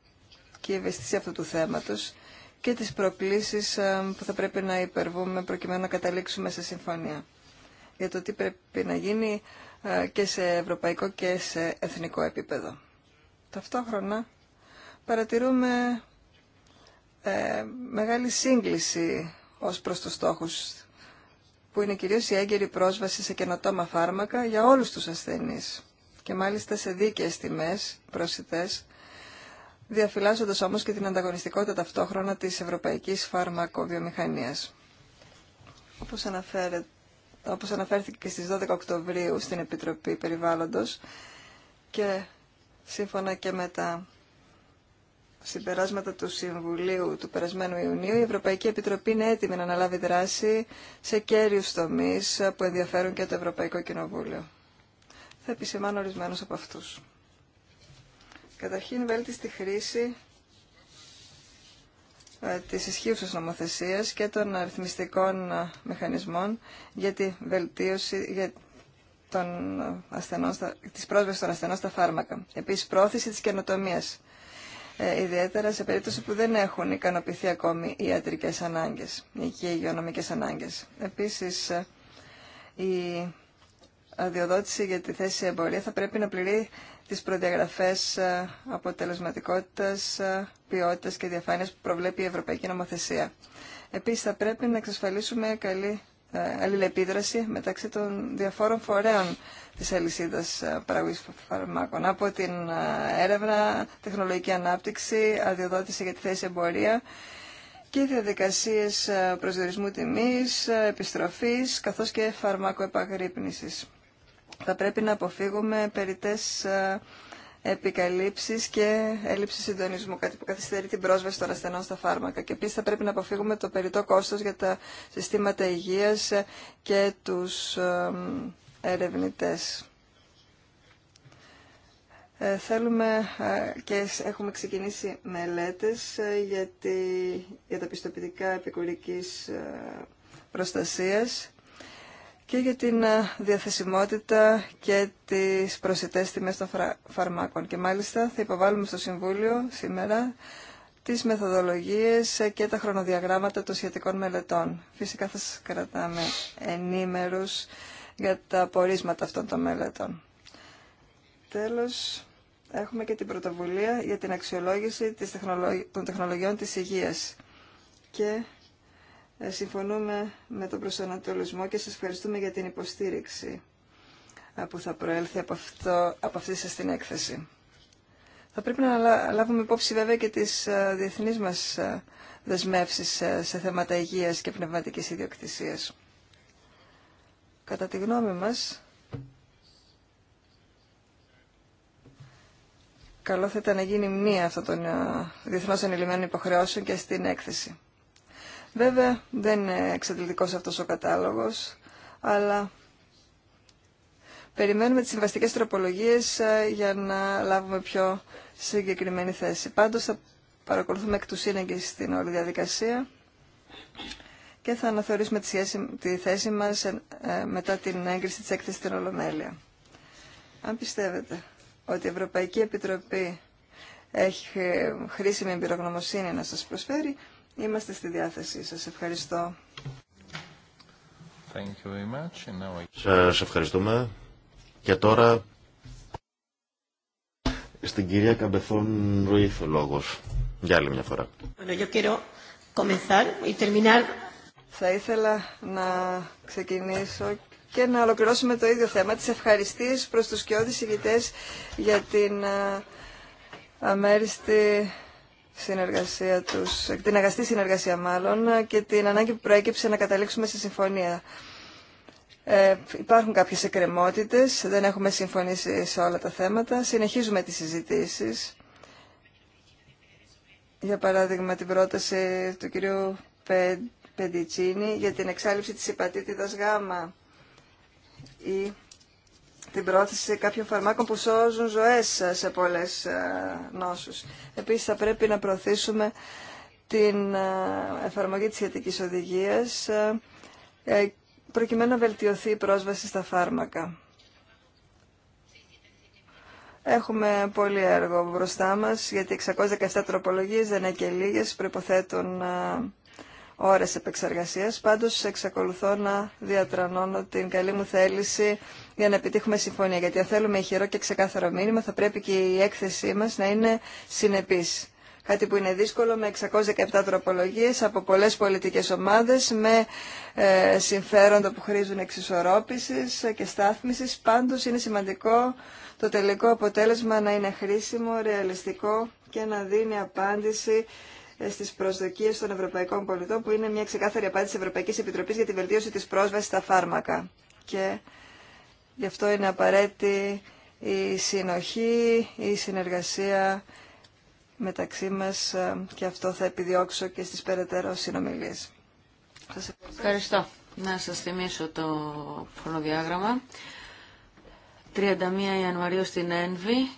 ευαισθησία αυτού του θέματος και τις προκλήσεις ε, που θα πρέπει να υπερβούμε προκειμένου να καταλήξουμε σε συμφωνία. Για το τι πρέπει να γίνει ε, και σε ευρωπαϊκό και σε εθνικό επίπεδο. Ταυτόχρονα παρατηρούμε ε, μεγάλη σύγκληση ως προς τους στόχους που είναι κυρίως η έγκαιρη πρόσβαση σε καινοτόμα φάρμακα για όλους τους ασθενείς και μάλιστα σε δίκαιες τιμές προσιτές διαφυλάσσοντας όμω και την ανταγωνιστικότητα ταυτόχρονα της ευρωπαϊκής φαρμακοβιομηχανίας. Όπως, αναφέρεται, όπως αναφέρθηκε και στις 12 Οκτωβρίου στην Επιτροπή Περιβάλλοντος και σύμφωνα και με τα συμπεράσματα του Συμβουλίου του περασμένου Ιουνίου, η Ευρωπαϊκή Επιτροπή είναι έτοιμη να αναλάβει δράση σε κέριους τομείς που ενδιαφέρουν και το Ευρωπαϊκό Κοινοβούλιο. Θα επισημάνω ορισμένου από αυτούς. Καταρχήν, βέλτιστη χρήση ε, της ισχύουσας νομοθεσίας και των αριθμιστικών ε, μηχανισμών για τη βελτίωση για τον ασθενών, της πρόσβασης των ασθενών στα φάρμακα. Επίσης, πρόθεση της καινοτομίας, ε, ιδιαίτερα σε περίπτωση που δεν έχουν ικανοποιηθεί ακόμη οι ιατρικές ανάγκες και οι υγειονομικές ανάγκες. Επίσης, η αδειοδότηση για τη θέση εμπορία θα πρέπει να πληρεί τις προδιαγραφές ε, αποτελεσματικότητας, ε, ποιότητας και διαφάνειας που προβλέπει η Ευρωπαϊκή Νομοθεσία. Επίσης, θα πρέπει να εξασφαλίσουμε καλή ε, αλληλεπίδραση μεταξύ των διαφόρων φορέων της αλυσίδας παραγωγής φαρμάκων. Από την έρευνα, τεχνολογική ανάπτυξη, αδειοδότηση για τη θέση εμπορία και διαδικασίες προσδιορισμού τιμής, επιστροφής, καθώς και φαρμάκο επαγρύπνησης θα πρέπει να αποφύγουμε περιττές ε, επικαλύψεις και έλλειψη συντονισμού, κάτι που καθυστερεί την πρόσβαση των ασθενών στα φάρμακα. Και επίσης θα πρέπει να αποφύγουμε το περιττό κόστος για τα συστήματα υγείας ε, και τους ε, ερευνητές. Θέλουμε και έχουμε ξεκινήσει μελέτες για, για τα πιστοποιητικά επικουρικής προστασίας και για την ε, διαθεσιμότητα και τις προσιτές τιμές των φαρμάκων. Και μάλιστα θα υποβάλουμε στο Συμβούλιο σήμερα τις μεθοδολογίες ε, και τα χρονοδιαγράμματα των σχετικών μελετών. Φυσικά θα σας κρατάμε ενήμερους για τα πορίσματα αυτών των μελετών. Τέλος, έχουμε και την πρωτοβουλία για την αξιολόγηση των τεχνολογιών της υγείας και ε, συμφωνούμε με τον προσανατολισμό και σας ευχαριστούμε για την υποστήριξη ε, που θα προέλθει από, αυτό, από αυτή σας την έκθεση. Θα πρέπει να λάβουμε υπόψη βέβαια και τις ε, διεθνείς μας δεσμεύσεις σε θέματα υγείας και πνευματικής ιδιοκτησίας. Κατά τη γνώμη μας, καλό θα ήταν να γίνει μνήα αυτών των διεθνώς ανηλυμένων υποχρεώσεων και στην έκθεση. Βέβαια δεν είναι εξαντλητικός αυτός ο κατάλογος, αλλά περιμένουμε τις συμβαστικές τροπολογίες ε, για να λάβουμε πιο συγκεκριμένη θέση. Πάντως θα παρακολουθούμε εκ του σύναγκης την όλη διαδικασία και θα αναθεωρήσουμε τη, θέση μας ε, μετά την έγκριση της έκθεσης στην Ολομέλεια. Αν πιστεύετε ότι η Ευρωπαϊκή Επιτροπή έχει ε, χρήσιμη εμπειρογνωμοσύνη να σας προσφέρει, Είμαστε στη διάθεσή σας. Ευχαριστώ. Σας ευχαριστούμε. Και τώρα στην κυρία Καμπεθόν Ρουίθ ο λόγος. Για άλλη μια φορά. Θα ήθελα να ξεκινήσω και να ολοκληρώσουμε το ίδιο θέμα Τις ευχαριστήσεις προς τους κοιόδης ηγητές για την ε, αμέριστη συνεργασία τους, την αγαστή συνεργασία μάλλον και την ανάγκη που προέκυψε να καταλήξουμε σε συμφωνία. Ε, υπάρχουν κάποιες εκκρεμότητες, δεν έχουμε συμφωνήσει σε όλα τα θέματα. Συνεχίζουμε τις συζητήσεις. Για παράδειγμα την πρόταση του κυρίου Πεντιτσίνη για την εξάλληψη της υπατήτητας γάμα ή την πρόθεση κάποιων φαρμάκων που σώζουν ζωές σε πολλές ε, νόσους. Επίσης θα πρέπει να προωθήσουμε την ε, εφαρμογή της ιατικής οδηγίας ε, προκειμένου να βελτιωθεί η πρόσβαση στα φάρμακα. Έχουμε πολύ έργο μπροστά μας, γιατί 617 τροπολογίες δεν είναι και λίγες, προϋποθέτουν ώρες επεξεργασίας. Πάντως εξακολουθώ να διατρανώνω την καλή μου θέληση για να επιτύχουμε συμφωνία. Γιατί αν θέλουμε ηχηρό και ξεκάθαρο μήνυμα θα πρέπει και η έκθεσή μας να είναι συνεπής. Κάτι που είναι δύσκολο με 617 τροπολογίες από πολλές πολιτικές ομάδες με ε, συμφέροντα που χρήζουν εξισορρόπησης και στάθμισης. Πάντως είναι σημαντικό το τελικό αποτέλεσμα να είναι χρήσιμο, ρεαλιστικό και να δίνει απάντηση Στι προσδοκίες των Ευρωπαϊκών πολιτών, που είναι μια ξεκάθαρη απάντηση τη Ευρωπαϊκής Επιτροπής για τη βελτίωση της πρόσβασης στα φάρμακα. Και γι' αυτό είναι απαραίτητη η συνοχή, η συνεργασία μεταξύ μας ε, και αυτό θα επιδιώξω και στις περαιτέρω συνομιλίες. Σας ευχαριστώ. Να σας θυμίσω το φωνοδιάγραμμα. 31 Ιανουαρίου στην ΕΝΒΗ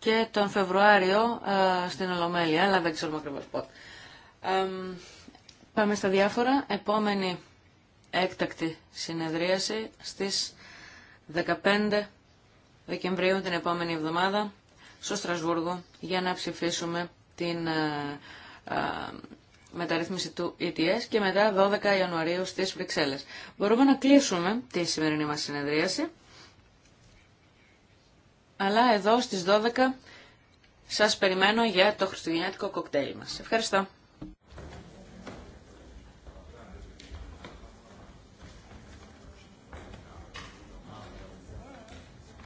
και τον Φεβρουάριο ε, στην Ολομέλεια, αλλά δεν ξέρουμε ακριβώς πότε. Πάμε στα διάφορα. Επόμενη έκτακτη συνεδρίαση στις 15 Δεκεμβρίου την επόμενη εβδομάδα στο Στρασβούργο για να ψηφίσουμε την ε, ε, μεταρρύθμιση του ETS και μετά 12 Ιανουαρίου στις Βρυξέλλες. Μπορούμε να κλείσουμε τη σημερινή μας συνεδρίαση αλλά εδώ στις 12 σας περιμένω για το χριστουγεννιάτικο κοκτέιλ μας. Ευχαριστώ.